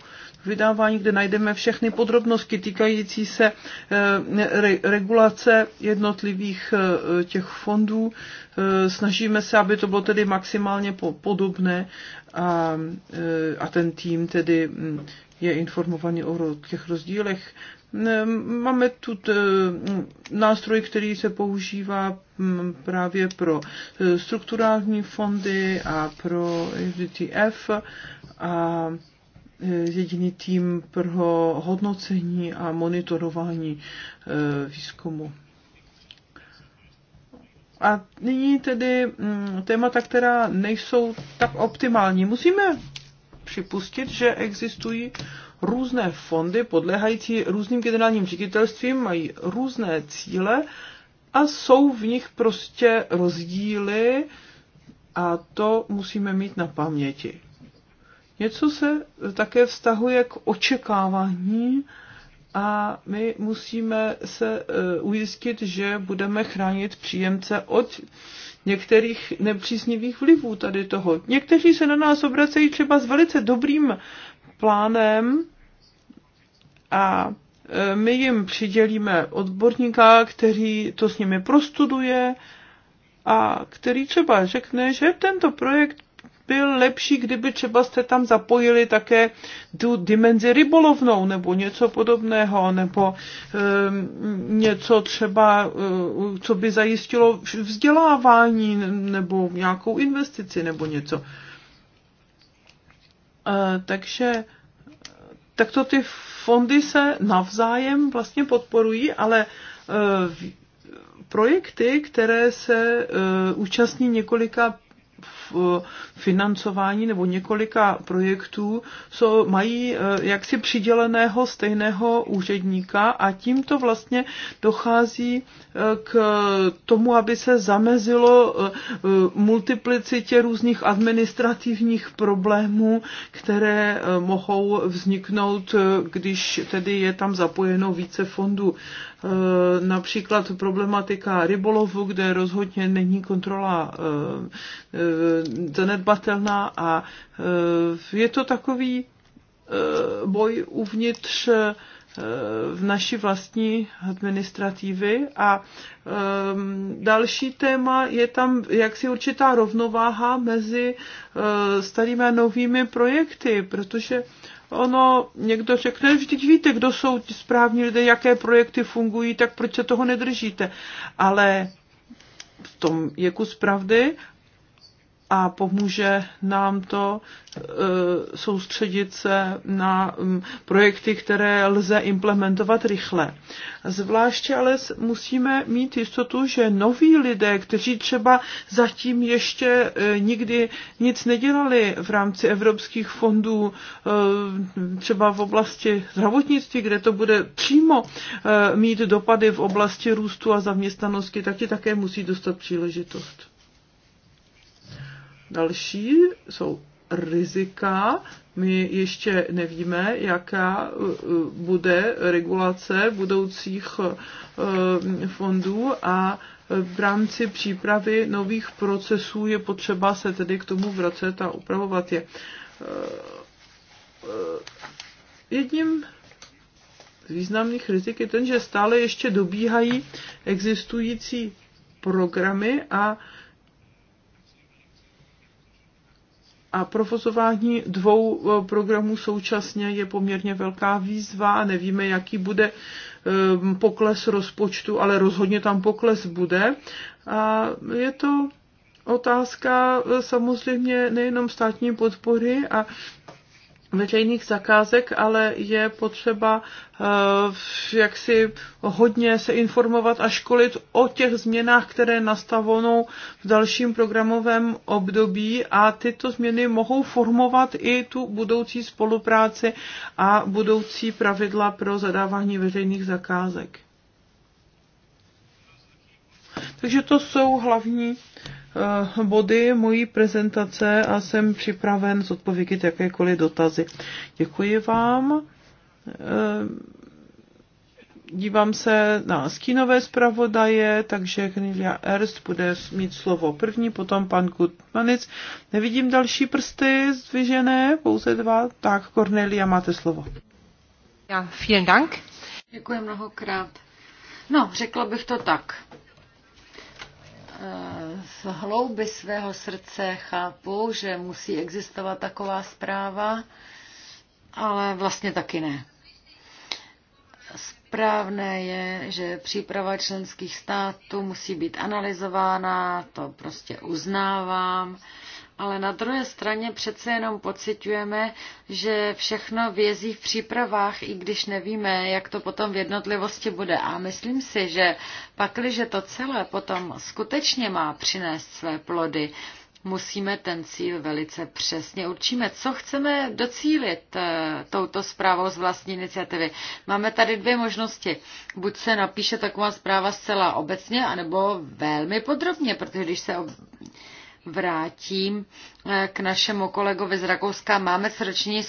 Speaker 3: vydávání, kde najdeme všechny podrobnosti týkající se eh, re, regulace jednotlivých eh, těch fondů. Eh, snažíme se, aby to bylo tedy maximálně podobné a, a ten tým tedy mm, je informovaný o těch rozdílech. Ehm, máme tu ehm, nástroj, který se používá hm, právě pro e, strukturální fondy a pro FDTF a e, jediný tým pro hodnocení a monitorování e, výzkumu. A nyní tedy hm, témata, která nejsou tak optimální. Musíme připustit, že existují různé fondy podléhající různým generálním ředitelstvím, mají různé cíle a jsou v nich prostě rozdíly a to musíme mít na paměti. Něco se také vztahuje k očekávání a my musíme se eh, ujistit, že budeme chránit příjemce od některých nepříznivých vlivů tady toho. Někteří se na nás obracejí třeba s velice dobrým plánem a e, my jim přidělíme odborníka, který to s nimi prostuduje a který třeba řekne, že tento projekt byl lepší, kdyby třeba jste tam zapojili také tu dimenzi rybolovnou nebo něco podobného, nebo e, něco třeba, e, co by zajistilo vzdělávání nebo nějakou investici nebo něco. E, Eh, takže eh, takto ty fondy se navzájem vlastně podporují, ale eh, projekty, které se účastní několika Eh, financování nebo několika projektů co mají eh, jaksi přiděleného stejného úředníka a tímto vlastně dochází eh, k tomu, aby se zamezilo multiplicitě různých administrativních problémů, které mohou vzniknout, když tedy je tam zapojeno více fondů. Eh, například problematika rybolovu, kde rozhodně není kontrola eh, eh, zanedbatelná a je to takový boj uvnitř v naší vlastní administrativy. A další téma je tam jaksi určitá rovnováha mezi starými a novými projekty, protože ono někdo řekne, vždyť víte, kdo jsou ti správní lidé, jaké projekty fungují, tak proč se toho nedržíte. Ale v tom je kus pravdy a pomůže nám to eh, soustředit se na mm, projekty, které lze implementovat rychle. Zvláště ale musíme mít jistotu, že noví lidé, kteří třeba zatím ještě eh, nikdy nic nedělali v rámci evropských fondů, eh, třeba v oblasti zdravotnictví, kde to bude přímo mít dopady v oblasti růstu a zaměstnanosti, tak ti také musí dostat příležitost. Další jsou rizika. My ještě nevíme, jaká eh, eh, bude regulace budoucích eh, fondů a v rámci přípravy nových procesů je potřeba se tedy k tomu vracet a upravovat je. Jedním z významných rizik je ten, že stále ještě dobíhají existující programy a a provozování dvou eh, programů současně je poměrně velká výzva nevíme, jaký bude eh, pokles rozpočtu, ale rozhodně tam pokles bude. A je to otázka eh, samozřejmě nejenom státní podpory a veřejných zakázek, ale je potřeba eh, jak si hodně se informovat a školit o těch změnách, které nastavonou v dalším programovém období a tyto změny mohou formovat i tu budoucí spolupráci a budoucí pravidla pro zadávání veřejných zakázek. Takže to jsou hlavní eh, body mojí prezentace a jsem připraven zodpovědět jakékoliv dotazy. Děkuji vám. Eh, dívám se na skínové zpravodaje, takže Knilia Erst bude mít slovo první, potom pan Kutmanic. Nevidím další prsty zvižené, pouze dva. Tak, Cornelia, máte slovo.
Speaker 1: Já, vielen Dank. Děkuji mnohokrát. No, řekla bych to tak v hloubi svého srdce chápu, že musí existovat taková zpráva, ale vlastně taky ne. Správné je, že příprava členských států musí být analyzována, to prostě uznávám ale na druhé straně přece jenom pociťujeme, že všechno vězí v přípravách, i když nevíme, jak to potom v jednotlivosti bude. A myslím si, že pakliže to celé potom skutečně má přinést své plody, musíme ten cíl velice přesně určíme. Co chceme docílit eh, touto zprávou z vlastní iniciativy? Máme tady dvě možnosti. Buď se napíše taková zpráva zcela obecně, anebo velmi podrobně, protože když se ob vrátím eh, k našemu kolegovi z Rakouska. Máme srdční s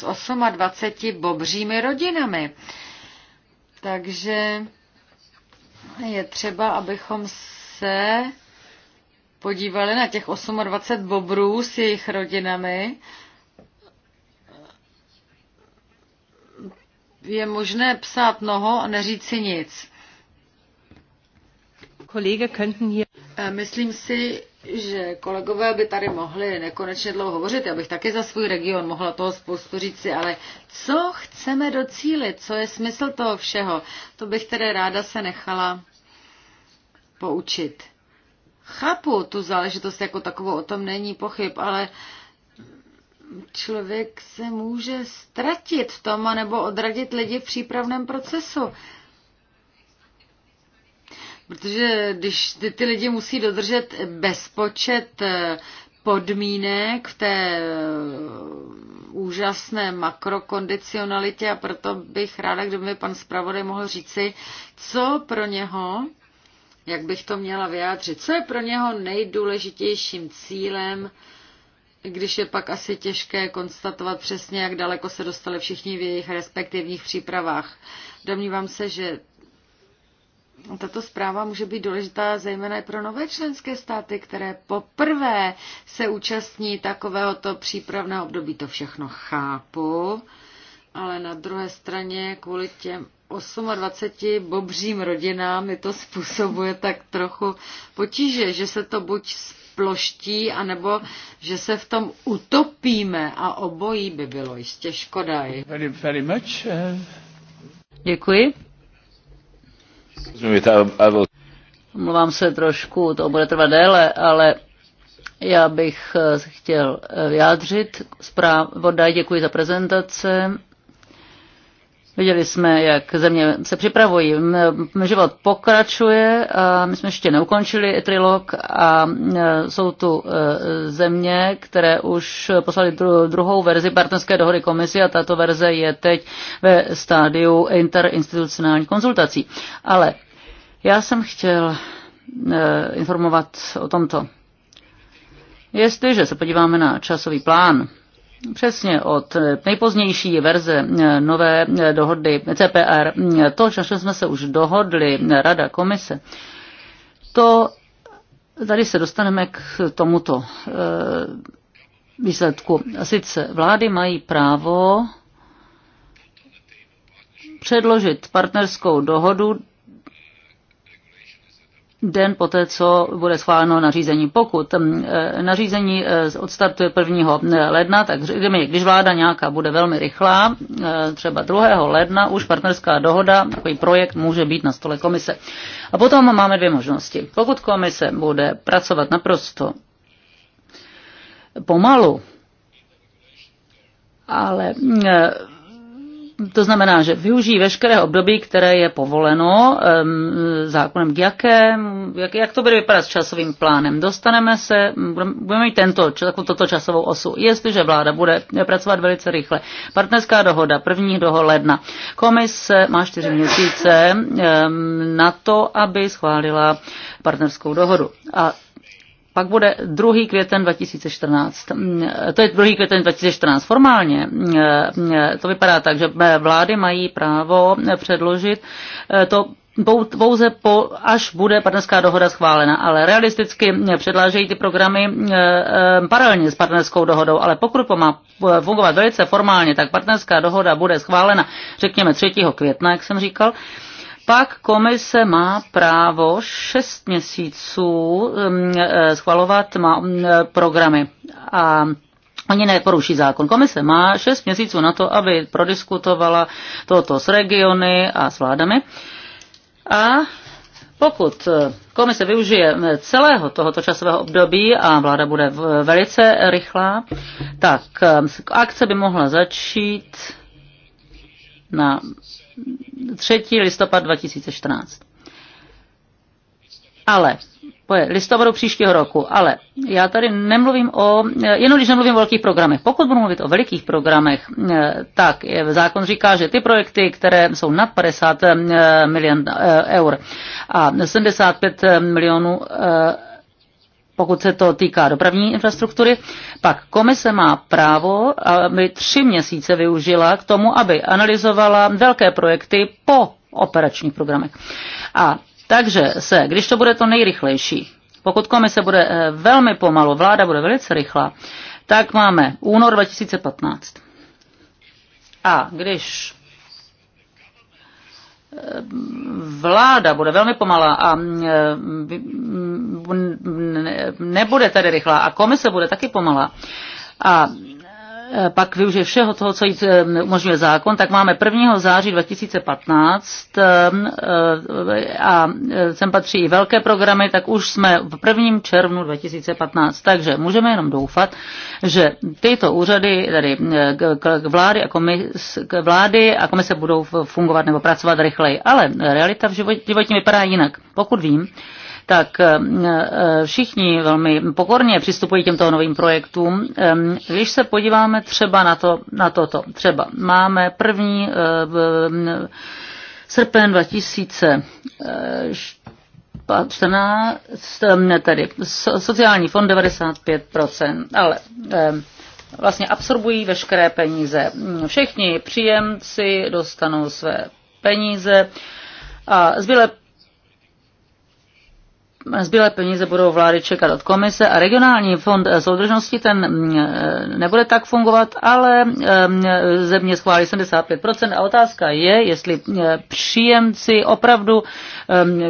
Speaker 1: 28 bobřími rodinami. Takže je třeba, abychom se podívali na těch 28 bobrů s jejich rodinami. Je možné psát noho a neříct si nic. Eh, myslím si, že kolegové by tady mohli nekonečně dlouho hovořit, abych také za svůj region mohla toho spoustu říci, ale co chceme docílit, co je smysl toho všeho, to bych tedy ráda se nechala poučit. Chápu tu záležitost jako takovou, o tom není pochyb, ale člověk se může ztratit v tom, anebo odradit lidi v přípravném procesu protože když ty, ty lidi musí dodržet bezpočet eh, podmínek v té eh, úžasné makrokondicionalitě a proto bych ráda, kdyby mi pan zpravodaj mohl říci, co pro něho, jak bych to měla vyjádřit, co je pro něho nejdůležitějším cílem, když je pak asi těžké konstatovat přesně, jak daleko se dostali všichni v jejich respektivních přípravách. Domnívám se, že tato zpráva může být důležitá zejména i pro nové členské státy, které poprvé se účastní takovéhoto přípravného období. To všechno chápu, ale na druhé straně kvůli těm 28 bobřím rodinám mi to způsobuje tak trochu potíže, že se to buď sploští, anebo že se v tom utopíme a obojí by bylo jistě škoda. Eh.
Speaker 2: Děkuji. Mluvám se trošku, to bude trvat déle, ale já bych chtěl vyjádřit zprávodaj. Děkuji za prezentace. Viděli jsme, jak země se připravují. Život pokračuje, a my jsme ještě neukončili trilog a e, jsou tu e, země, které už poslali druhou verzi partnerské dohody komisi a tato verze je teď ve stádiu interinstitucionální konzultací. Ale já jsem chtěl e, informovat o tomto. Jestliže se podíváme na časový plán, Přesně od nejpozdější verze eh, nové eh, dohody CPR, mm, to, že jsme se už dohodli, eh, Rada komise, to tady se dostaneme k tomuto výsledku. Sice vlády mají právo předložit partnerskou dohodu den poté, co bude schváleno nařízení. Pokud mm, eh, nařízení eh, odstartuje 1. Eh, ledna, tak řekněme, když vláda nějaká bude velmi rychlá, třeba 2. ledna už partnerská dohoda, takový projekt může být na stole komise. A potom máme dvě možnosti. Pokud komise bude pracovat naprosto pomalu, ale to znamená, že využijí veškeré období, které je povoleno zákonem k jak, jak to bude vypadat s časovým plánem. Dostaneme se, budeme mít tento, toto časovou osu, jestliže vláda bude pracovat velice rychle. Partnerská dohoda, první do ledna. Komise má čtyři měsíce na to, aby schválila partnerskou dohodu. A pak bude 2. květen 2014. To je 2. květen 2014. Formálně eh, to vypadá tak, že eh, vlády mají právo předložit eh, to pouze po, až bude partnerská dohoda schválena, ale realisticky předlážejí ty programy paralelně s partnerskou dohodou, ale pokud to má fungovat velice formálně, tak partnerská dohoda bude schválena, řekněme 3. května, jak jsem říkal, pak komise má právo šest měsíců mm, eh, schvalovat mm, eh, programy. A Oni neporuší zákon. Komise má šest měsíců na to, aby prodiskutovala toto s regiony a s vládami. A pokud eh, komise využije celého tohoto časového období a vláda bude velice rychlá, tak akce by mohla začít na 3. listopad 2014. Ale to je listopadu příštího roku, ale já tady nemluvím o, jenom když nemluvím o velkých programech. Pokud budu mluvit o velikých programech, eh, tak zákon říká, že ty projekty, které jsou nad 50 eh, milion eh, eur a 75 milionů eur, pokud se to týká dopravní infrastruktury, pak komise má právo, aby tři měsíce využila k tomu, aby analyzovala velké projekty po operačních programech. A takže se, když to bude to nejrychlejší, pokud komise bude eh, velmi pomalu, vláda bude velice rychlá, tak máme únor 2015. A když vláda bude velmi pomalá a nebude tady rychlá a komise bude taky pomalá. A Eh, pak využije všeho toho, co jí eh, umožňuje zákon, tak máme 1. září 2015 eh, a sem patří i velké programy, tak už jsme v 1. červnu 2015. Takže můžeme jenom doufat, že tyto úřady, tedy vlády a, komise, vlády a komise budou fungovat nebo pracovat rychleji. Ale realita v životě vypadá jinak. Pokud vím, tak eh, eh, všichni velmi pokorně přistupují k těmto novým projektům. Když se podíváme třeba na, to, na toto, třeba máme první eh, srpen 2014, ne tedy sociální fond 95%, ale vlastně absorbují veškeré peníze. Všichni příjemci dostanou své peníze a zbylé Zbylé peníze budou vlády čekat od komise a regionální fond soudržnosti ten mm, e, nebude tak fungovat, ale e, země schválí 75% a otázka je, jestli e, příjemci opravdu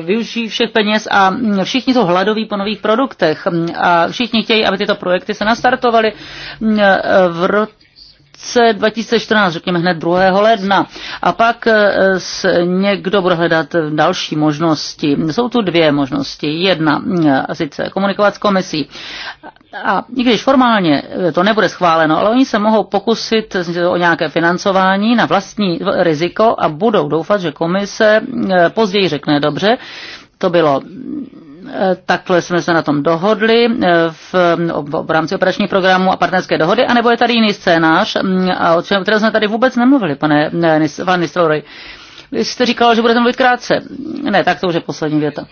Speaker 2: využijí všech peněz a mm, všichni jsou hladoví po nových produktech mm, a všichni chtějí, aby tyto projekty se nastartovaly v roce roce 2014, řekněme hned 2. ledna. A pak eh, někdo bude hledat další možnosti. Jsou tu dvě možnosti. Jedna, eh, a sice komunikovat s komisí. A i když formálně to nebude schváleno, ale oni se mohou pokusit o nějaké financování na vlastní riziko a budou doufat, že komise eh, později řekne dobře, to bylo Eh, takhle jsme se na tom dohodli eh, v, v rámci operačních programů a partnerské dohody, anebo je tady jiný scénář, mm, o čem jsme tady vůbec nemluvili, pane Nistelroj. Vy jste říkal, že budete mluvit krátce. Ne, tak to už je poslední věta.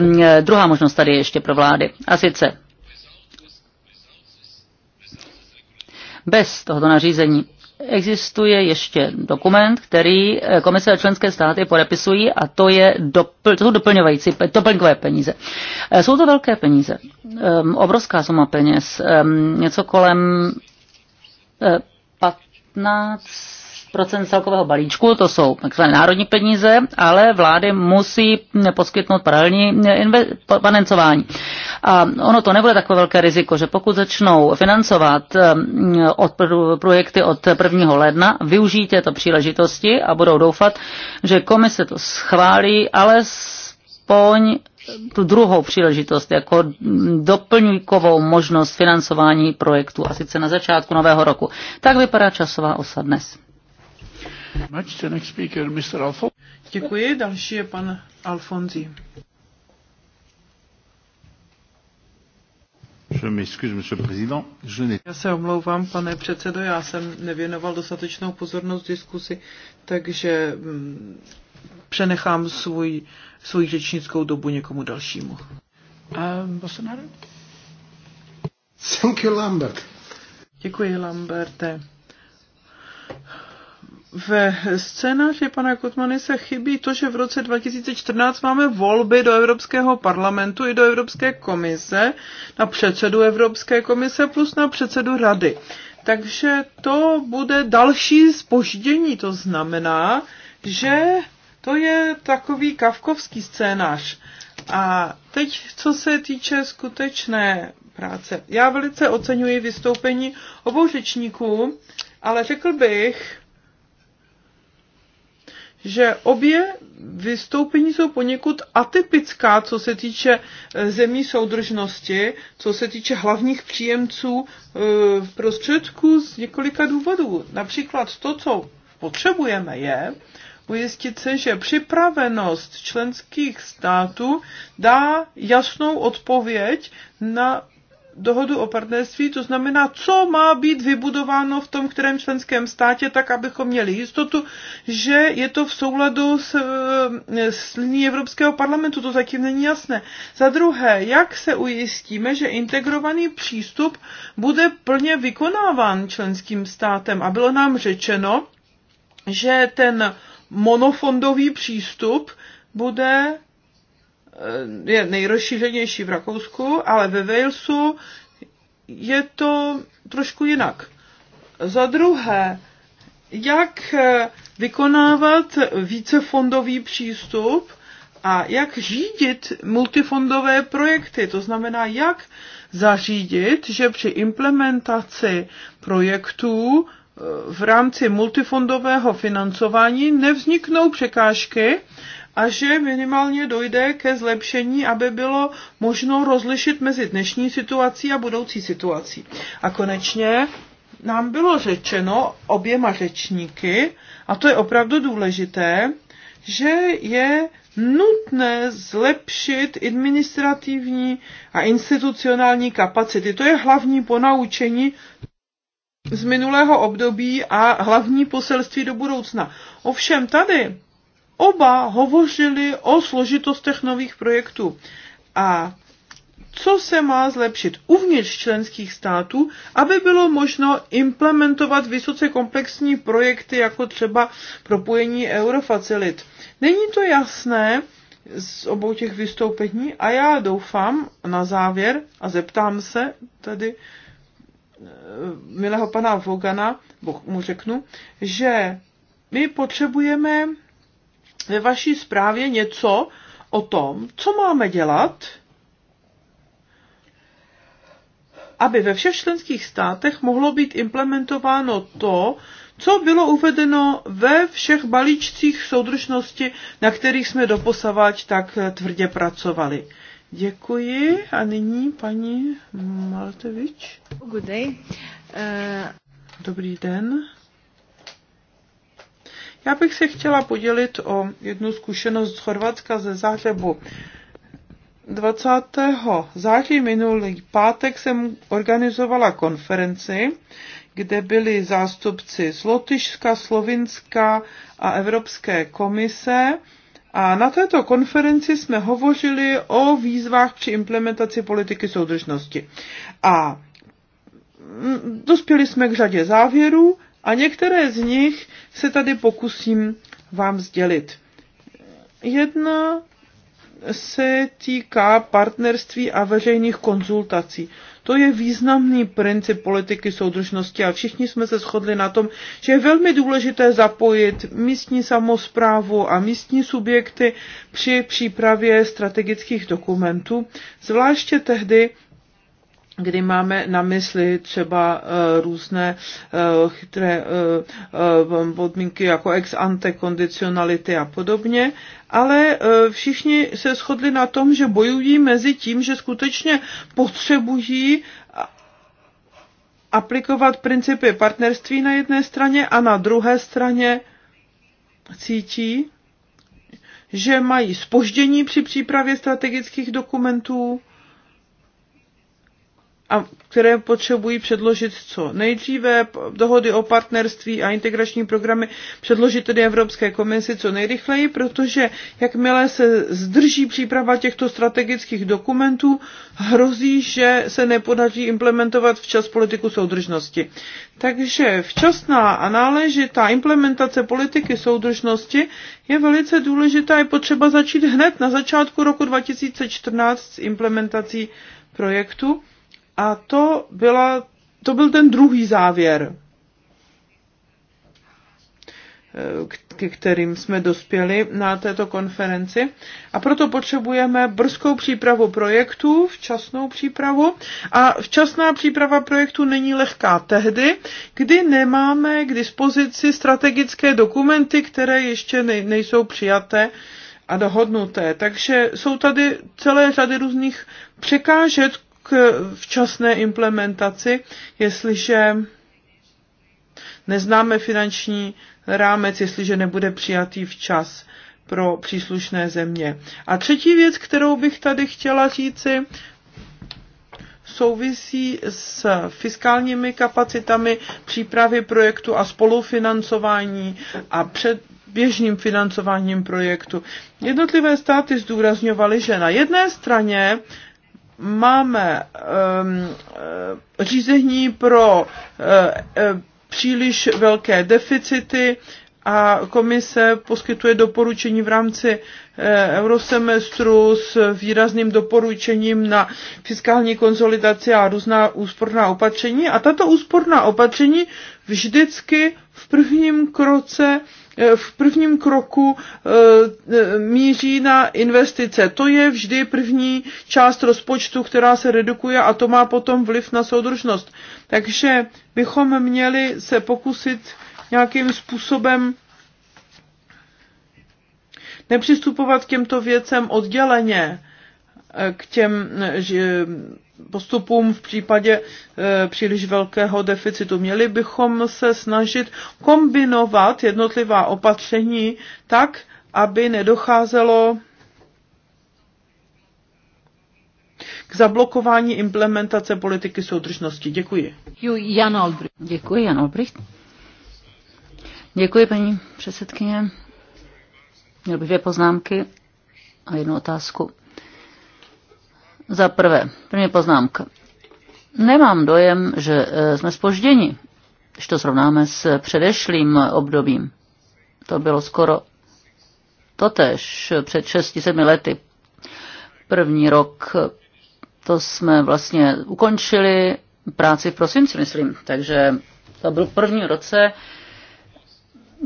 Speaker 2: Um, druhá možnost tady je ještě pro vlády. A sice bez tohoto nařízení existuje ještě dokument, který eh, komise a členské státy podepisují a to, je dopl, to jsou doplňovající, doplňkové peníze. Eh, jsou to velké peníze, ehm, obrovská suma peněz, ehm, něco kolem 15 eh, celkového balíčku, to jsou takzvané národní peníze, ale vlády musí poskytnout paralelní eh, financování. A ono to nebude takové velké riziko, že pokud začnou financovat eh, od projekty od 1. ledna, využijí této příležitosti a budou doufat, že komise to schválí, ale spoň tu druhou příležitost jako doplňkovou možnost financování projektu a sice na začátku nového roku. Tak vypadá časová osa dnes.
Speaker 3: Děkuji, další je pan Alfonzi. Já se omlouvám, pane předsedo, já jsem nevěnoval dostatečnou pozornost diskusi, takže mm, přenechám svůj, svůj řečnickou dobu někomu dalšímu. Um, Lambert. Děkuji, Lamberte ve scénáři pana Kotmany se chybí to, že v roce 2014 máme volby do Evropského parlamentu i do Evropské komise, na předsedu Evropské komise plus na předsedu rady. Takže to bude další spoždění, to znamená, že to je takový kavkovský scénář. A teď, co se týče skutečné práce. Já velice oceňuji vystoupení obou řečníků, ale řekl bych, že obě vystoupení jsou poněkud atypická, co se týče e, zemí soudržnosti, co se týče hlavních příjemců v e, prostředku z několika důvodů. Například to, co potřebujeme, je ujistit se, že připravenost členských států dá jasnou odpověď na dohodu o partnerství, to znamená, co má být vybudováno v tom kterém členském státě, tak abychom měli jistotu, že je to v souladu s, eh, s liní Evropského parlamentu, to zatím není jasné. Za druhé, jak se ujistíme, že integrovaný přístup bude plně vykonáván členským státem? A bylo nám řečeno, že ten monofondový přístup bude je nejrozšířenější v Rakousku, ale ve Walesu je to trošku jinak. Za druhé, jak vykonávat vícefondový přístup a jak řídit multifondové projekty, to znamená, jak zařídit, že při implementaci projektů eh, v rámci multifondového financování nevzniknou překážky a že minimálně dojde ke zlepšení, aby bylo možno rozlišit mezi dnešní situací a budoucí situací. A konečně nám bylo řečeno oběma řečníky, a to je opravdu důležité, že je nutné zlepšit administrativní a institucionální kapacity. To je hlavní ponaučení z minulého období a hlavní poselství do budoucna. Ovšem tady oba hovořili o složitostech nových projektů a co se má zlepšit uvnitř členských států, aby bylo možno implementovat vysoce komplexní projekty, jako třeba propojení eurofacilit. Není to jasné z obou těch vystoupení a já doufám na závěr a zeptám se tady eh, milého pana Vogana, mu řeknu, že my potřebujeme ve vaší zprávě něco o tom, co máme dělat, aby ve všech členských státech mohlo být implementováno to, co bylo uvedeno ve všech balíčcích soudržnosti, na kterých jsme doposavať tak tvrdě pracovali. Děkuji a nyní paní Maltevič. Good day. Uh... Dobrý den. Já bych se chtěla podělit o jednu zkušenost z Chorvatska ze Zářebu. 20. září minulý pátek jsem organizovala konferenci, kde byli zástupci z Lotyšska, Slovinska a Evropské komise. A na této konferenci jsme hovořili o výzvách při implementaci politiky soudržnosti. A dospěli jsme k řadě závěrů a některé z nich se tady pokusím vám sdělit. Jedna se týká partnerství a veřejných konzultací. To je významný princip politiky soudržnosti a všichni jsme se shodli na tom, že je velmi důležité zapojit místní samozprávu a místní subjekty při přípravě strategických dokumentů, zvláště tehdy, kdy máme na mysli třeba eh, různé eh, chytré eh, podmínky jako ex ante kondicionality a podobně, ale všichni se shodli na tom, že bojují mezi tím, že skutečně potřebují aplikovat principy partnerství na jedné straně a na druhé straně cítí, že mají spoždění při přípravě strategických dokumentů, a které potřebují předložit co nejdříve, dohody o partnerství a integrační programy předložit tedy Evropské komisi co nejrychleji, protože jakmile se zdrží příprava těchto strategických dokumentů, hrozí, že se nepodaří implementovat včas politiku soudržnosti. Takže včasná a náležitá implementace politiky soudržnosti je velice důležitá, je potřeba začít hned na začátku roku 2014 s implementací projektu a to, byla, to byl ten druhý závěr, eh, ke kterým jsme dospěli na této konferenci. A proto potřebujeme brzkou přípravu projektů, včasnou přípravu. A včasná příprava projektů není lehká tehdy, kdy nemáme k dispozici strategické dokumenty, které ještě nejsou přijaté a dohodnuté. Takže jsou tady celé řady různých překážek, k včasné implementaci, jestliže neznáme finanční rámec, jestliže nebude přijatý včas pro příslušné země. A třetí věc, kterou bych tady chtěla říci, souvisí s fiskálními kapacitami přípravy projektu a spolufinancování a před běžným financováním projektu. Jednotlivé státy zdůrazňovaly, že na jedné straně máme um, řízení pro eh, eh, příliš velké deficity a komise poskytuje doporučení v rámci eurosemestru s výrazným doporučením na fiskální konsolidaci a různá úsporná opatření. A tato úsporná opatření vždycky v prvním kroce uh, Eh, v prvním kroku eh, míří na investice. To je vždy první část rozpočtu, která se redukuje a to má potom vliv na soudržnost. Takže bychom měli se pokusit nějakým způsobem nepřistupovat k těmto věcem odděleně, eh, k těm postupům v případě e, příliš velkého deficitu. Měli bychom se snažit kombinovat jednotlivá opatření tak, aby nedocházelo k zablokování implementace politiky soudržnosti. Děkuji.
Speaker 2: Jan Albrecht. Děkuji, Jan Albrecht. Děkuji, paní předsedkyně.
Speaker 3: Měl bych dvě poznámky
Speaker 2: a jednu otázku. Za prvé, první poznámka. Nemám dojem, že eh, jsme spožděni, když to srovnáme s předešlým obdobím. To bylo skoro totež před 6-7 lety. První rok eh, to jsme vlastně ukončili práci v prosinci, myslím. Takže to byl v prvním roce,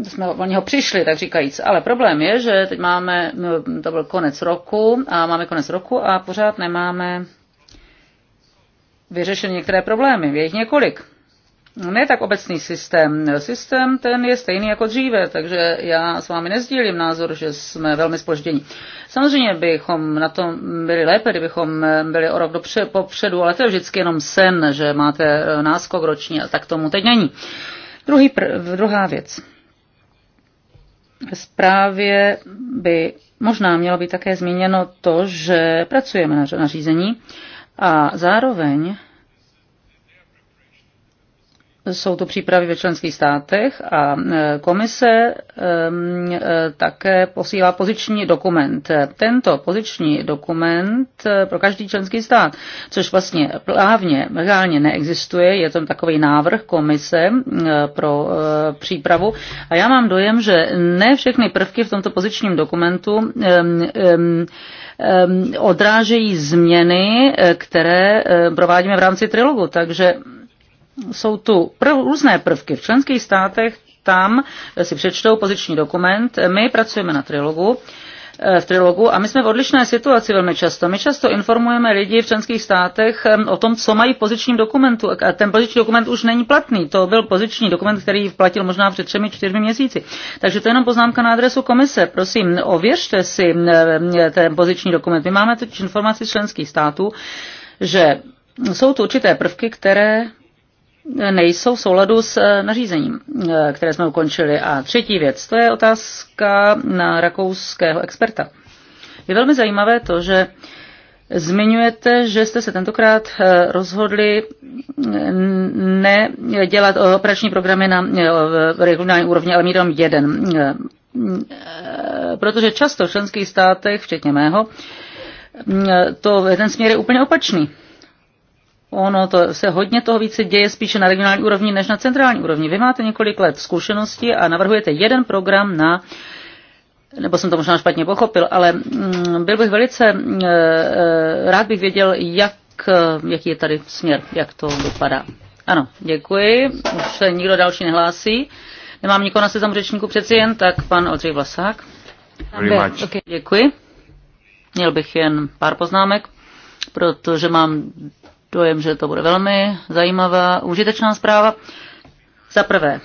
Speaker 2: jsme o něho přišli, tak říkajíc. Ale problém je, že teď máme, no, to byl konec roku a máme konec roku a pořád nemáme vyřešené některé problémy. Je jich několik. Ne tak obecný systém. Systém ten je stejný jako dříve, takže já s vámi nezdílím názor, že jsme velmi spoždění. Samozřejmě bychom na tom byli lépe, kdybychom byli o rok dopře, popředu, ale to je vždycky jenom sen, že máte eh, náskok roční a tak tomu teď není. Druhý pr- druhá věc zprávě by možná mělo být také zmíněno to, že pracujeme na řízení a zároveň jsou to přípravy ve členských státech a e, komise e, také posílá poziční dokument. Tento poziční dokument e, pro každý členský stát, což vlastně právně, legálně neexistuje, je to takový návrh komise pro přípravu a já mám dojem, že ne všechny prvky v tomto pozičním dokumentu odrážejí změny, které provádíme v rámci trilogu, takže jsou tu prv, různé prvky v členských státech, tam si přečtou poziční dokument, my pracujeme na trilogu, eh, v trilogu a my jsme v odlišné situaci velmi často. My často informujeme lidi v členských státech eh, o tom, co mají v pozičním dokumentu. A ten poziční dokument už není platný. To byl poziční dokument, který platil možná před třemi, čtyřmi měsíci. Takže to je jenom poznámka na adresu komise. Prosím, ověřte si eh, ten poziční dokument. My máme totiž informaci z členských států, že jsou tu určité prvky, které nejsou v souladu s eh, nařízením, eh, které jsme ukončili. A třetí věc, to je otázka na rakouského experta. Je velmi zajímavé to, že Zmiňujete, že jste se tentokrát eh, rozhodli mm, nedělat operační programy na regionální úrovni, ale mít jeden. Protože často v členských státech, včetně mého, mm, to ten směr je úplně opačný ono to se hodně toho více děje spíše na regionální úrovni než na centrální úrovni. Vy máte několik let zkušenosti a navrhujete jeden program na nebo jsem to možná špatně pochopil, ale mm, byl bych velice, e, e, rád bych věděl, jak, e, jaký je tady směr, jak to vypadá. Ano, děkuji. Už se nikdo další nehlásí. Nemám nikoho na seznamu řečníku přeci jen, tak pan Odřej Vlasák. Okay, děkuji. Měl bych jen pár poznámek, protože mám dojem, že to bude velmi zajímavá, užitečná zpráva. Za prvé,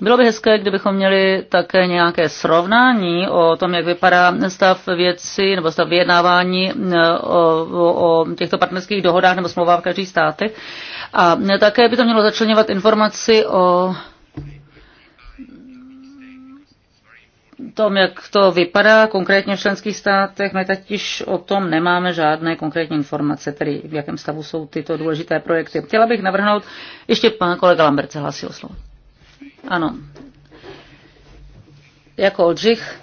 Speaker 2: bylo by hezké, kdybychom měli také nějaké srovnání o tom, jak vypadá stav věci nebo stav vyjednávání e, o, o, o těchto partnerských dohodách nebo smlouvách v každých státech. A také by to mělo začlenovat informaci o tom, jak to vypadá konkrétně v členských státech, my totiž o tom nemáme žádné konkrétní informace, tedy v jakém stavu jsou tyto důležité projekty. Chtěla bych navrhnout, ještě pan kolega Lambert se hlásil slovo. Ano. Jako Oldřich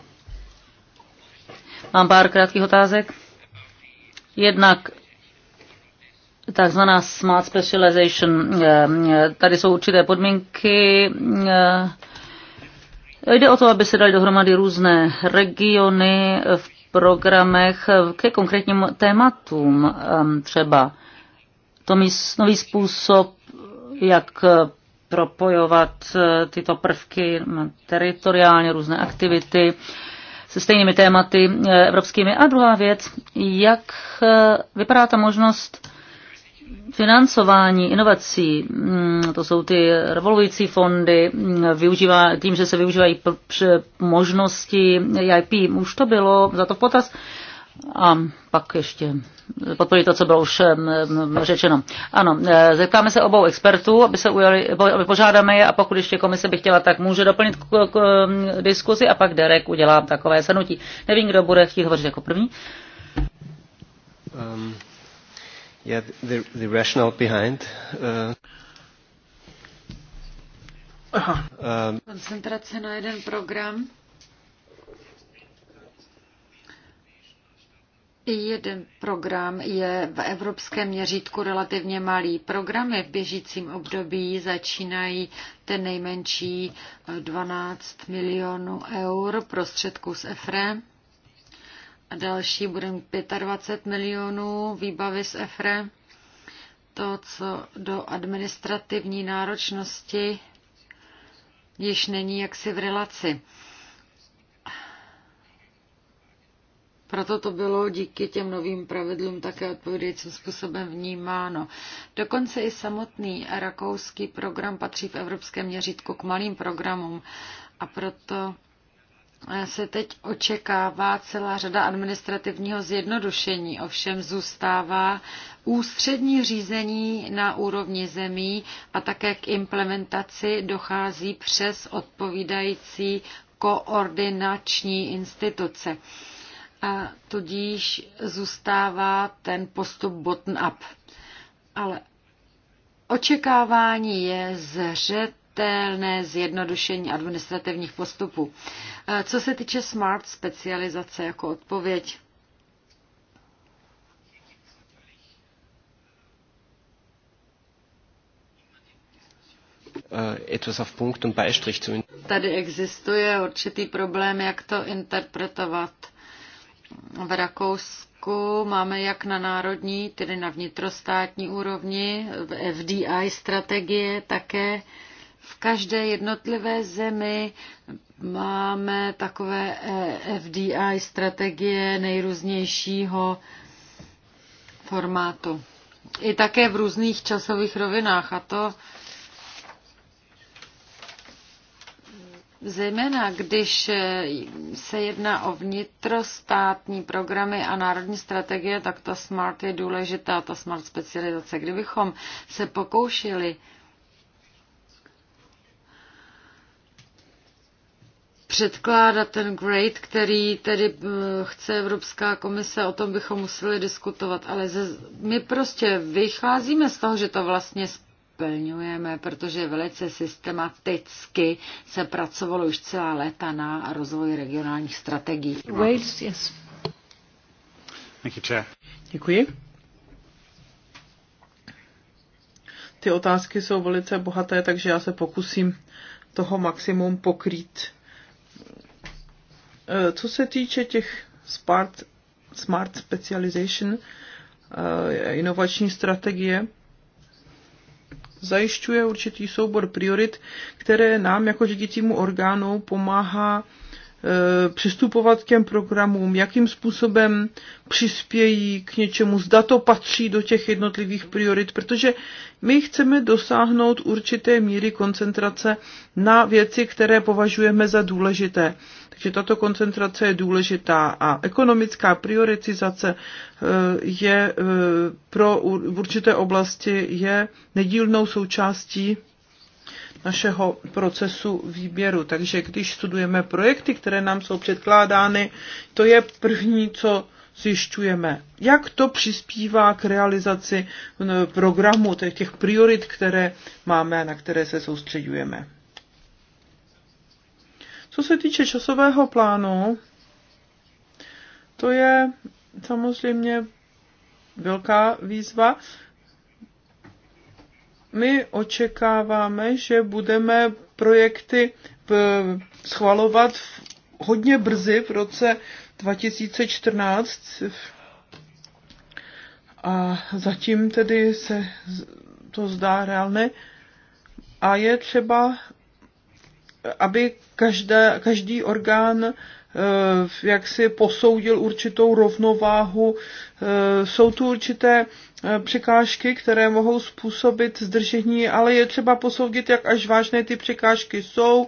Speaker 2: mám pár krátkých otázek. Jednak takzvaná smart specialization. Eh, tady jsou určité podmínky, eh, Jde o to, aby se dali dohromady různé regiony v programech ke konkrétním tématům, třeba to nový způsob, jak propojovat eh, tyto prvky teritoriálně, různé aktivity se stejnými tématy eh, evropskými. A druhá věc, jak eh, vypadá ta možnost financování inovací, mm, to jsou ty revolující fondy, mm, využívá, tím, že se využívají možnosti e IP, už to bylo za to v potaz. A pak ještě podpořit to, co bylo už mm, řečeno. Ano, e, zeptáme se obou expertů, aby se ujali, aby požádáme je a pokud ještě komise by chtěla, tak může doplnit k, k, diskuzi a pak Derek udělá takové shrnutí. Nevím, kdo bude chtít hovořit jako první. Um. Yeah, the, the rationale behind. Uh, Um,
Speaker 1: Koncentrace na jeden program. Jeden program je v evropském měřítku relativně malý. Programy v běžícím období začínají ten nejmenší 12 eh, milionů eur prostředků z EFRE další bude mít 25 milionů výbavy z EFRE. To, co do administrativní náročnosti již není jaksi v relaci. Proto to bylo díky těm novým pravidlům také odpovědějícím způsobem vnímáno. Dokonce i samotný rakouský program patří v evropském měřítku k malým programům a proto se teď očekává celá řada administrativního zjednodušení, ovšem zůstává ústřední řízení na úrovni zemí a také k implementaci dochází přes odpovídající koordinační instituce. A tudíž zůstává ten postup bottom-up. Ale očekávání je zřet hmatatelné zjednodušení administrativních postupů. Eh, co se týče smart specializace jako odpověď,
Speaker 3: eh, etwas auf Punkt und zu
Speaker 1: Tady existuje určitý problém, jak to interpretovat. V Rakousku máme jak na národní, tedy na vnitrostátní úrovni, v FDI strategie také v každé jednotlivé zemi máme takové eh, FDI strategie nejrůznějšího formátu. I také v různých časových rovinách a to Zejména když eh, se jedná o vnitrostátní programy a národní strategie, tak ta smart je důležitá, ta smart specializace. Kdybychom se pokoušeli předkládat ten grade, který tedy eh, chce Evropská komise, o tom bychom museli diskutovat, ale ze, my prostě vycházíme z toho, že to vlastně splňujeme, protože velice systematicky se pracovalo už celá léta na rozvoji regionálních strategií. Wales,
Speaker 3: yes. Thank you, chair. Děkuji. Ty otázky jsou velice bohaté, takže já se pokusím toho maximum pokrýt Eh, co se týče těch smart, smart specialization, eh, inovační strategie, zajišťuje určitý soubor priorit, které nám jako řídícímu orgánu pomáhá eh, přistupovat k těm programům, jakým způsobem přispějí k něčemu, zda to patří do těch jednotlivých priorit, protože my chceme dosáhnout určité míry koncentrace na věci, které považujeme za důležité že tato koncentrace je důležitá a ekonomická prioritizace eh, je eh, pro určité oblasti je nedílnou součástí našeho procesu výběru. Takže když studujeme projekty, které nám jsou předkládány, to je první, co zjišťujeme, jak to přispívá k realizaci eh, programu těch priorit, které máme a na které se soustředujeme. Co se týče časového plánu, to je samozřejmě velká výzva. My očekáváme, že budeme projekty eh, schvalovat hodně brzy v roce 2014 a zatím tedy se to zdá reálné a je třeba aby každé, každý orgán eh, jak si posoudil určitou rovnováhu. Eh, jsou tu určité eh, překážky, které mohou způsobit zdržení, ale je třeba posoudit, jak až vážné ty překážky jsou,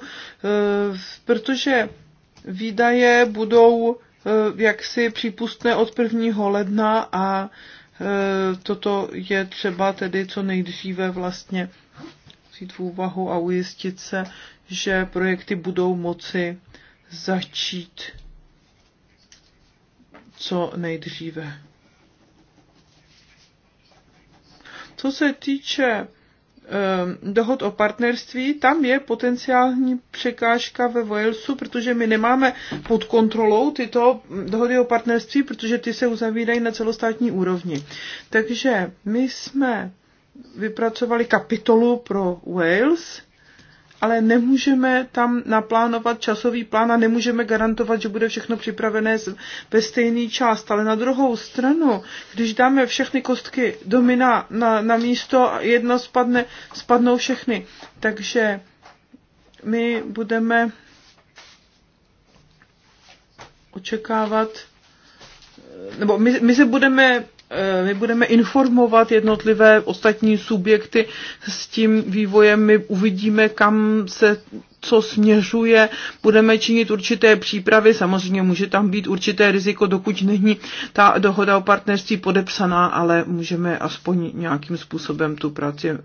Speaker 3: protože výdaje budou jaksi přípustné od 1. ledna a toto je třeba tedy co nejdříve vlastně vzít v úvahu a ujistit se, že projekty budou moci začít co nejdříve. Co se týče ehm, dohod o partnerství, tam je potenciální překážka ve Walesu, protože my nemáme pod kontrolou tyto dohody o partnerství, protože ty se uzavírají na celostátní úrovni. Takže my jsme vypracovali kapitolu pro Wales, ale nemůžeme tam naplánovat časový plán a nemůžeme garantovat, že bude všechno připravené ve stejný čas. Ale na druhou stranu, když dáme všechny kostky domina na, na místo a jedna spadne, spadnou všechny. Takže my budeme očekávat, nebo my, my se budeme Eh, my budeme informovat jednotlivé ostatní subjekty s tím vývojem, my uvidíme, kam se co směřuje, budeme činit určité přípravy, samozřejmě může tam být určité riziko, dokud není ta dohoda o partnerství podepsaná, ale můžeme aspoň nějakým způsobem tu práci e,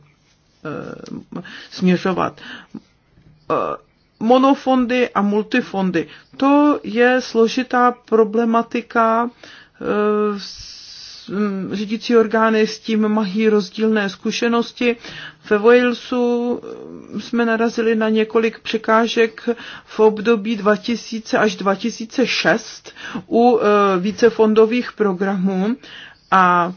Speaker 3: směřovat. E, monofondy a multifondy, to je složitá problematika e, řídící orgány s tím mají rozdílné zkušenosti. Ve Walesu eh, jsme narazili na několik překážek v období 2000 až 2006 u eh, vícefondových programů a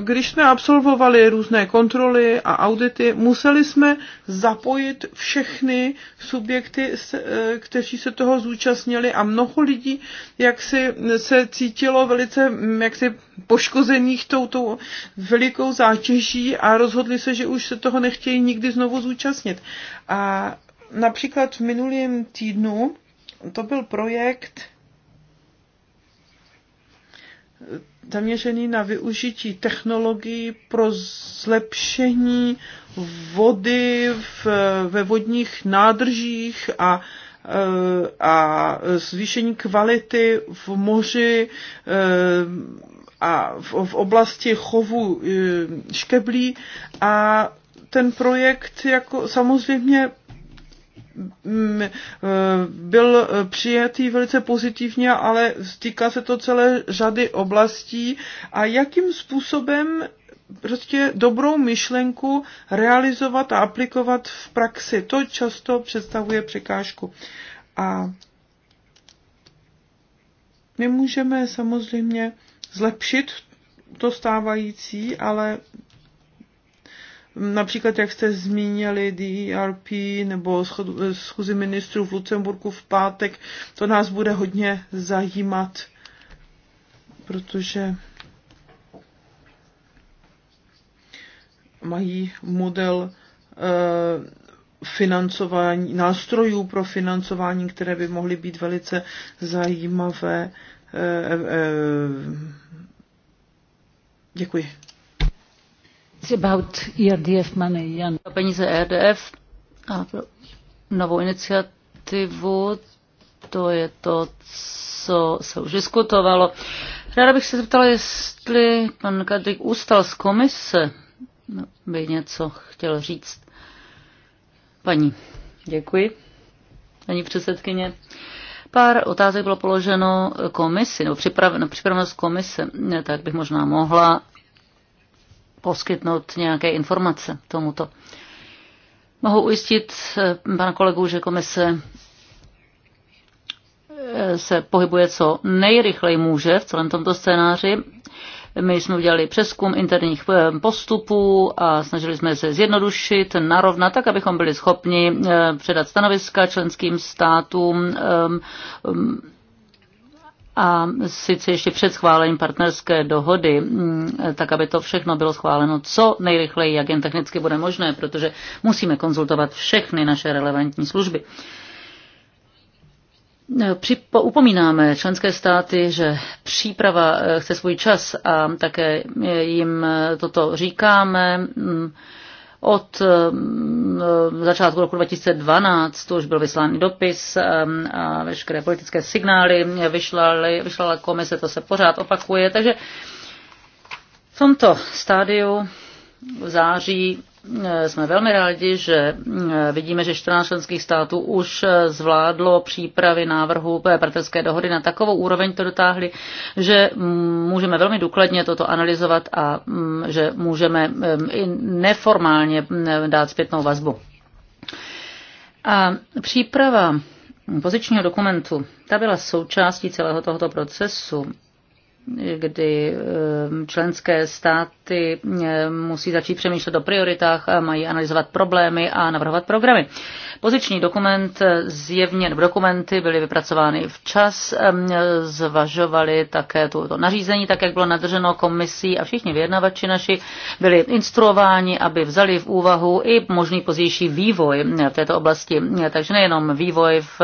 Speaker 3: když jsme absolvovali různé kontroly a audity, museli jsme zapojit všechny subjekty, eh, kteří se toho zúčastnili a mnoho lidí jak si se cítilo velice mm, jak si poškozených touto velikou zátěží a rozhodli se, že už se toho nechtějí nikdy znovu zúčastnit. A například v minulém týdnu to byl projekt zaměřený na využití technologií pro zlepšení vody v, ve vodních nádržích a eh, a zvýšení kvality v moři eh, a v oblasti chovu eh, škeblí a ten projekt jako samozřejmě Mm, eh, byl eh, přijatý velice pozitivně, ale stýká se to celé řady oblastí a jakým způsobem prostě dobrou myšlenku realizovat a aplikovat v praxi. To často představuje překážku. A my můžeme samozřejmě zlepšit to stávající, ale například jak jste zmínili DRP e nebo schůzi ministrů v Lucemburku v pátek, to nás bude hodně zajímat, protože mají model eh, financování, nástrojů pro financování, které by mohly být velice zajímavé. Eh, eh, děkuji.
Speaker 2: It's about ERDF money, Jan. Peníze ERDF a novou iniciativu, to je to, co se už diskutovalo. Ráda bych se zeptala, jestli pan Kadrik Ústal z komise no, by něco chtěl říct. Paní, děkuji. Paní předsedkyně. Pár otázek bylo položeno komisi, nebo připraveno, připravenost komise, tak bych možná mohla poskytnout nějaké informace tomuto. Mohu ujistit eh, pana kolegu, že komise eh, se pohybuje co nejrychleji může v celém tomto scénáři. My jsme udělali přeskum interních eh, postupů a snažili jsme se zjednodušit, narovnat, tak abychom byli schopni předat stanoviska členským státům a sice ještě před schválením partnerské dohody, mm, tak aby to všechno bylo schváleno co nejrychleji, jak jen technicky bude možné, protože musíme konzultovat všechny naše relevantní služby. Připo, upomínáme členské státy, že příprava eh, chce svůj čas a také eh, jim eh, toto říkáme. Mm. Od mm, e, začátku roku 2012 to už byl vyslán dopis e, a veškeré politické signály vyšla vyšlala komise, to se pořád opakuje. Takže v tomto stádiu v září jsme velmi rádi, že eh, vidíme, že 14 členských států už eh, zvládlo přípravy návrhu partnerské dohody na takovou úroveň, to dotáhli, že mm, můžeme velmi důkladně toto analyzovat a mm, že můžeme mm, i neformálně dát zpětnou vazbu. A příprava pozičního dokumentu, ta byla součástí celého tohoto procesu kdy ehm, členské státy ehm, musí začít přemýšlet o prioritách, mají analyzovat problémy a navrhovat programy. Poziční dokument eh, zjevně, dokumenty byly vypracovány včas, ehm, zvažovali také toto nařízení, tak jak bylo nadrženo komisí a všichni vyjednavači naši byli instruováni, aby vzali v úvahu i možný pozdější vývoj eh, v této oblasti. Eh, takže nejenom vývoj v,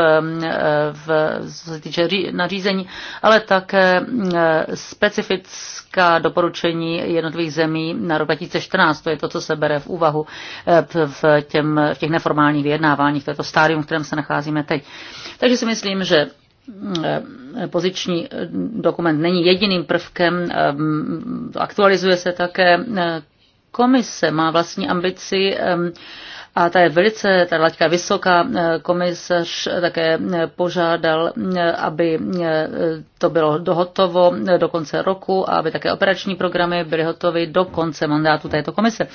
Speaker 2: v, co se týče nařízení, ale také specifická doporučení jednotlivých zemí na rok 2014. To je to, co se bere v úvahu eh, v, těm, v těch neformálních vyjednáváních. To je to stádium, v kterém se nacházíme teď. Takže si myslím, že eh, poziční eh, dokument není jediným prvkem, aktualizuje se také komise, má vlastní ambici a ta je velice, ta laťka vysoká. Komisař také požádal, aby to bylo dohotovo do konce roku a aby také operační programy byly hotovy do konce mandátu této komise.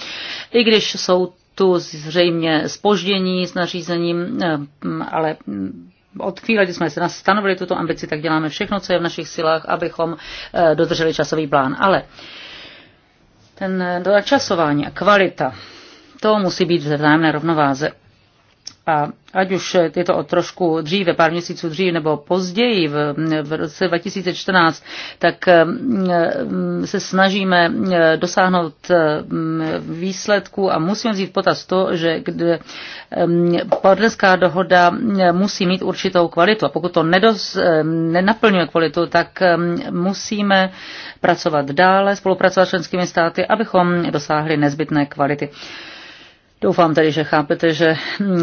Speaker 2: I když jsou tu zřejmě spoždění s nařízením, ale od chvíle, kdy jsme se stanovili tuto ambici, tak děláme všechno, co je v našich silách, abychom eh, dodrželi časový plán. Ale ten časování eh, a kvalita to musí být ve vzájemné rovnováze. A ať už je to o trošku dříve, pár měsíců dříve nebo později, v, v roce 2014, tak mm, se snažíme mm, dosáhnout mm, výsledku a musíme vzít potaz to, že kde partnerská dohoda musí mít určitou kvalitu. A pokud to nedos, nenaplňuje kvalitu, tak musíme pracovat dále, spolupracovat s členskými státy, abychom dosáhli nezbytné kvality. Doufám tedy, že chápete, že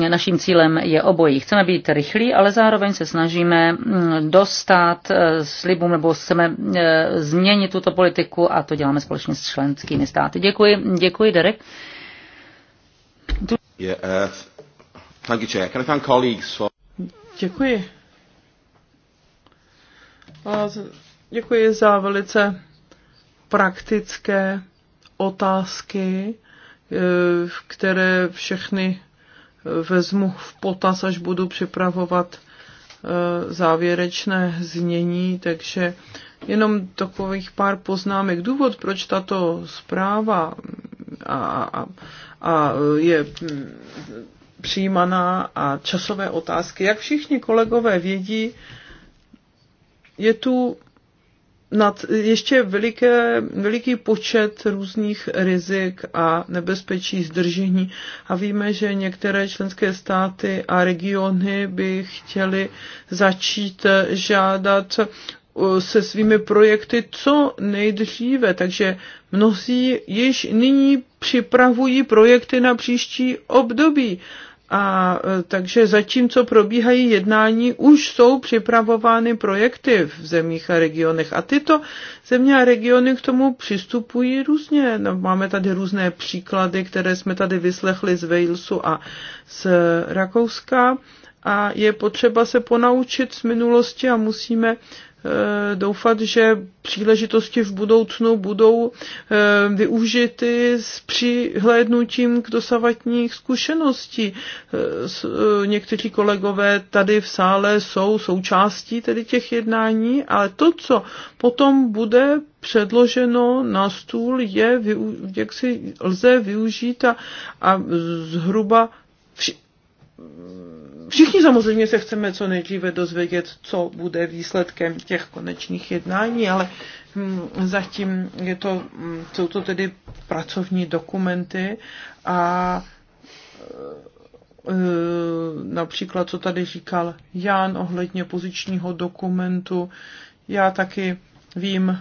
Speaker 2: naším cílem je obojí. Chceme být rychlí, ale zároveň se snažíme mm, dostat eh, slibům nebo chceme eh, změnit tuto politiku a to děláme společně s členskými státy. Děkuji, děkuji
Speaker 3: Derek. Uh, thank colleagues Děkuji. Děkuji za velice praktické otázky Eh, které všechny vezmu v potaz, až budu připravovat eh, závěrečné znění, takže jenom takových pár poznámek. Důvod, proč tato zpráva a, a, a je přijímaná a časové otázky. Jak všichni kolegové vědí, je tu nad ještě veliké, veliký počet různých rizik a nebezpečí zdržení. A víme, že některé členské státy a regiony by chtěly začít žádat uh, se svými projekty co nejdříve, takže mnozí již nyní připravují projekty na příští období a e, takže zatímco probíhají jednání, už jsou připravovány projekty v zemích a regionech. A tyto země a regiony k tomu přistupují různě. No, máme tady různé příklady, které jsme tady vyslechli z Walesu a z Rakouska. A je potřeba se ponaučit z minulosti a musíme Eh, doufat, že příležitosti v budoucnu budou eh, využity s přihlédnutím k dosavatních zkušeností. Eh, někteří kolegové tady v sále jsou součástí tedy těch jednání, ale to, co potom bude předloženo na stůl, je, jak si lze využít a, a zhruba Všichni samozřejmě se chceme co nejdříve dozvědět, co bude výsledkem těch konečných jednání, ale hm, zatím je to, hm, jsou to tedy pracovní dokumenty a e, například, co tady říkal Jan ohledně pozičního dokumentu, já taky vím,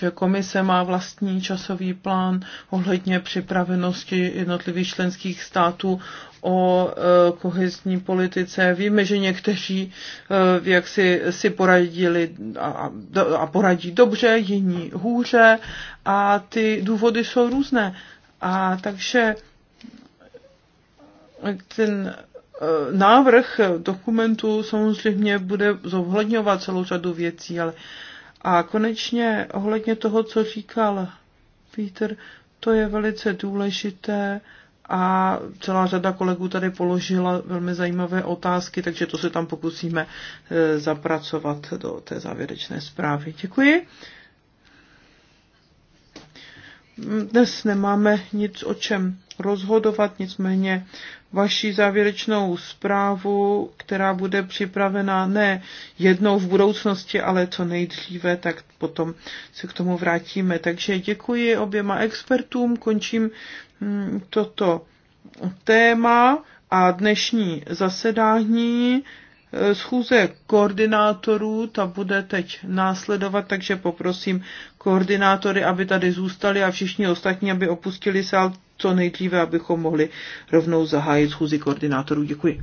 Speaker 3: že komise má vlastní časový plán ohledně připravenosti jednotlivých členských států o e, kohezní politice. Víme, že někteří e, jak si, si poradili a, a poradí dobře, jiní hůře a ty důvody jsou různé. A takže ten e, návrh dokumentu samozřejmě bude zohledňovat celou řadu věcí, ale a konečně ohledně toho, co říkal Peter, to je velice důležité a celá řada kolegů tady položila velmi zajímavé otázky, takže to se tam pokusíme e, zapracovat do té závěrečné zprávy. Děkuji. Dnes nemáme nic o čem rozhodovat, nicméně vaši závěrečnou zprávu, která bude připravena ne jednou v budoucnosti, ale co nejdříve, tak potom se k tomu vrátíme. Takže děkuji oběma expertům, končím mm, toto téma a dnešní zasedání eh, schůze koordinátorů, ta bude teď následovat, takže poprosím koordinátory, aby tady zůstali a všichni ostatní, aby opustili sál co nejdříve, abychom mohli rovnou zahájit schůzi koordinátorů. Děkuji.